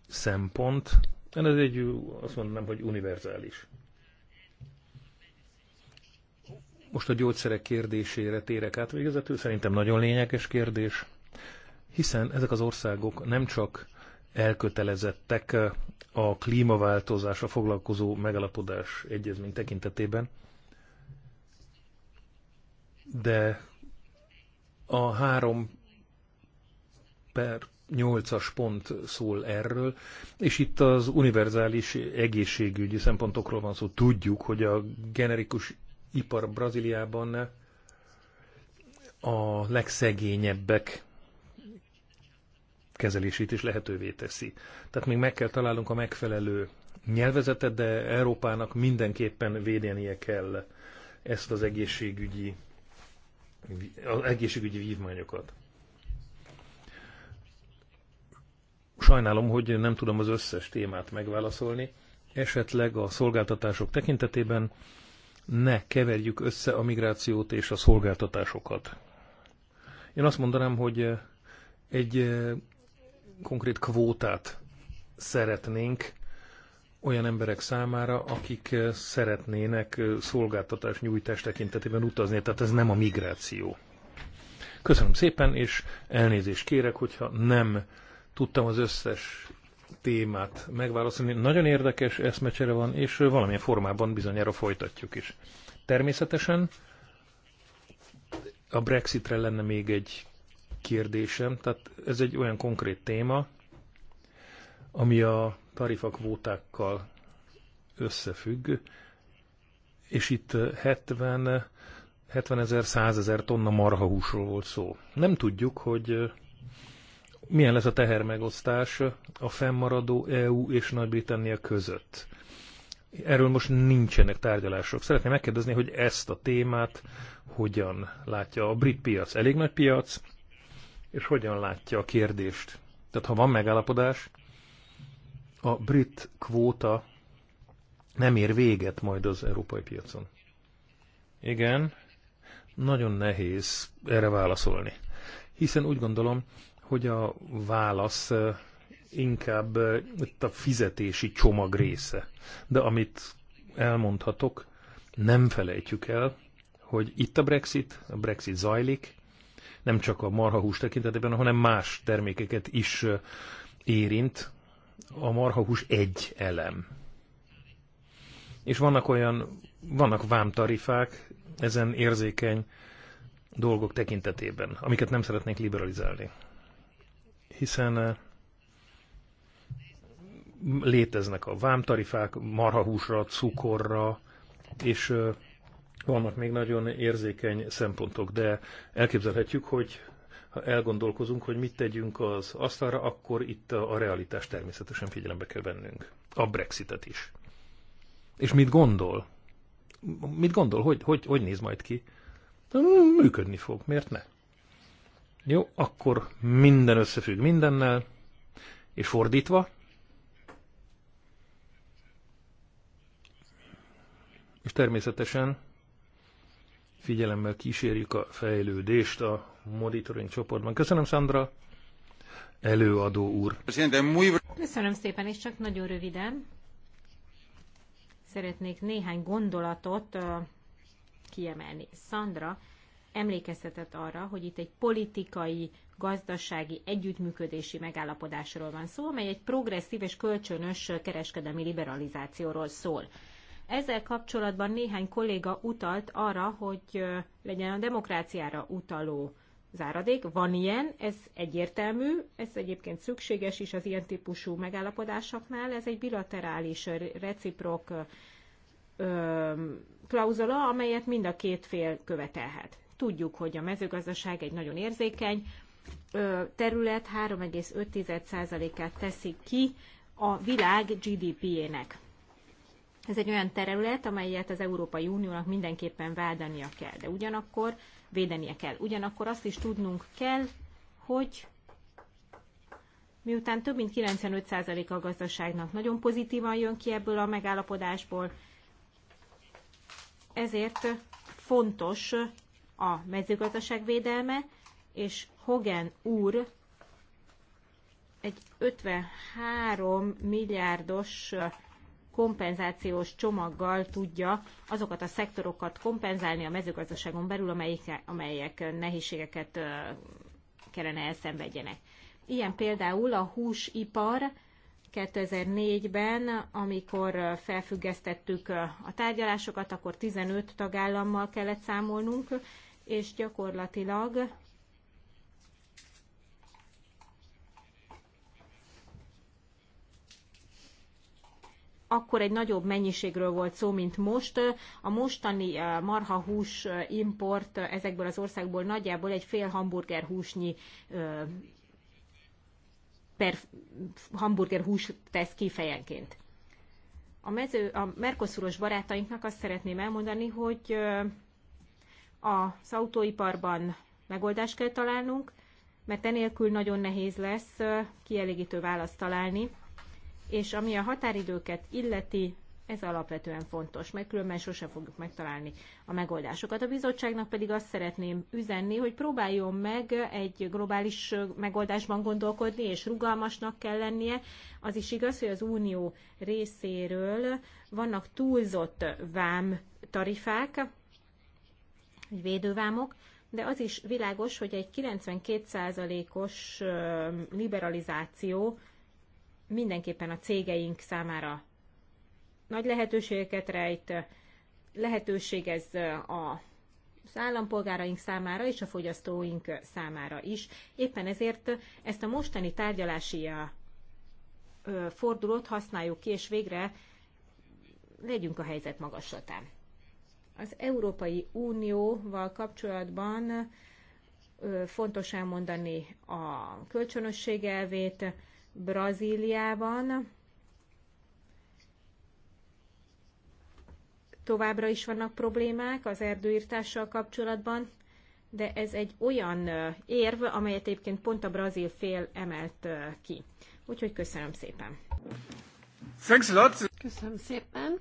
szempont, hanem ez egy, azt mondanám, hogy univerzális. Most a gyógyszerek kérdésére térek át végezetül, szerintem nagyon lényeges kérdés, hiszen ezek az országok nem csak elkötelezettek eh, a klímaváltozásra foglalkozó megalapodás egyezmény tekintetében, de a három per 8-as pont szól erről, és itt az univerzális egészségügyi szempontokról van szó. Tudjuk, hogy a generikus ipar Brazíliában a legszegényebbek kezelését is lehetővé teszi. Tehát még meg kell találnunk a megfelelő nyelvezetet, de Európának mindenképpen védenie kell ezt az egészségügyi, az egészségügyi vívmányokat. Sajnálom, hogy nem tudom az összes témát megválaszolni. Esetleg a szolgáltatások tekintetében ne keverjük össze a migrációt és a szolgáltatásokat. Én azt mondanám, hogy egy konkrét kvótát szeretnénk olyan emberek számára, akik eh, szeretnének eh, szolgáltatás nyújtás tekintetében utazni, tehát ez nem a migráció. Köszönöm szépen, és elnézést kérek, hogyha nem tudtam az összes témát megválaszolni. Nagyon érdekes eszmecsere van, és eh, valamilyen formában bizonyára folytatjuk is. Természetesen a Brexitre lenne még egy kérdésem, tehát ez egy olyan konkrét téma, ami a tarifakvótákkal összefügg, és itt 70, 70 ezer, 100 ezer tonna marhahúsról volt szó. Nem tudjuk, hogy milyen lesz a tehermegosztás a fennmaradó EU és Nagy-Britannia között. Erről most nincsenek tárgyalások. Szeretném megkérdezni, hogy ezt a témát hogyan látja a brit piac. Elég nagy piac, és hogyan látja a kérdést. Tehát ha van megállapodás, a brit kvóta nem ér véget majd az európai piacon. Igen, nagyon nehéz erre válaszolni. Hiszen úgy gondolom, hogy a válasz inkább itt a fizetési csomag része. De amit elmondhatok, nem felejtjük el, hogy itt a Brexit, a Brexit zajlik, nem csak a marhahús tekintetében, hanem más termékeket is érint. A marhahús egy elem. És vannak olyan, vannak vámtarifák ezen érzékeny dolgok tekintetében, amiket nem szeretnék liberalizálni. Hiszen léteznek a vámtarifák marhahúsra, cukorra, és vannak még nagyon érzékeny szempontok, de elképzelhetjük, hogy ha elgondolkozunk, hogy mit tegyünk az asztalra, akkor itt a realitást természetesen figyelembe kell vennünk. A Brexitet is. És mit gondol? Mit gondol? Hogy, hogy, hogy néz majd ki? Működni fog, miért ne? Jó, akkor minden összefügg mindennel, és fordítva. És természetesen figyelemmel kísérjük a fejlődést a monitoring csoportban. Köszönöm, Sandra! Előadó úr. Köszönöm szépen, és csak nagyon röviden. Szeretnék néhány gondolatot kiemelni. Sandra emlékeztetett arra, hogy itt egy politikai, gazdasági, együttműködési megállapodásról van szó, amely egy progresszív és kölcsönös kereskedelmi liberalizációról szól. Ezzel kapcsolatban néhány kolléga utalt arra, hogy legyen a demokráciára utaló záradék. Van ilyen, ez egyértelmű, ez egyébként szükséges is az ilyen típusú megállapodásoknál. Ez egy bilaterális, reciprok ö, klauzula, amelyet mind a két fél követelhet. Tudjuk, hogy a mezőgazdaság egy nagyon érzékeny ö, terület, 3,5%-át teszik ki a világ GDP-ének. Ez egy olyan terület, amelyet az Európai Uniónak mindenképpen vádania kell, de ugyanakkor védenie kell. Ugyanakkor azt is tudnunk kell, hogy miután több mint 95% a gazdaságnak nagyon pozitívan jön ki ebből a megállapodásból, ezért fontos a mezőgazdaság védelme, és Hogan úr egy 53 milliárdos kompenzációs csomaggal tudja azokat a szektorokat kompenzálni a mezőgazdaságon belül, amelyik, amelyek nehézségeket kellene elszenvedjenek. Ilyen például a húsipar 2004-ben, amikor felfüggesztettük a tárgyalásokat, akkor 15 tagállammal kellett számolnunk, és gyakorlatilag akkor egy nagyobb mennyiségről volt szó, mint most. A mostani eh, marhahús eh, import eh, ezekből az országból nagyjából egy fél hamburger húsnyi per hamburger hús tesz ki fejenként. A, mező, a Mercosuros barátainknak azt szeretném elmondani, hogy az autóiparban megoldást kell találnunk, mert enélkül nagyon nehéz lesz kielégítő választ találni és ami a határidőket illeti, ez alapvetően fontos, mert különben sose fogjuk megtalálni a megoldásokat. A bizottságnak pedig azt szeretném üzenni, hogy próbáljon meg egy globális megoldásban gondolkodni, és rugalmasnak kell lennie. Az is igaz, hogy az unió részéről vannak túlzott vám tarifák, védővámok, de az is világos, hogy egy 92%-os liberalizáció mindenképpen a cégeink számára nagy lehetőségeket rejt, lehetőség ez a az állampolgáraink számára és a fogyasztóink számára is. Éppen ezért ezt a mostani tárgyalási fordulót használjuk ki, és végre legyünk a helyzet magaslatán. Az Európai Unióval kapcsolatban fontos elmondani a kölcsönösség elvét, Brazíliában továbbra is vannak problémák az erdőírtással kapcsolatban, de ez egy olyan érv, amelyet egyébként pont a brazil fél emelt ki. Úgyhogy köszönöm szépen. Thanks a lot. Köszönöm szépen.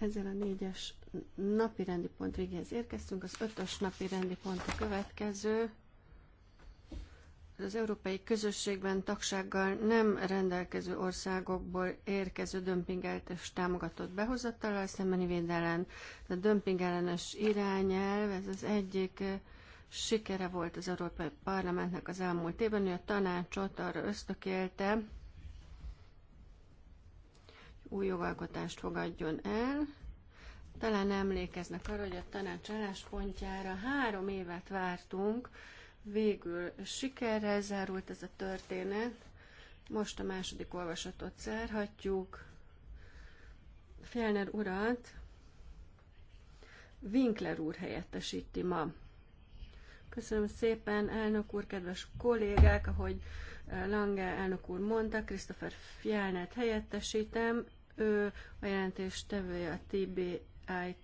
Ezzel a négyes napi rendi pont végéhez érkeztünk. Az ötös napi rendi pont a következő az európai közösségben tagsággal nem rendelkező országokból érkező dömpingeltes támogatott behozattalal szembeni védelem. A dömpingellenes irányelv, ez az egyik eh, sikere volt az Európai Parlamentnek az elmúlt évben, hogy a tanácsot arra ösztökélte, új jogalkotást fogadjon el. Talán emlékeznek arra, hogy a tanács álláspontjára három évet vártunk, Végül sikerrel zárult ez a történet. Most a második olvasatot zárhatjuk. Félner urat Winkler úr helyettesíti ma. Köszönöm szépen, elnök úr, kedves kollégák, ahogy eh, Lange elnök úr mondta, Christopher Fjellnert helyettesítem. Ő a jelentéstevője a TBI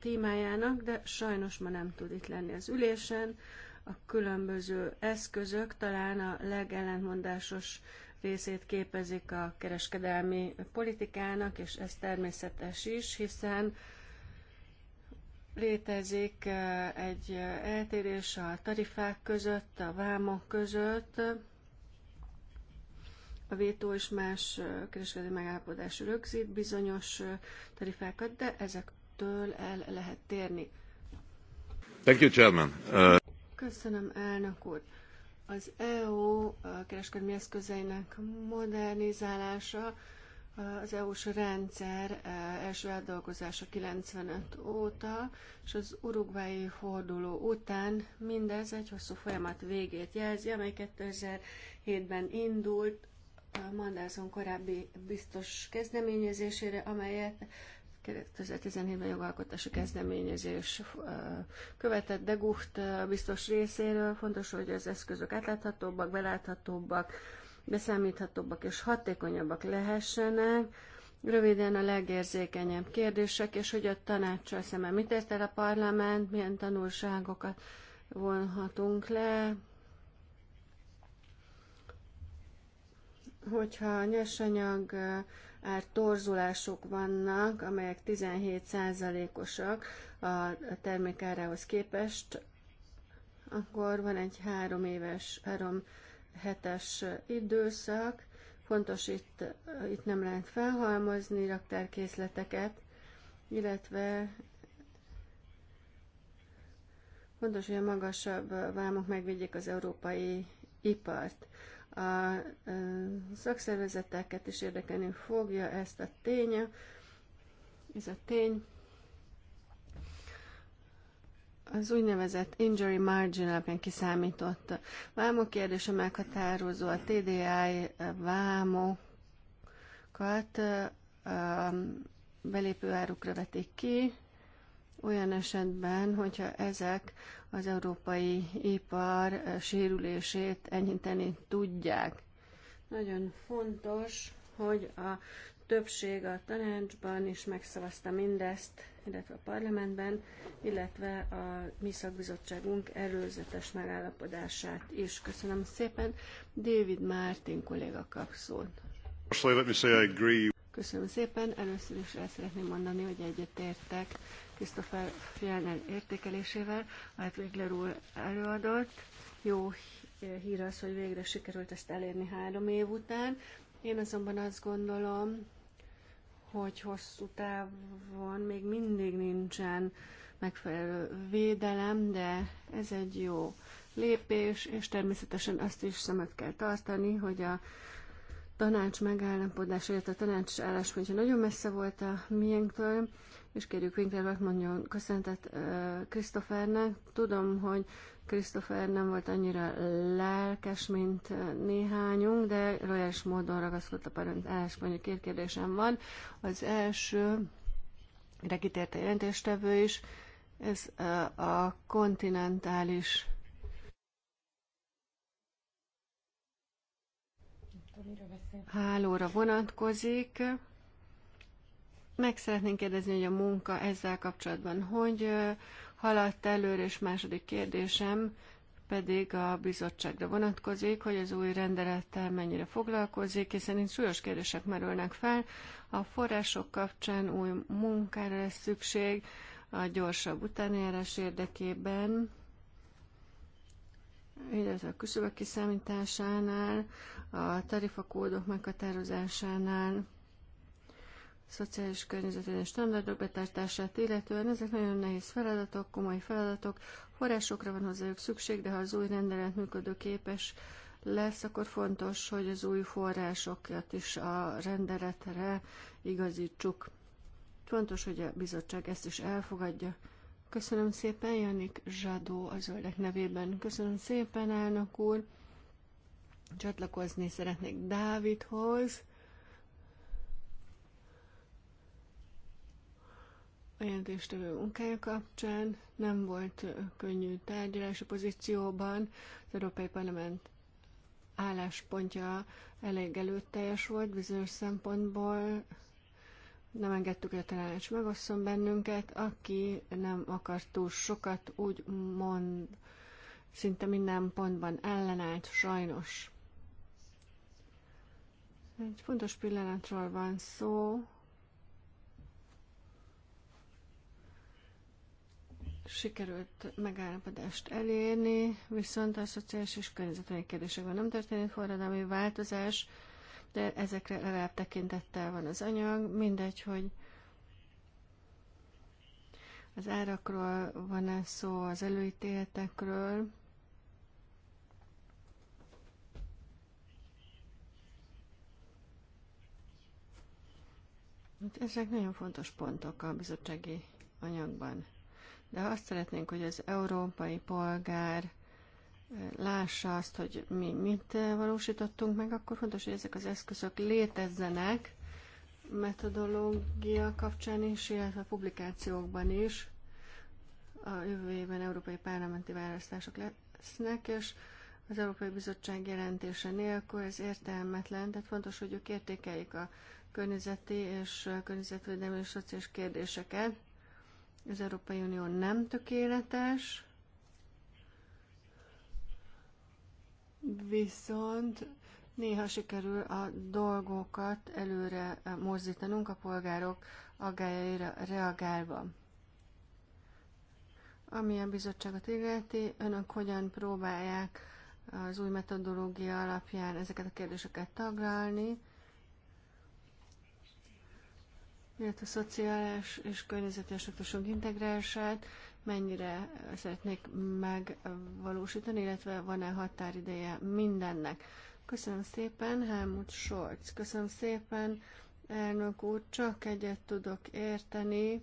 témájának, de sajnos ma nem tud itt lenni az ülésen a különböző eszközök talán a legellentmondásos részét képezik a kereskedelmi politikának, és ez természetes is, hiszen létezik eh, egy eltérés a tarifák között, a vámok között, a vétó és más eh, kereskedelmi megállapodás rögzít bizonyos eh, tarifákat, de ezektől el lehet térni. Thank you, Chairman. Uh... Köszönöm, elnök úr. Az EU kereskedelmi eszközeinek modernizálása az EU-s rendszer e, első átdolgozása 95 óta, és az urugvái forduló után mindez egy hosszú folyamat végét jelzi, amely 2007-ben indult Mandelson korábbi biztos kezdeményezésére, amelyet 2017-ben jogalkotási kezdeményezés uh, követett de Gucht uh, biztos részéről. Fontos, hogy az eszközök átláthatóbbak, beláthatóbbak, beszámíthatóbbak és hatékonyabbak lehessenek. Röviden a legérzékenyebb kérdések, és hogy a tanácssal szemben mit ért el a parlament, milyen tanulságokat vonhatunk le, hogyha nyersanyag uh, ár torzulások vannak, amelyek 17%-osak a termékárához képest, akkor van egy három éves, három hetes időszak, fontos itt, itt nem lehet felhalmozni raktárkészleteket, illetve fontos, hogy a magasabb vámok megvédjék az európai ipart a szakszervezeteket is érdekelni fogja ezt a tény, ez a tény. Az úgynevezett injury margin alapján kiszámított vámok kérdése meghatározó a TDI vámokat belépőárukra vetik ki, olyan esetben, hogyha ezek az európai ipar sérülését enyhíteni tudják. Nagyon fontos, hogy a többség a tanácsban is megszavazta mindezt, illetve a parlamentben, illetve a mi szakbizottságunk előzetes megállapodását is. Köszönöm szépen. David Martin kolléga kap szót. Köszönöm szépen. Először is el szeretném mondani, hogy egyetértek Christopher Fjellner értékelésével, amelyet Wigler úr előadott. Jó hír az, hogy végre sikerült ezt elérni három év után. Én azonban azt gondolom, hogy hosszú távon még mindig nincsen megfelelő védelem, de ez egy jó lépés, és természetesen azt is szemet kell tartani, hogy a tanács megállapodása, illetve a tanács álláspontja nagyon messze volt a miénktől, és kérjük Winklernek mondjon köszöntet Krisztofernek. Tudom, hogy Krisztofer nem volt annyira lelkes, mint néhányunk, de rojás módon ragaszkodt a első, mondjuk két kérdésem van. Az első, de kitért jelentéstevő is, ez a kontinentális hálóra vonatkozik. Meg szeretnénk kérdezni, hogy a munka ezzel kapcsolatban hogy haladt előre, és második kérdésem pedig a bizottságra vonatkozik, hogy az új rendelettel mennyire foglalkozik, hiszen itt súlyos kérdések merülnek fel. A források kapcsán új munkára lesz szükség a gyorsabb utánjárás érdekében, illetve a küszöbök kiszámításánál, a tarifakódok meghatározásánál, szociális és standardok betartását illetően. Ezek nagyon nehéz feladatok, komoly feladatok, forrásokra van hozzájuk szükség, de ha az új rendelet működőképes lesz, akkor fontos, hogy az új forrásokat is a rendeletre igazítsuk. Fontos, hogy a bizottság ezt is elfogadja. Köszönöm szépen, Janik Zsadó a zöldek nevében. Köszönöm szépen, elnök úr. Csatlakozni szeretnék Dávidhoz a jelentéstevő munkája kapcsán. Nem volt könnyű tárgyalási pozícióban, az Európai Parlament álláspontja elég előteljes volt bizonyos szempontból. Nem engedtük, hogy a tanács megosszon bennünket. Aki nem akart túl sokat, úgy mond, szinte minden pontban ellenállt, sajnos. Egy fontos pillanatról van szó, sikerült megállapodást elérni, viszont a szociális és környezetvédelmi kérdésekben nem történik forradalmi változás, de ezekre legalább tekintettel van az anyag. Mindegy, hogy az árakról van-e szó, az előítéletekről, Ezek nagyon fontos pontok a bizottsági anyagban de ha azt szeretnénk, hogy az európai polgár eh, lássa azt, hogy mi mit eh, valósítottunk meg, akkor fontos, hogy ezek az eszközök létezzenek metodológia kapcsán is, illetve publikációkban is. A jövő évben európai parlamenti választások lesznek, és az Európai Bizottság jelentése nélkül ez értelmetlen, tehát fontos, hogy ők értékeljék a környezeti és környezetvédelmi és szociális kérdéseket, az Európai Unió nem tökéletes, viszont néha sikerül a dolgokat előre mozdítanunk a polgárok aggájaira reagálva. Ami a bizottságot illeti, önök hogyan próbálják az új metodológia alapján ezeket a kérdéseket taglalni, illetve a szociális és környezeti aspektusok integrálását mennyire szeretnék megvalósítani, illetve van-e határideje mindennek. Köszönöm szépen, Helmut Scholz. Köszönöm szépen, elnök úr, csak egyet tudok érteni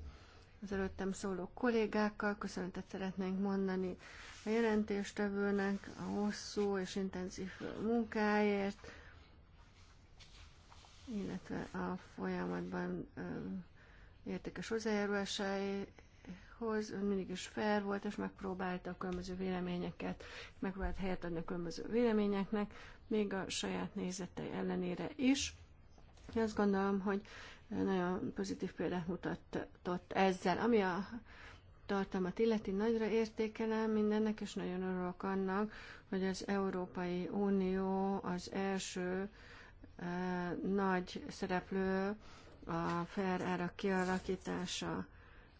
az előttem szóló kollégákkal. Köszönetet szeretnénk mondani a jelentéstevőnek a hosszú és intenzív munkáért illetve a folyamatban értékes hozzájárulásához mindig is fair volt, és megpróbálta a különböző véleményeket, megpróbált helyet adni a különböző véleményeknek, még a saját nézetei ellenére is. Én azt gondolom, hogy nagyon pozitív példát mutatott ezzel. Ami a tartalmat illeti, nagyra értékelem mindennek, és nagyon örülök annak, hogy az Európai Unió az első nagy szereplő a fair ára kialakítása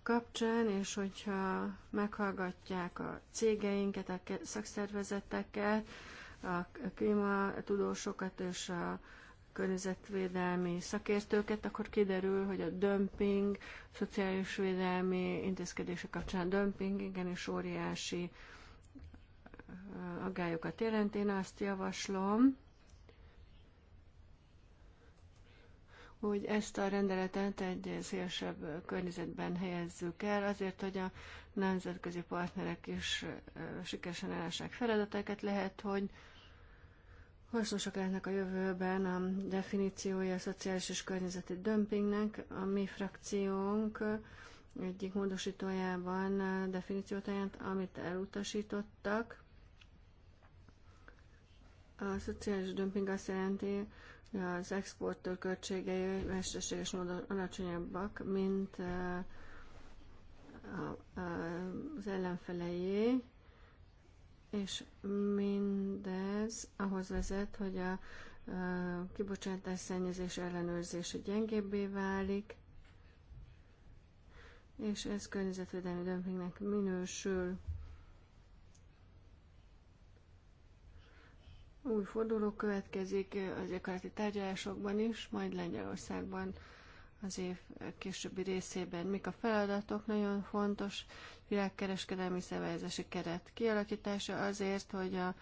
kapcsán, és hogyha meghallgatják a cégeinket, a szakszervezeteket, a klímatudósokat és a környezetvédelmi szakértőket, akkor kiderül, hogy a dömping, szociális védelmi intézkedések kapcsán a dömping igenis óriási aggályokat jelent. Én azt javaslom, hogy ezt a rendeletet egy szélesebb környezetben helyezzük el, azért, hogy a nemzetközi partnerek is sikeresen ellássák feladatokat, Lehet, hogy hasznosak lehetnek a jövőben a definíciója a szociális és környezeti dömpingnek. A mi frakciónk egyik módosítójában definíciót ajánlott, amit elutasítottak. A szociális dömping azt jelenti, az exportőr költségei mesterséges módon alacsonyabbak, mint az ellenfelejé, és mindez ahhoz vezet, hogy a kibocsátás szennyezés ellenőrzése gyengébbé válik, és ez környezetvédelmi dömpingnek minősül. új forduló következik az éghajlati tárgyalásokban is, majd Lengyelországban az év későbbi részében. Mik a feladatok? Nagyon fontos világkereskedelmi szervezési keret kialakítása azért, hogy a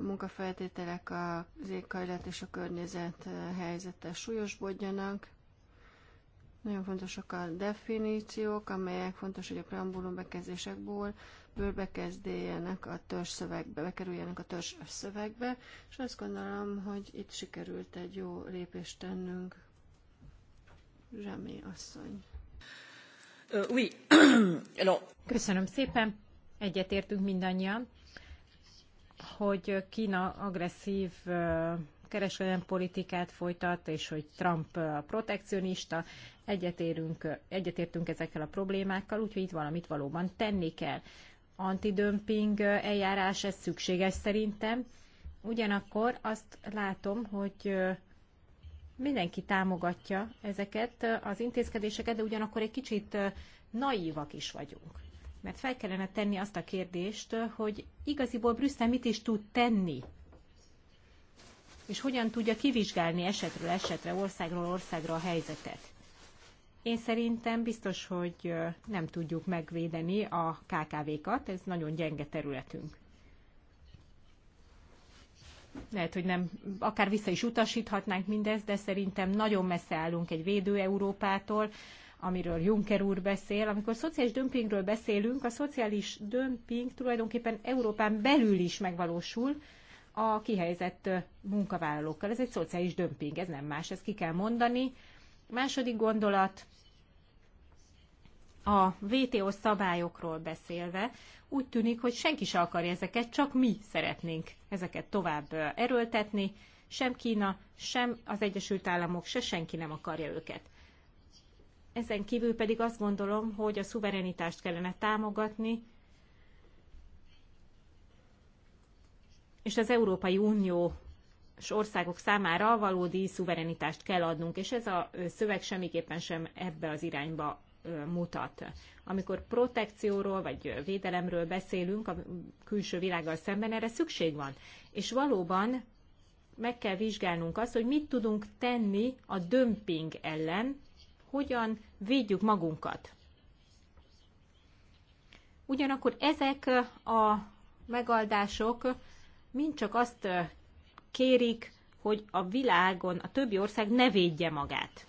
munkafeltételek az éghajlat és a környezet helyzete súlyosbodjanak. Nagyon fontosak a definíciók, amelyek fontos, hogy a preambulum bekezdésekből bőrbekezdéjenek a törzs szövegbe, bekerüljenek a törzs szövegbe, és azt gondolom, hogy itt sikerült egy jó lépést tennünk. Zsemi asszony. Oui. Köszönöm szépen, egyetértünk mindannyian, hogy Kína agresszív kereskedelmi politikát folytat, és hogy Trump a protekcionista, egyetérünk, egyetértünk ezekkel a problémákkal, úgyhogy itt valamit valóban tenni kell antidömping eljárás, ez szükséges szerintem. Ugyanakkor azt látom, hogy mindenki támogatja ezeket az intézkedéseket, de ugyanakkor egy kicsit naívak is vagyunk. Mert fel kellene tenni azt a kérdést, hogy igaziból Brüsszel mit is tud tenni, és hogyan tudja kivizsgálni esetről esetre, országról országra a helyzetet. Én szerintem biztos, hogy nem tudjuk megvédeni a KKV-kat, ez nagyon gyenge területünk. Lehet, hogy nem, akár vissza is utasíthatnánk mindezt, de szerintem nagyon messze állunk egy védő Európától, amiről Juncker úr beszél. Amikor szociális dömpingről beszélünk, a szociális dömping tulajdonképpen Európán belül is megvalósul a kihelyezett munkavállalókkal. Ez egy szociális dömping, ez nem más, ezt ki kell mondani Második gondolat, a VTO szabályokról beszélve, úgy tűnik, hogy senki se akarja ezeket, csak mi szeretnénk ezeket tovább erőltetni, sem Kína, sem az Egyesült Államok, se senki nem akarja őket. Ezen kívül pedig azt gondolom, hogy a szuverenitást kellene támogatni, és az Európai Unió és országok számára valódi szuverenitást kell adnunk, és ez a szöveg semmiképpen sem ebbe az irányba mutat. Amikor protekcióról vagy védelemről beszélünk a külső világgal szemben, erre szükség van. És valóban meg kell vizsgálnunk azt, hogy mit tudunk tenni a dömping ellen, hogyan védjük magunkat. Ugyanakkor ezek a megoldások mind csak azt kérik, hogy a világon a többi ország ne védje magát.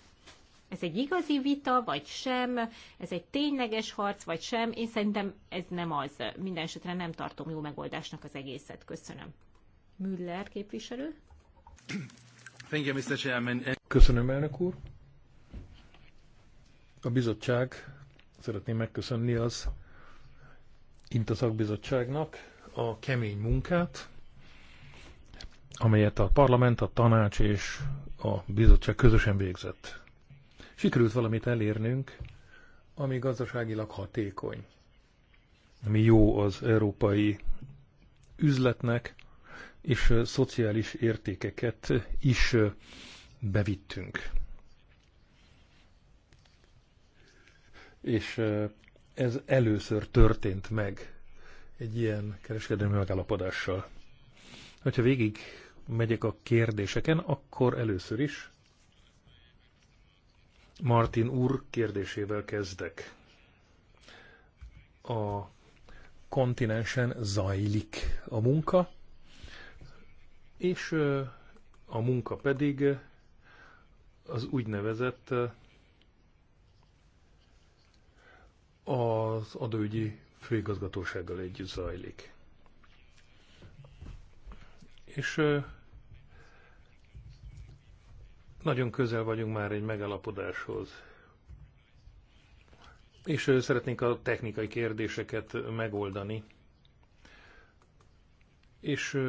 Ez egy igazi vita, vagy sem, ez egy tényleges harc, vagy sem. Én szerintem ez nem az. Minden esetre nem tartom jó megoldásnak az egészet. Köszönöm. Müller képviselő. Köszönöm, elnök úr. A bizottság szeretném megköszönni az Inta szakbizottságnak a kemény munkát, amelyet a parlament, a tanács és a bizottság közösen végzett. Sikerült valamit elérnünk, ami gazdaságilag hatékony, ami jó az európai üzletnek, és szociális értékeket is bevittünk. És ez először történt meg egy ilyen kereskedelmi megállapodással. Hogyha végig megyek a kérdéseken, akkor először is Martin úr kérdésével kezdek. A kontinensen zajlik a munka, és a munka pedig az úgynevezett az adőgyi főigazgatósággal együtt zajlik. És nagyon közel vagyunk már egy megalapodáshoz. És szeretnénk a technikai kérdéseket megoldani. És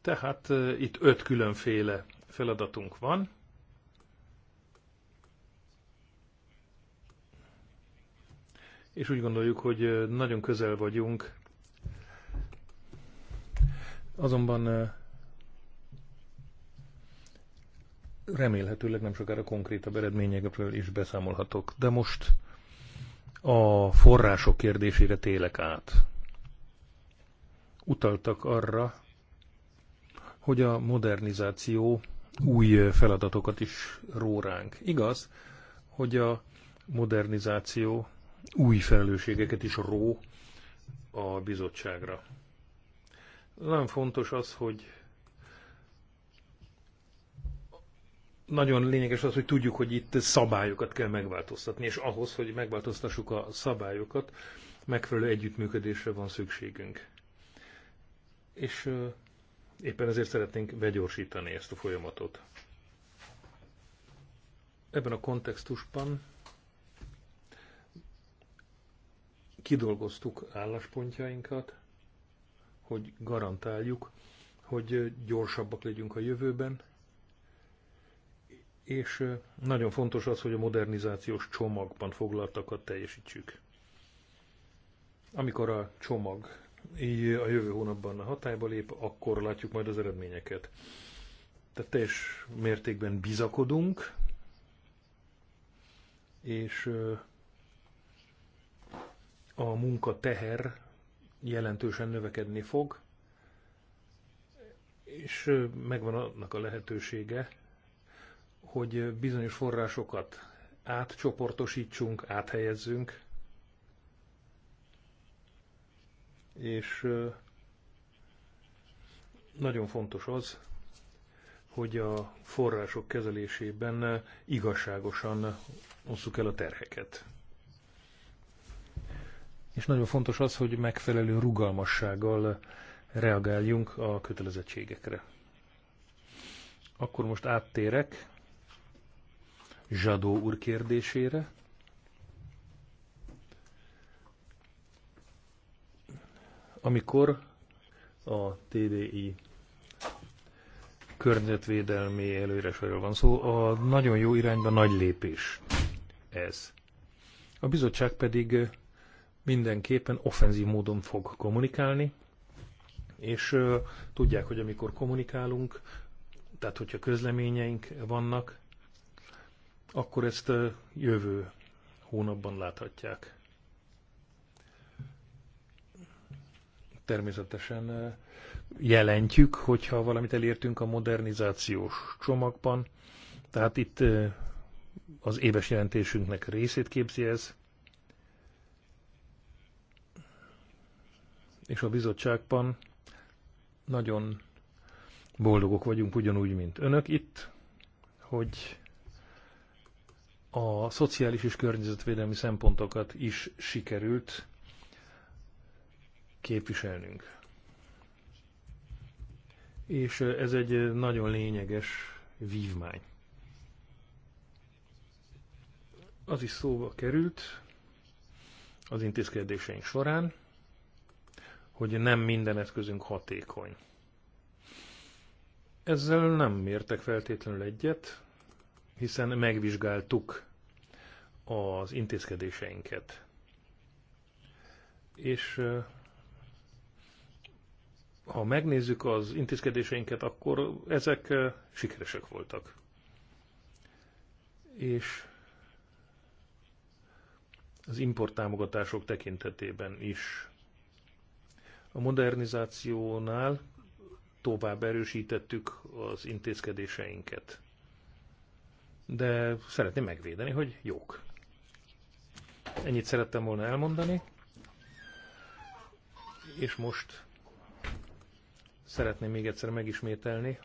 tehát itt öt különféle feladatunk van. És úgy gondoljuk, hogy nagyon közel vagyunk Azonban remélhetőleg nem sokára konkrétabb eredményekről is beszámolhatok. De most a források kérdésére télek át. Utaltak arra, hogy a modernizáció új feladatokat is róránk. Igaz, hogy a modernizáció új felelősségeket is ró a bizottságra. Nagyon fontos az, hogy nagyon lényeges az, hogy tudjuk, hogy itt szabályokat kell megváltoztatni, és ahhoz, hogy megváltoztassuk a szabályokat, megfelelő együttműködésre van szükségünk. És éppen ezért szeretnénk begyorsítani ezt a folyamatot. Ebben a kontextusban kidolgoztuk álláspontjainkat, hogy garantáljuk, hogy gyorsabbak legyünk a jövőben, és nagyon fontos az, hogy a modernizációs csomagban foglaltakat teljesítsük. Amikor a csomag így a jövő hónapban a hatályba lép, akkor látjuk majd az eredményeket. Tehát teljes mértékben bizakodunk, és a munka teher jelentősen növekedni fog, és megvan annak a lehetősége, hogy bizonyos forrásokat átcsoportosítsunk, áthelyezzünk, és nagyon fontos az, hogy a források kezelésében igazságosan osszuk el a terheket és nagyon fontos az, hogy megfelelő rugalmassággal reagáljunk a kötelezettségekre. Akkor most áttérek Zsadó úr kérdésére. Amikor a TDI környezetvédelmi előírásról van szó, a nagyon jó irányba nagy lépés ez. A bizottság pedig mindenképpen offenzív módon fog kommunikálni, és ö, tudják, hogy amikor kommunikálunk, tehát hogyha közleményeink vannak, akkor ezt ö, jövő hónapban láthatják. Természetesen ö, jelentjük, hogyha valamit elértünk a modernizációs csomagban, tehát itt ö, az éves jelentésünknek részét képzi ez, és a bizottságban nagyon boldogok vagyunk ugyanúgy, mint önök itt, hogy a szociális és környezetvédelmi szempontokat is sikerült képviselnünk. És ez egy nagyon lényeges vívmány. Az is szóba került az intézkedéseink során, hogy nem minden eszközünk hatékony. Ezzel nem mértek feltétlenül egyet, hiszen megvizsgáltuk az intézkedéseinket. És ha megnézzük az intézkedéseinket, akkor ezek sikeresek voltak. És az támogatások tekintetében is a modernizációnál tovább erősítettük az intézkedéseinket. De szeretném megvédeni, hogy jók. Ennyit szerettem volna elmondani. És most szeretném még egyszer megismételni,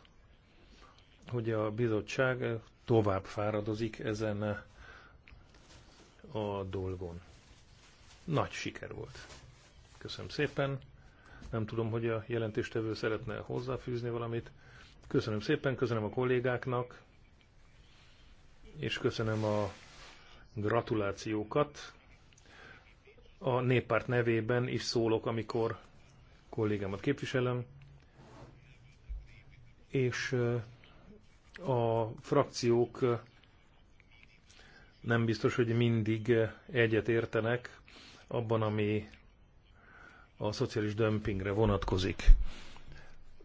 hogy a bizottság tovább fáradozik ezen a dolgon. Nagy siker volt. Köszönöm szépen. Nem tudom, hogy a jelentéstevő szeretne hozzáfűzni valamit. Köszönöm szépen, köszönöm a kollégáknak, és köszönöm a gratulációkat. A néppárt nevében is szólok, amikor kollégámat képviselem, és a frakciók nem biztos, hogy mindig egyet értenek abban, ami a szociális dömpingre vonatkozik.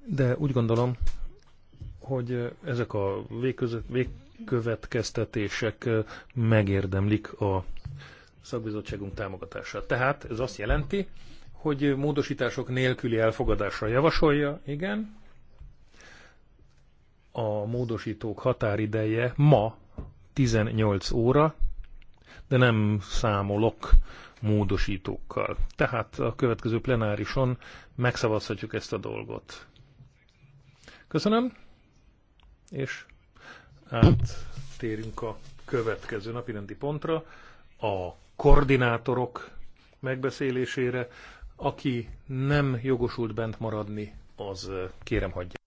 De úgy gondolom, hogy ezek a végkövetkeztetések megérdemlik a szakbizottságunk támogatását. Tehát ez azt jelenti, hogy módosítások nélküli elfogadásra javasolja, igen. A módosítók határideje ma 18 óra, de nem számolok módosítókkal. Tehát a következő plenárison megszavazhatjuk ezt a dolgot. Köszönöm, és áttérünk a következő napirendi pontra, a koordinátorok megbeszélésére. Aki nem jogosult bent maradni, az kérem hagyja.